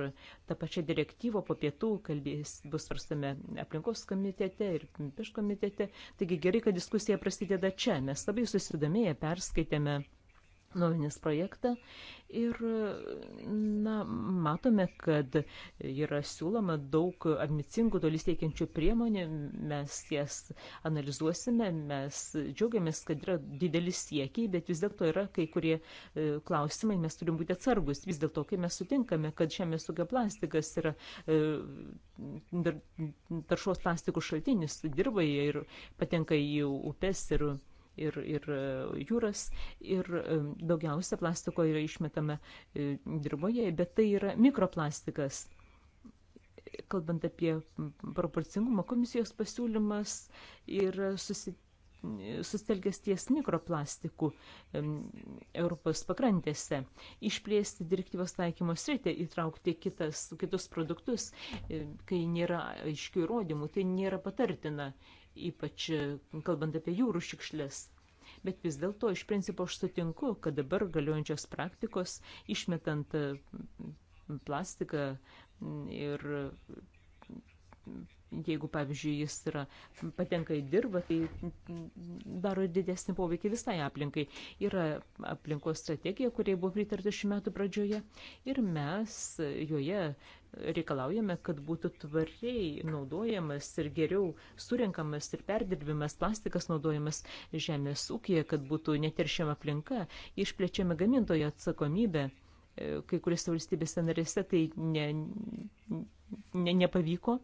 B: tą pačią direktyvą po pietų kalbės, bus svarstame aplinkos komitete ir piš komitete. Taigi gerai, kad diskusija prasideda čia. Mes labai susidomėję perskaitėme nuomenės projektą ir na, matome, kad yra siūloma daug ambicingų dalis teikiančių priemonių, mes jas analizuosime, mes džiaugiamės, kad yra didelis siekiai, bet vis dėlto yra kai kurie e, klausimai, mes turim būti atsargus. Vis dėlto, kai mes sutinkame, kad šiame sugia plastikas yra e, taršos plastikų šaltinis, dirba jie ir patenka į upes ir ir, ir e, jūras. Ir e, daugiausia plastiko yra išmetama e, dirboje, bet tai yra mikroplastikas. Kalbant apie proporcingumą, komisijos pasiūlymas yra susitikti sustelkęs ties mikroplastikų Europos pakrantėse, išplėsti direktyvos taikymo sritį, įtraukti kitas, kitus produktus, kai nėra aiškių įrodymų, tai nėra patartina ypač e, kalbant apie jūrų šiukšlės. Bet vis dėlto iš principo aš sutinku, kad dabar galiojančios praktikos išmetant e, plastiką ir jeigu, pavyzdžiui, jis yra, patenka į dirbą, tai daro didesnį poveikį visai aplinkai. Yra aplinkos strategija, kuriai buvo pritarta šių metų pradžioje ir mes joje reikalaujame, kad būtų tvariai naudojamas ir geriau surinkamas ir perdirbimas plastikas naudojamas žemės ūkija, kad būtų neteršiama aplinka, išplečiame gamintojo atsakomybę. E, kai kuriuose valstybėse narėse tai ne, ne, nepavyko.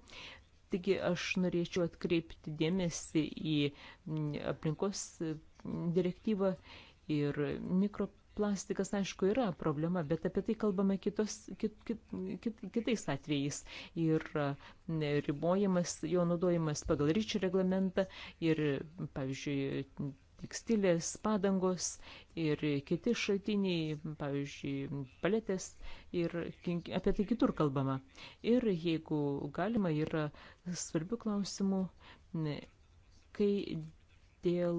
B: Taigi aš norėčiau atkreipti dėmesį į aplinkos e, direktyvą ir mikro plastikas, aišku, yra problema, bet apie tai kalbame kitos, kit, kit, kit, kitais atvejais. Ir ribojamas jo naudojimas pagal ryčių reglamentą ir, pavyzdžiui, tekstilės, padangos ir kiti šaltiniai, pavyzdžiui, paletės ir apie tai kitur kalbama. Ir jeigu galima, yra svarbių klausimų, kai dėl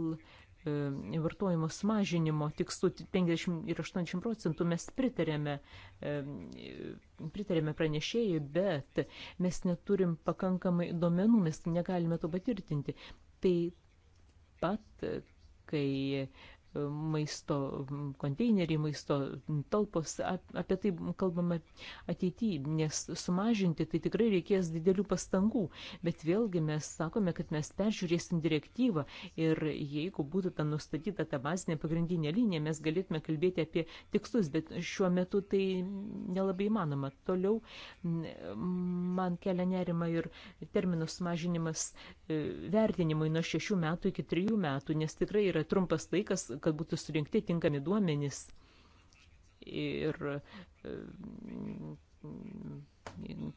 B: E, vartojimo mažinimo tikslų 50 ir 80 procentų mes pritarėme, e, pritarėme pranešėjai, bet mes neturim pakankamai duomenų, mes negalime to patvirtinti. Tai pat, kai maisto konteineriai, maisto talpos, apie tai kalbame ateityje, nes sumažinti tai tikrai reikės didelių pastangų, bet vėlgi mes sakome, kad mes peržiūrėsim direktyvą ir jeigu būtų ta nustatyta ta bazinė pagrindinė linija, mes galėtume kalbėti apie tikslus, bet šiuo metu tai nelabai įmanoma. Toliau man kelia nerima ir terminų sumažinimas e, vertinimui nuo šešių metų iki trijų metų, nes tikrai yra trumpas laikas, kad būtų surinkti tinkami duomenys ir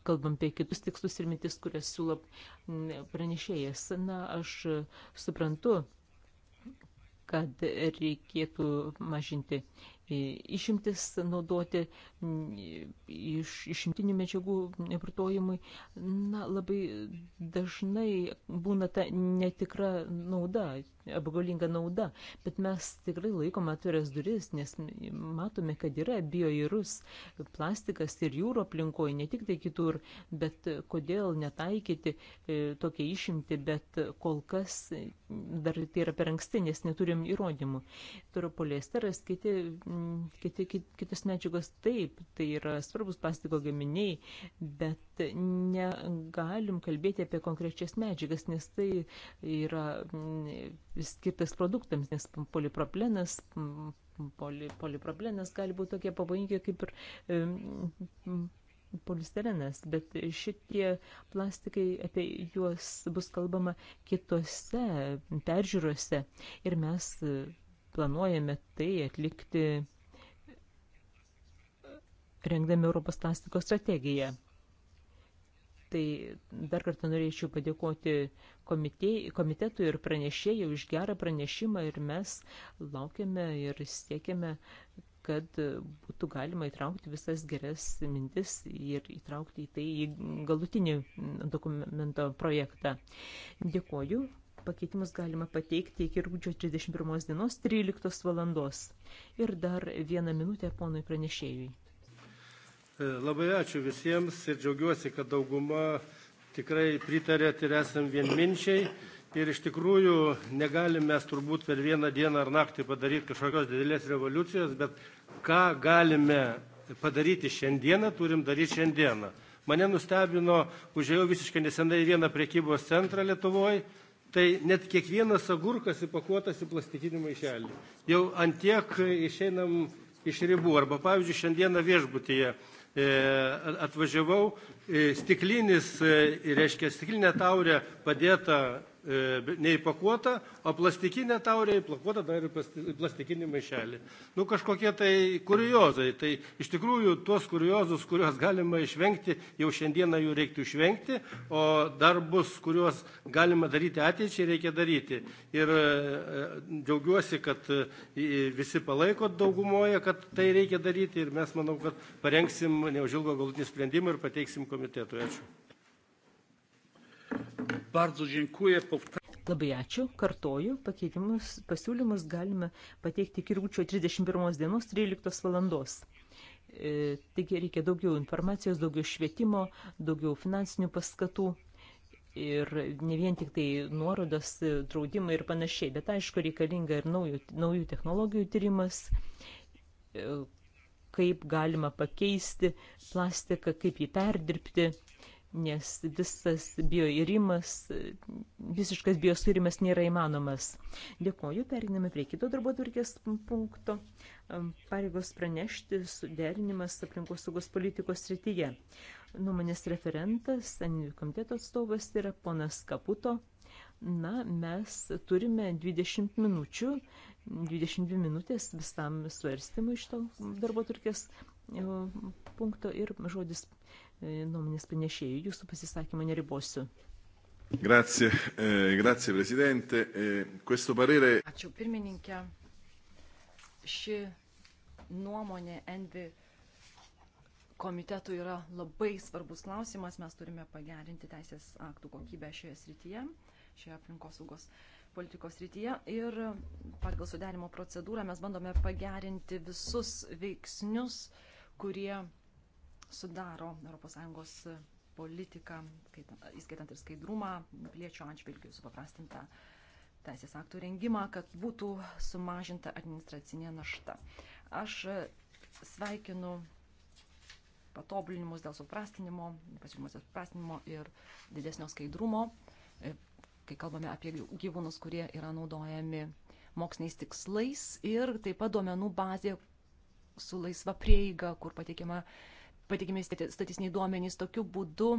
B: kalbam apie kitus tikslus ir mintis, kurias siūlo pranešėjas. Na, aš suprantu, kad reikėtų mažinti išimtis naudoti iš išimtinių medžiagų vartojimui. Na, labai dažnai būna ta netikra nauda, apgaulinga nauda, bet mes tikrai laikom atviras duris, nes matome, kad yra bioirus plastikas ir jūro aplinkoje, ne tik tai kitur, bet kodėl netaikyti e, tokią išimti, bet kol kas dar tai yra per anksti, nes neturim įrodymų. Turopoliesteras, kiti, kiti, kiti, kitos medžiagos taip, tai yra svarbus plastiko gaminiai, bet negalim kalbėti apie konkrečias medžiagas, nes tai yra skirtas produktams, nes poliproplenas, poli, poliproplenas gali būti tokie pavojingi kaip ir e, polistirenas, bet šitie plastikai, apie juos bus kalbama kitose peržiūrose ir mes planuojame tai atlikti rengdami Europos plastikos strategiją. Tai dar kartą norėčiau padėkoti komitetui ir pranešėjai už gerą pranešimą ir mes laukiame ir siekiame, kad būtų galima įtraukti visas geras mintis ir įtraukti į tai į galutinį dokumento projektą. Dėkoju. Pakeitimus galima pateikti iki rūdžio 31 dienos 13 valandos. Ir dar vieną minutę ponui pranešėjui.
A: E, labai ačiū visiems ir džiaugiuosi, kad dauguma tikrai pritarėt ir esam vienminčiai. Ir iš tikrųjų negalime mes turbūt per vieną dieną ar naktį padaryti kažkokios didelės revoliucijos, bet ką galime padaryti šiandieną, turim daryti šiandieną. Mane nustebino, užėjau visiškai nesenai vieną priekybos centrą Lietuvoje, tai net kiekvienas agurkas įpakuotas į plastikinį maišelį. Jau antiek išeinam iš ribų. Arba, pavyzdžiui, šiandieną viešbutyje E, atvažiavau, e, stiklinis, e, reiškia stiklinė taurė padėta E, neįpakuota, o plastikinė taurė įplakuota dar ir plastikinį maišelį. Nu kažkokie tai kuriozai. Tai iš tikrųjų tuos kuriozus, kuriuos galima išvengti, jau šiandieną jų reiktų išvengti, o darbus, kuriuos galima daryti ateičiai, reikia daryti. Ir e, e, džiaugiuosi, kad visi palaiko daugumoje, kad tai reikia daryti ir mes manau, kad parengsim neužilgo galutinį sprendimą ir pateiksim komitetui. Ačiū. Bardzo dziękuję.
B: Labai ačiū, kartoju, pakeitimus, pasiūlymus galime pateikti iki rūčio 31 dienos 13 valandos. E, taigi reikia daugiau informacijos, daugiau švietimo, daugiau finansinių paskatų ir ne vien tik tai nuorodos, e, draudimai ir panašiai, bet aišku reikalinga ir naujų, naujų technologijų tyrimas, e, kaip galima pakeisti plastiką, kaip jį perdirbti nes visas bioirimas, visiškas biosūrimas nėra įmanomas. Dėkoju, periname prie kito darbo turkės punkto. Pareigos pranešti suderinimas aplinkos saugos politikos srityje. Nuomonės referentas, Anilių komiteto atstovas yra ponas Kaputo. Na, mes turime 20 minučių, 22 minutės visam svarstymui iš to darbo turkės e, punkto ir žodis E, nuomonės pranešėjų. Jūsų pasisakymą neribosiu.
A: Grazie, eh, grazie Presidente. Eh, questo parere... Ačiū
C: pirmininkė. Ši nuomonė Envi komitetų yra labai svarbus klausimas. Mes turime pagerinti teisės aktų kokybę šioje srityje, šioje aplinkosaugos politikos srityje. Ir pagal suderimo procedūrą mes bandome pagerinti visus veiksnius, kurie sudaro ES politiką, įskaitant ir skaidrumą, piliečių atžvilgių, supaprastintą teisės aktų rengimą, kad būtų sumažinta administracinė našta. Aš sveikinu patobulinimus dėl suprastinimo, pasiūlymus dėl suprastinimo ir didesnio skaidrumo, e, kai kalbame apie gyvūnus, kurie yra naudojami moksliniais tikslais ir taip pat duomenų bazė su laisva prieiga, kur pateikiama patikimi statistiniai duomenys, tokiu būdu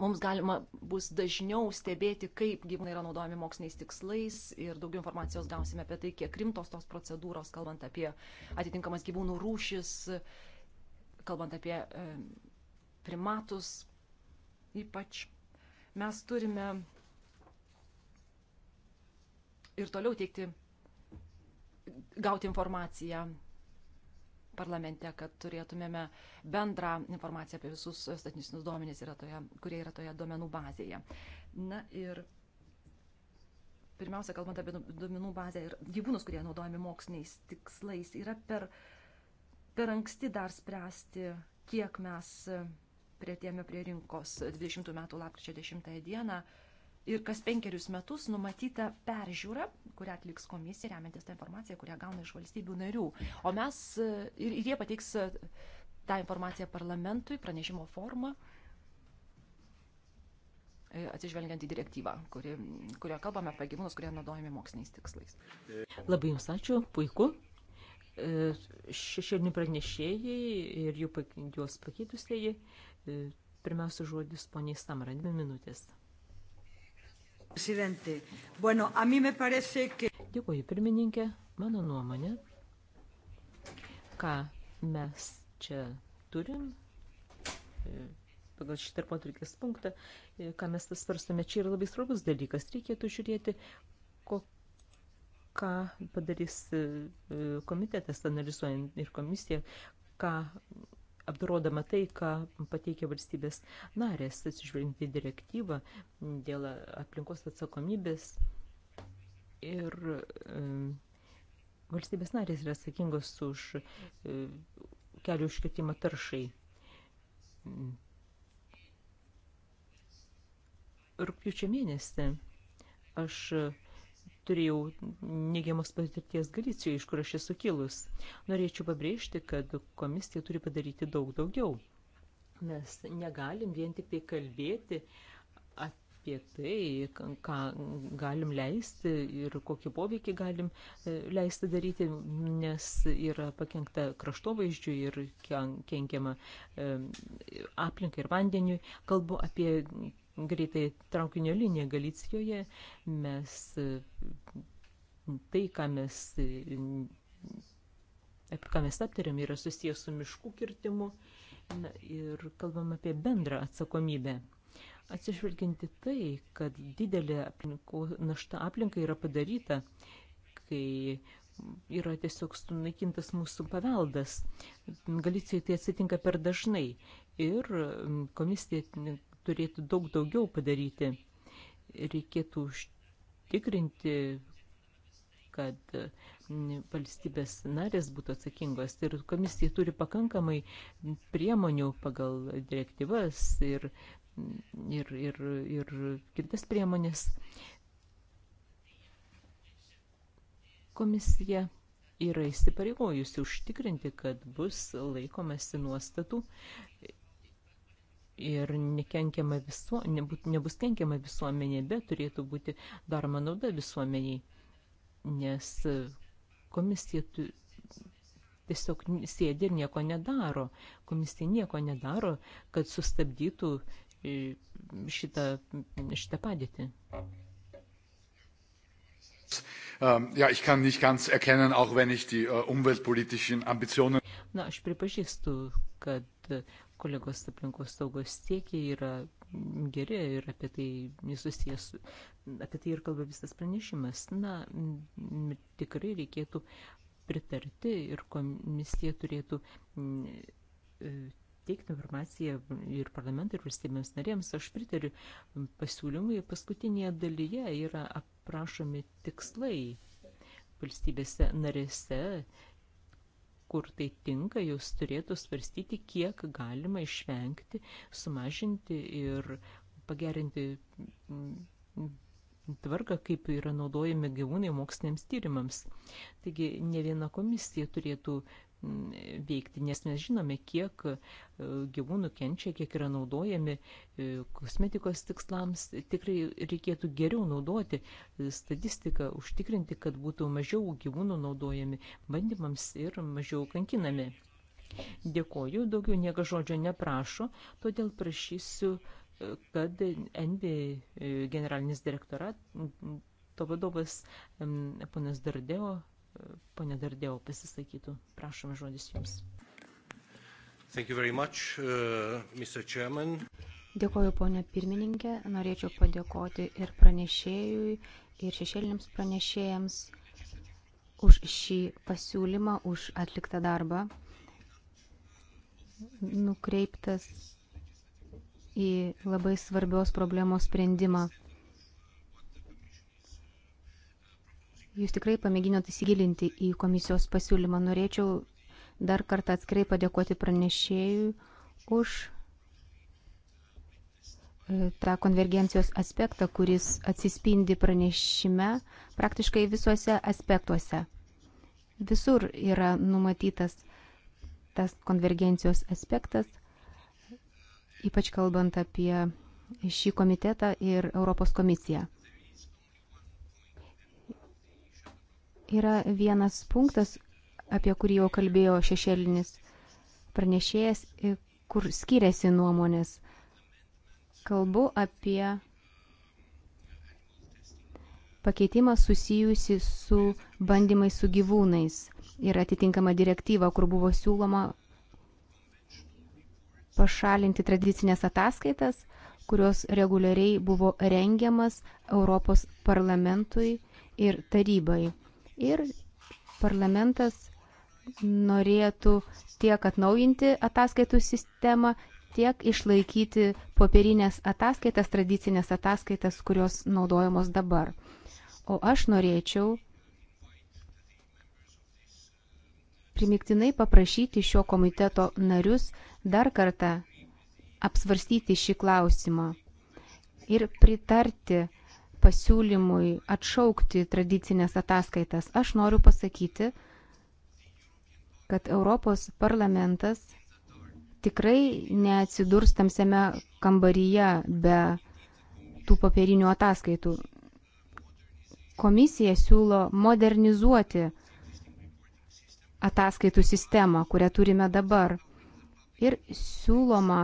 C: mums galima bus dažniau stebėti, kaip gyvūnai yra naudojami moksliniais tikslais ir daugiau informacijos gausime apie tai, kiek rimtos tos procedūros, kalbant apie atitinkamas gyvūnų rūšis, kalbant apie e, primatus ypač. Mes turime ir toliau teikti, gauti informaciją parlamente, kad turėtumėme bendrą informaciją apie visus statistinius duomenys, yra toje, kurie yra toje duomenų bazėje. Na ir pirmiausia, kalbant apie duomenų bazę ir gyvūnus, kurie naudojami moksliniais tikslais, yra per, per anksti dar spręsti, kiek mes prieėmėme prie rinkos 20 metų lapkričio 10 dieną ir kas penkerius metus numatyta peržiūra, kurią atliks komisija, remiantis tą informaciją, kurią gauna iš valstybių narių. O mes e, ir, ir jie pateiks e, tą informaciją parlamentui pranešimo formą e, atsižvelgiant į direktyvą, kuri, kurioje kalbame apie gyvūnus, kurie naudojami moksliniais tikslais.
B: Labai Jums ačiū, puiku. Šešėlinių pranešėjai ir jų, juos pakeitustieji. Pirmiausia, žodis poniai Samara, dvi minutės. Bueno, que... Dėkuoju, pirmininkė, mano nuomonė, ką mes čia turim e, pagal šitą potrykės punktą, e, ką mes tas svarstame, čia yra labai svarbus dalykas. Reikėtų žiūrėti, ko, ką padarys e, komitetas, analizuojant ir komisiją, ką apdorodama tai, ką pateikia valstybės narės, atsižvelginti direktyvą dėl aplinkos atsakomybės. Ir e, valstybės narės yra atsakingos už e, kelių iškirtimą taršai. Rūpiučio mėnesį aš e, turėjau neigiamas patirties Galicijoje, iš kur aš esu kilus. Norėčiau pabrėžti, kad komisija turi padaryti daug daugiau. Mes negalim vien tik tai kalbėti apie tai, ką galim leisti ir kokį poveikį galim e, leisti daryti, nes yra pakengta kraštovaizdžiui ir kenkiama e, aplinkai ir vandeniui. Kalbu apie greitai traukinio liniją Galicijoje. Mes tai, ką mes, apie ką mes aptarėm, yra susijęs su miškų kirtimu na, ir kalbam apie bendrą atsakomybę. Atsižvelginti tai, kad didelė aplinko, našta aplinkai yra padaryta, kai yra tiesiog sunaikintas mūsų paveldas. Galicijoje tai atsitinka per dažnai ir komisija turėtų daug daugiau padaryti. Reikėtų užtikrinti, kad mm, valstybės narės būtų atsakingos ir komisija turi pakankamai priemonių pagal direktyvas ir, ir, ir, ir kitas priemonės. Komisija yra įsipareigojusi užtikrinti, kad bus laikomasi nuostatų ir nekenkiama visuo, nebus, nebus kenkiama visuomenė, bet turėtų būti daroma nauda visuomeniai, nes komisija tu, tiesiog sėdi ir nieko nedaro. Komisija nieko nedaro, kad sustabdytų e, šitą, šitą padėtį.
A: Ähm, ja, ich kann nicht ganz erkennen, auch wenn ich die äh, umweltpolitischen Ambitionen.
B: Na, aš pripažįstu, kad Kolegos aplinkos saugos siekiai yra geri ir apie tai nesusijęs, apie tai ir kalba visas pranešimas. Na, tikrai reikėtų pritarti ir komisija turėtų e, teikti informaciją ir parlamentui, ir valstybėms narėms. Aš pritariu pasiūlymui. Paskutinėje dalyje yra aprašomi tikslai valstybėse narėse kur tai tinka, jūs turėtų svarstyti, kiek galima išvengti, sumažinti ir pagerinti mm, tvarką, kaip yra naudojami gyvūnai moksliniams tyrimams. Taigi ne viena komisija turėtų veikti, nes mes žinome, kiek e, gyvūnų kenčia, kiek yra naudojami e, kosmetikos tikslams. Tikrai reikėtų geriau naudoti e, statistiką, užtikrinti, kad būtų mažiau gyvūnų naudojami bandymams ir mažiau kankinami. Dėkoju, daugiau nieko žodžio neprašo, todėl prašysiu, kad NB generalinis direktorat, to vadovas ponas Dardeo ponė Dardėjo pasisakytų. Prašom žodis jums.
A: Thank you very much, uh, Mr. Chairman.
D: Dėkoju, ponė pirmininkė. Norėčiau padėkoti ir pranešėjui, ir šešėliniams pranešėjams už šį pasiūlymą, už atliktą darbą, nukreiptas į labai svarbios problemos sprendimą. Jūs tikrai pamėginote įsigilinti į komisijos pasiūlymą. Norėčiau dar kartą atskirai padėkoti pranešėjui už e, tą konvergencijos aspektą, kuris atsispindi pranešime praktiškai visuose aspektuose. Visur yra numatytas tas konvergencijos aspektas, ypač kalbant apie šį komitetą ir Europos komisiją. Yra vienas punktas, apie kurį jau kalbėjo šešėlinis pranešėjas, kur skiriasi nuomonės. Kalbu apie pakeitimą susijusi su bandymais su gyvūnais ir atitinkama direktyva, kur buvo siūloma pašalinti tradicinės ataskaitas, kurios reguliariai buvo rengiamas Europos parlamentui ir tarybai ir parlamentas norėtų tiek atnaujinti ataskaitų sistemą, tiek išlaikyti popierinės ataskaitas, tradicinės ataskaitas, kurios naudojamos dabar. O aš norėčiau primiktinai paprašyti šio komiteto narius dar kartą apsvarstyti šį klausimą ir pritarti pasiūlymui atšaukti tradicinės ataskaitas, aš noriu pasakyti, kad Europos parlamentas tikrai neatsidurs tamsiame kambaryje be tų papirinių ataskaitų. Komisija siūlo modernizuoti ataskaitų sistemą, kurią turime dabar. Ir siūloma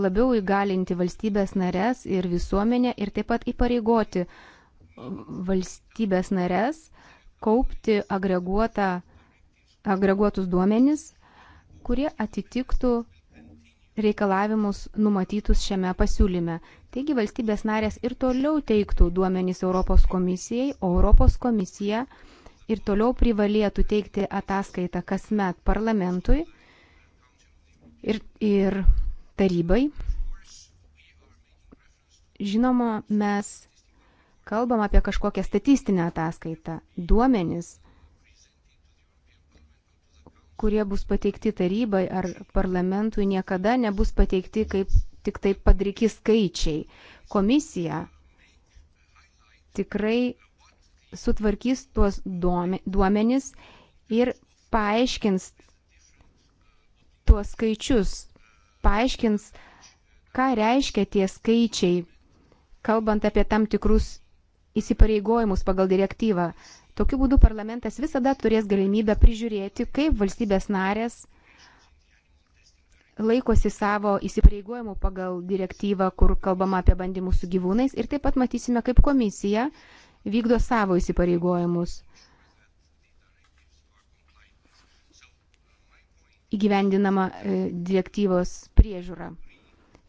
D: labiau įgalinti valstybės narės ir visuomenę ir taip pat įpareigoti valstybės narės kaupti agreguotus duomenis, kurie atitiktų reikalavimus numatytus šiame pasiūlyme. Taigi valstybės narės ir toliau teiktų duomenys Europos komisijai, o Europos komisija ir toliau privalėtų teikti ataskaitą kasmet parlamentui ir, ir tarybai. Žinoma, mes kalbam apie kažkokią statistinę ataskaitą, duomenis, kurie bus pateikti tarybai ar parlamentui, niekada nebus pateikti kaip tik tai padriki skaičiai. Komisija tikrai sutvarkys tuos duomenis ir paaiškins tuos skaičius, paaiškins, ką reiškia tie skaičiai, kalbant apie tam tikrus įsipareigojimus pagal direktyvą. Tokiu būdu parlamentas visada turės galimybę prižiūrėti, kaip valstybės narės laikosi savo įsipareigojimų pagal direktyvą, kur kalbama apie bandymus su gyvūnais ir taip pat matysime, kaip komisija vykdo savo įsipareigojimus. įgyvendinama e, direktyvos priežiūra.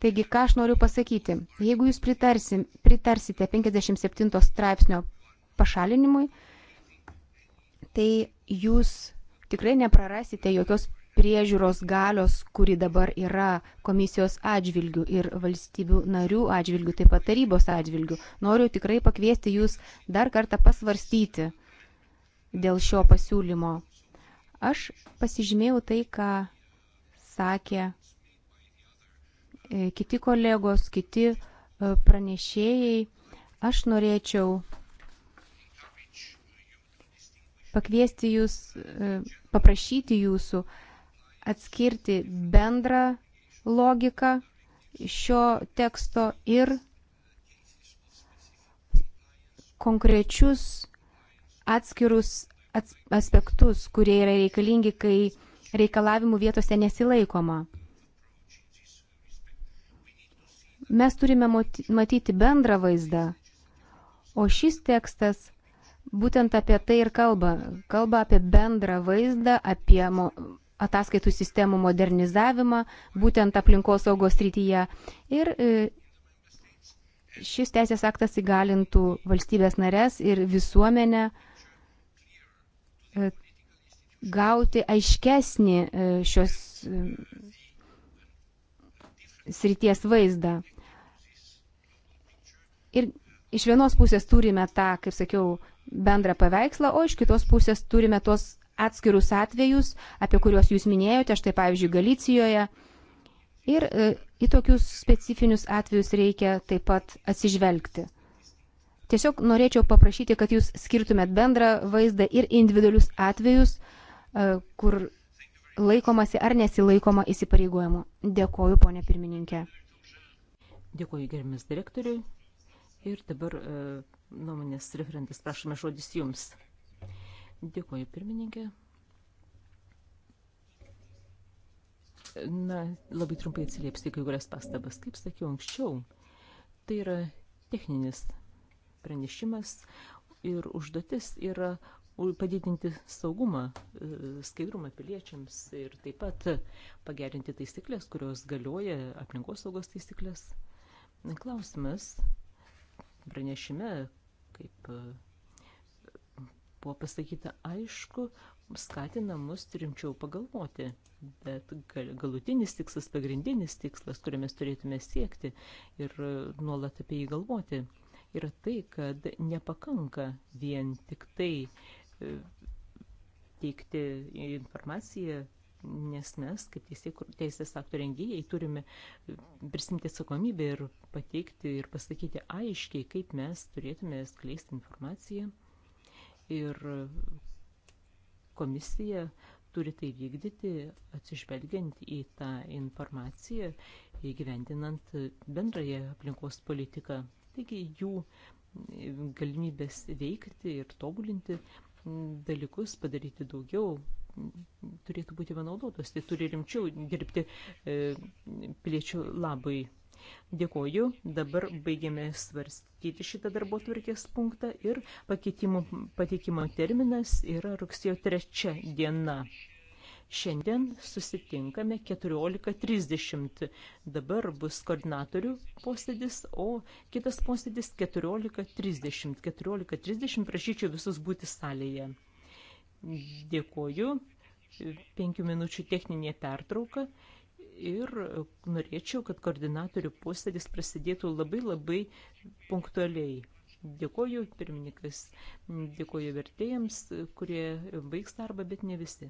D: Taigi, ką aš noriu pasakyti? Jeigu jūs pritarsim, pritarsite 57 straipsnio pašalinimui, tai jūs tikrai neprarasite jokios priežiūros galios, kuri dabar yra komisijos atžvilgių ir valstybių narių atžvilgių, taip pat tarybos atžvilgių. Noriu tikrai pakviesti jūs dar kartą pasvarstyti dėl šio pasiūlymo. Aš pasižymėjau tai, ką sakė e, kiti kolegos, kiti e, pranešėjai. Aš norėčiau pakviesti jūs, e, paprašyti jūsų atskirti bendrą logiką šio teksto ir konkrečius atskirus aspektus, kurie yra reikalingi, kai reikalavimų vietose nesilaikoma. Mes turime matyti bendrą vaizdą, o šis tekstas būtent apie tai ir kalba. Kalba apie bendrą vaizdą, apie ataskaitų sistemų modernizavimą, būtent aplinkos saugos rytyje. Ir e, šis teisės aktas įgalintų valstybės narės ir visuomenę E, gauti aiškesnį e, šios e, srities vaizdą. Ir iš vienos pusės turime tą, kaip sakiau, bendrą paveikslą, o iš kitos pusės turime tos atskirus atvejus, apie kuriuos jūs minėjote, štai pavyzdžiui, Galicijoje. Ir į tokius specifinius atvejus reikia taip pat atsižvelgti. Tiesiog norėčiau paprašyti, kad jūs skirtumėt bendrą vaizdą ir individualius atvejus, e, kur laikomasi ar nesilaikoma įsipareigojimu. Dėkoju, ponė pirmininkė.
B: Dėkoju, gerbiamas direktoriui. Ir dabar e, nuomonės referentas, prašome žodis jums. Dėkoju, pirmininkė. Na, labai trumpai atsiliepsiu kai kurias pastabas. Kaip sakiau anksčiau, tai yra techninis pranešimas ir užduotis yra padidinti saugumą, e, skaidrumą piliečiams ir taip pat pagerinti taisyklės, kurios galioja aplinkosaugos taisyklės. Klausimas pranešime, kaip e, buvo pasakyta aišku, skatina mus rimčiau pagalvoti. Bet galutinis tikslas, pagrindinis tikslas, kurio mes turėtume siekti ir e, nuolat apie jį galvoti, yra tai, kad nepakanka vien tik tai e, teikti informaciją, nes mes, kaip teisės aktų rengėjai, turime e, prisimti atsakomybę ir pateikti ir pasakyti aiškiai, kaip mes turėtume skleisti informaciją. Ir komisija turi tai vykdyti, atsižvelgiant į tą informaciją, įgyvendinant bendrąją aplinkos politiką. Taigi jų galimybės veikti ir tobulinti dalykus, padaryti daugiau, turėtų būti panaudotos. Tai turi rimčiau dirbti e, piliečių labai. Dėkoju, dabar baigėme svarstyti šitą darbo tvarkės punktą ir pakeitimų pateikimo terminas yra rugsėjo trečia diena. Šiandien susitinkame 14.30. Dabar bus koordinatorių posėdis, o kitas posėdis 14.30. 14.30 prašyčiau visus būti salėje. Dėkoju. Penkių minučių techninė pertrauka ir norėčiau, kad koordinatorių posėdis prasidėtų labai labai punktualiai. Dėkoju pirmininkas, dėkoju vertėjams, kurie baigs darbą, bet ne visi.